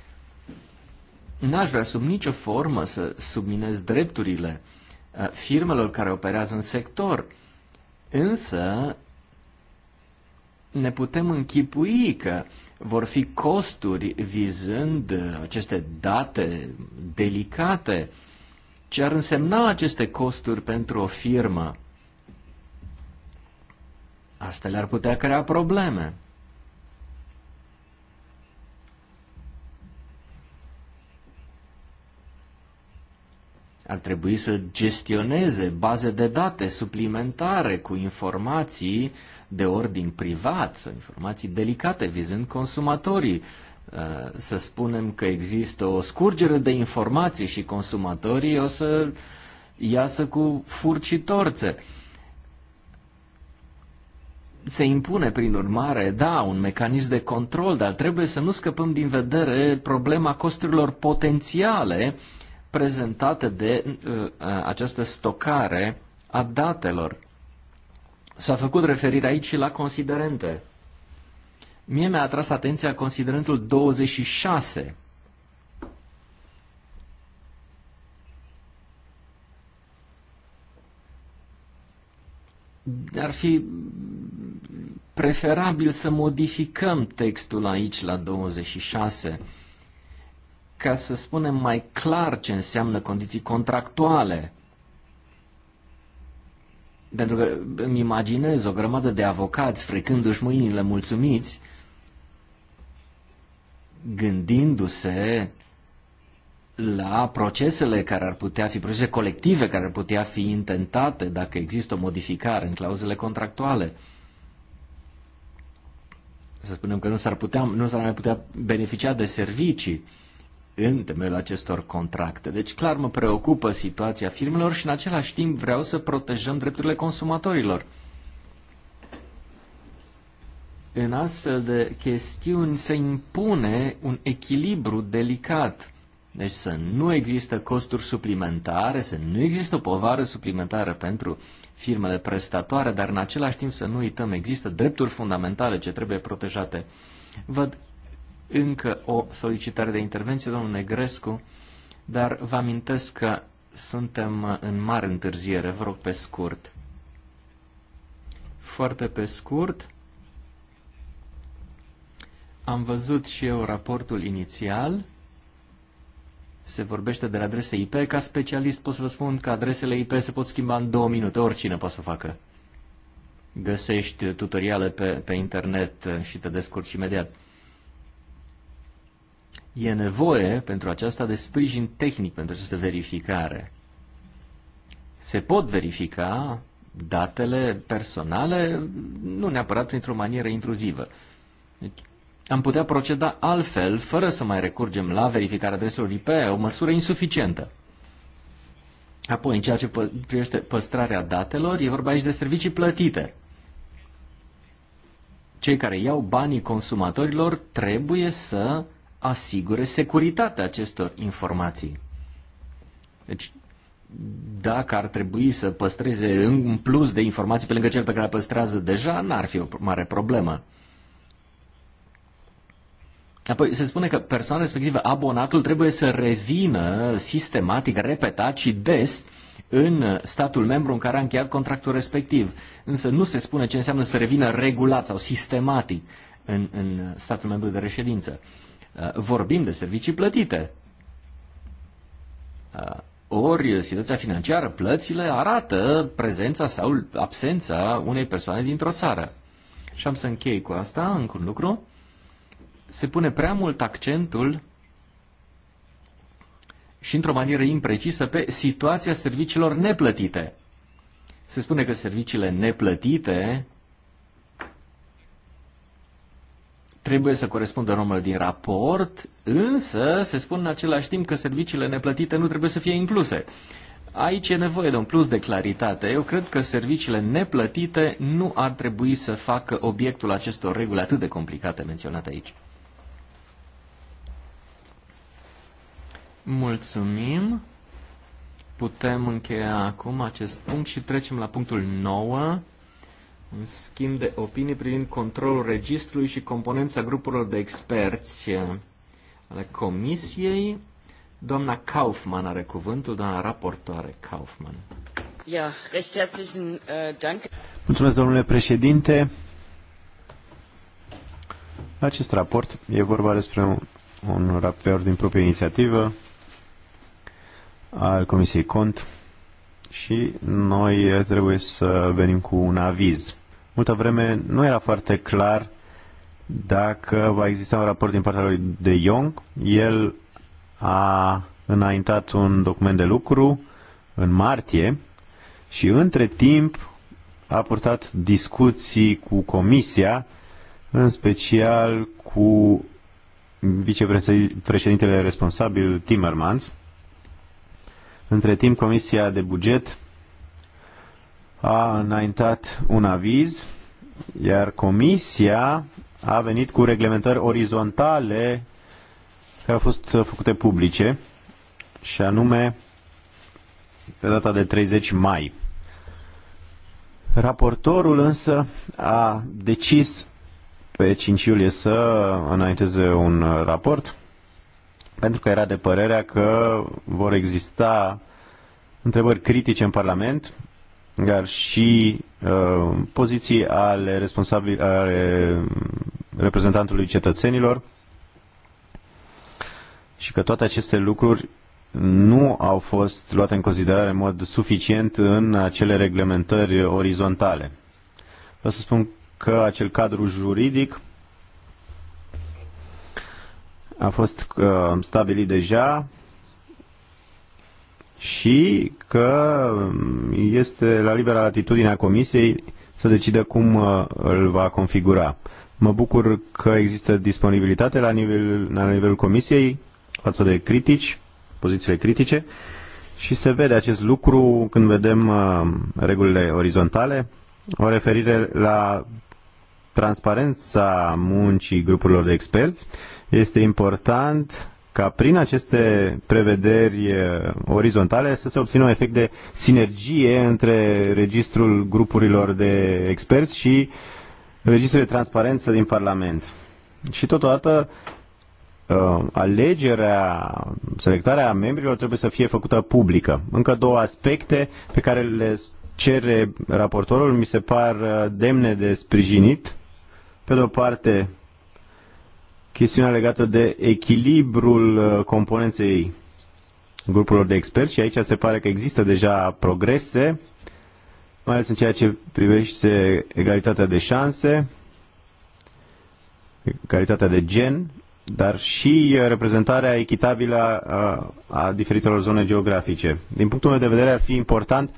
N-aș vrea sub nicio formă să subminez drepturile uh, firmelor care operează în sector, însă ne putem închipui că vor fi costuri vizând uh, aceste date delicate. Ce ar însemna aceste costuri pentru o firmă? Asta le-ar putea crea probleme. Ar trebui să gestioneze baze de date suplimentare cu informații de ordin privat sau informații delicate vizând consumatorii. Uh, să spunem că există o scurgere de informații și consumatorii o să iasă cu furcitorțe. torțe se impune, prin urmare, da, un mecanism de control, dar trebuie să nu scăpăm din vedere problema costurilor potențiale prezentate de uh, uh această stocare a datelor. S-a făcut referire aici și la considerente. Mie mi-a atras atenția considerentul 26. Ar fi preferabil să modificăm textul aici la 26 ca să spunem mai clar ce înseamnă condiții contractuale. Pentru că îmi imaginez o grămadă de avocați frecându-și mâinile mulțumiți, gândindu-se la procesele care ar putea fi, procese colective care ar putea fi intentate dacă există o modificare în clauzele contractuale să spunem că nu s-ar, putea, nu s-ar mai putea beneficia de servicii în temelul acestor contracte. Deci clar mă preocupă situația firmelor și în același timp vreau să protejăm drepturile consumatorilor. În astfel de chestiuni se impune un echilibru delicat. Deci să nu există costuri suplimentare, să nu există o povară suplimentară pentru uh, firmele prestatoare, dar în același timp să nu uităm, există drepturi fundamentale ce trebuie protejate. Văd încă o solicitare de intervenție, domnul Negrescu, dar vă amintesc că suntem în mare întârziere, vă rog pe scurt. Foarte pe scurt, am văzut și eu raportul inițial se vorbește de adrese IP. Ca specialist pot să vă spun că adresele IP se pot schimba în două minute, oricine poate să o facă. Găsești tutoriale pe, pe internet și te descurci imediat. E nevoie pentru aceasta de sprijin tehnic pentru această verificare. Se pot verifica datele personale, nu neapărat printr-o manieră intruzivă. Deci, am putea proceda altfel, fără să mai recurgem la verificarea adreselor IP, o măsură insuficientă. Apoi, în ceea ce privește păstrarea datelor, e vorba aici de servicii plătite. Cei care iau banii consumatorilor trebuie să asigure securitatea acestor informații. Deci, dacă ar trebui să păstreze un plus de informații pe lângă cel pe care le păstrează deja, n-ar fi o mare problemă. Apoi se spune că persoana respectivă, abonatul, trebuie să revină sistematic, repetat și des în statul membru în care a încheiat contractul respectiv. Însă nu se spune ce înseamnă să revină regulat sau sistematic în, în statul membru de reședință. Uh, vorbim de servicii plătite. Uh, ori situația financiară, plățile arată prezența sau absența unei persoane dintr-o țară. Și am să închei cu asta încă un lucru se pune prea mult accentul și într-o manieră imprecisă pe situația serviciilor neplătite. Se spune că serviciile neplătite trebuie să corespundă normelor din raport, însă se spune în același timp că serviciile neplătite nu trebuie să fie incluse. Aici e nevoie de un plus de claritate. Eu cred că serviciile neplătite nu ar trebui să facă obiectul acestor reguli atât de complicate menționate aici. Mulțumim. Putem încheia acum acest punct și trecem la punctul 9. Un schimb de opinii privind controlul registrului și componența grupurilor de experți ale comisiei. Doamna Kaufmann are cuvântul, doamna raportoare Kaufmann. Ja, recht herzlichen äh, Dank. Mulțumesc, domnule președinte. La acest raport e vorba despre un, un raport din proprie inițiativă al Comisiei Cont și noi trebuie să venim cu un aviz. Multă vreme nu era foarte clar dacă va exista un raport din partea lui De Jong. El a înaintat un document de lucru în martie și între timp a purtat discuții cu Comisia, în special cu vicepreședintele responsabil Timmermans, între timp, Comisia de Buget a înaintat un aviz, iar Comisia a venit cu reglementări orizontale care au fost făcute publice, și anume pe data de 30 mai. Raportorul însă a decis pe 5 iulie să înainteze un raport pentru că era de părerea că vor exista întrebări critice în Parlament, dar și uh, poziții ale, responsabil, ale reprezentantului cetățenilor și că toate aceste lucruri nu au fost luate în considerare în mod suficient în acele reglementări orizontale. Vreau să spun că acel cadru juridic a fost uh, stabilit deja și că um, este la libera latitudine a Comisiei să decidă cum uh, îl va configura. Mă bucur că există disponibilitate la, nivel, la nivelul Comisiei față de critici, pozițiile critice și se vede acest lucru când vedem uh, regulile orizontale, o referire la transparența muncii grupurilor de experți este important ca prin aceste prevederi eh, orizontale să se obțină un efect de sinergie între registrul grupurilor de experți și registrul de transparență din Parlament. Și totodată eh, alegerea, selectarea membrilor trebuie să fie făcută publică. Încă două aspecte pe care le cere raportorul mi se par eh, demne de sprijinit. Pe de o parte, chestiunea legată de echilibrul uh, componenței grupurilor de experți și aici se pare că există deja progrese, mai ales în ceea ce privește egalitatea de șanse, egalitatea de gen, dar și uh, reprezentarea echitabilă a, a diferitelor zone geografice. Din punctul meu de vedere ar fi important uh,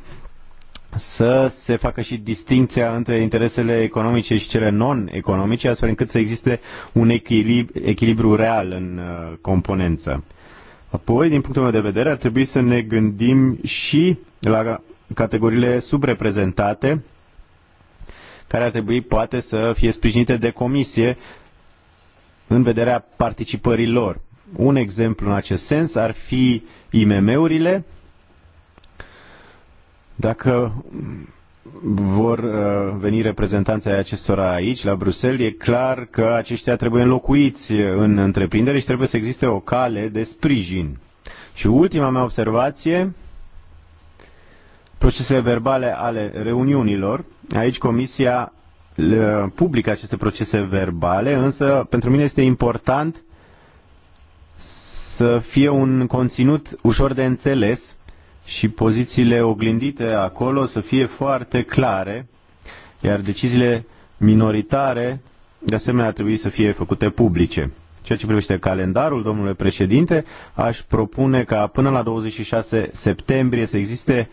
să se facă și distinția între interesele economice și cele non-economice, astfel încât să existe un echilibru, echilibru real în uh, componență. Apoi, din punctul meu de vedere, ar trebui să ne gândim și la categoriile subreprezentate, care ar trebui poate să fie sprijinite de comisie în vederea participării lor. Un exemplu în acest sens ar fi IMM-urile, dacă vor uh, veni reprezentanții acestora aici, la Bruxelles, e clar că aceștia trebuie înlocuiți în întreprindere și trebuie să existe o cale de sprijin. Și ultima mea observație, procesele verbale ale reuniunilor. Aici Comisia uh, publică aceste procese verbale, însă pentru mine este important să fie un conținut ușor de înțeles și pozițiile oglindite acolo să fie foarte clare, iar deciziile minoritare de asemenea ar trebui să fie făcute publice. Ceea ce privește calendarul, domnule președinte, aș propune ca până la 26 septembrie să existe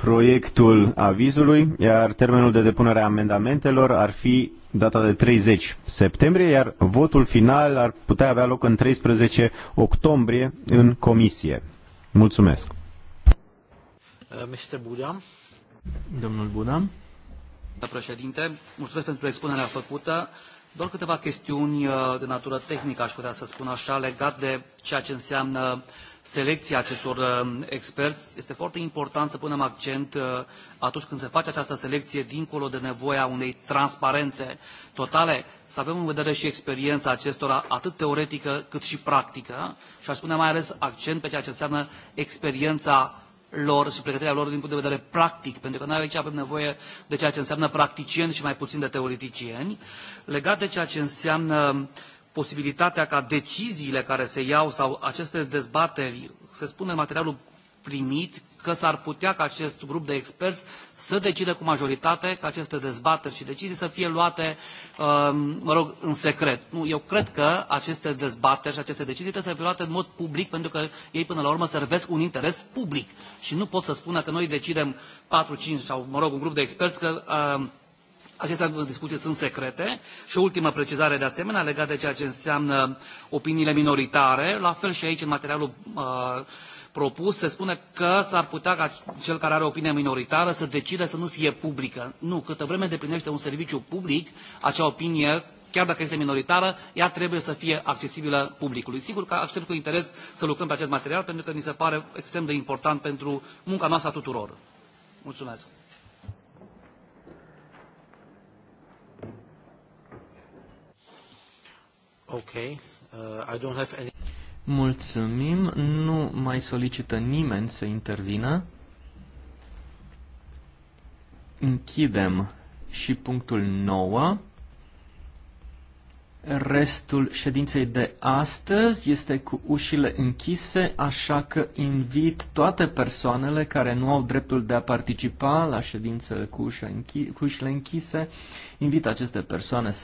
proiectul avizului, iar termenul de depunere a amendamentelor ar fi data de 30 septembrie, iar votul final ar putea avea loc în 13 octombrie în comisie. Mulțumesc! Uh, Mr. Buda. Domnul Buda. Președinte, mulțumesc pentru expunerea făcută. Doar câteva chestiuni uh, de natură tehnică, aș putea să spun așa, legat de ceea ce înseamnă selecția acestor uh, experți. Este foarte important să punem accent atunci când se face această selecție, dincolo de nevoia unei transparențe totale, să avem în vedere și experiența acestora, atât teoretică cât și practică, și aș spune mai ales accent pe ceea ce înseamnă experiența lor și pregătirea lor din punct de vedere practic, pentru că noi aici avem nevoie de ceea ce înseamnă practicieni și mai puțin de teoreticieni, legat de ceea ce înseamnă posibilitatea ca deciziile care se iau sau aceste dezbateri, se spune materialul primit, că s-ar putea ca acest grup de experți să decide cu majoritate ca aceste dezbateri și decizii să fie luate, um, mă rog, în secret. Nu, eu cred că aceste dezbateri și aceste decizii trebuie să fie luate în mod public, pentru că ei până la urmă servesc un interes public și nu pot să spună că noi decidem 4, 5 sau, mă rog, un grup de experți că um, aceste discuții sunt secrete și o ultimă precizare de asemenea legată de ceea ce înseamnă opiniile minoritare. La fel și aici în materialul uh, propus, se spune că s-ar putea ca cel care are opinie minoritară să decide să nu fie publică. Nu, câtă vreme deplinește un serviciu public, acea opinie chiar dacă este minoritară, ea trebuie să fie accesibilă publicului. Sigur că aștept cu interes să lucrăm pe acest material, pentru că mi se pare extrem de important pentru munca noastră a tuturor. Mulțumesc! Okay. Uh, I don't have any... Mulțumim. Nu mai solicită nimeni să intervină. Închidem și punctul 9. Restul ședinței de astăzi este cu ușile închise, așa că invit toate persoanele care nu au dreptul de a participa la ședință cu, ușa închi- cu ușile închise, invit aceste persoane să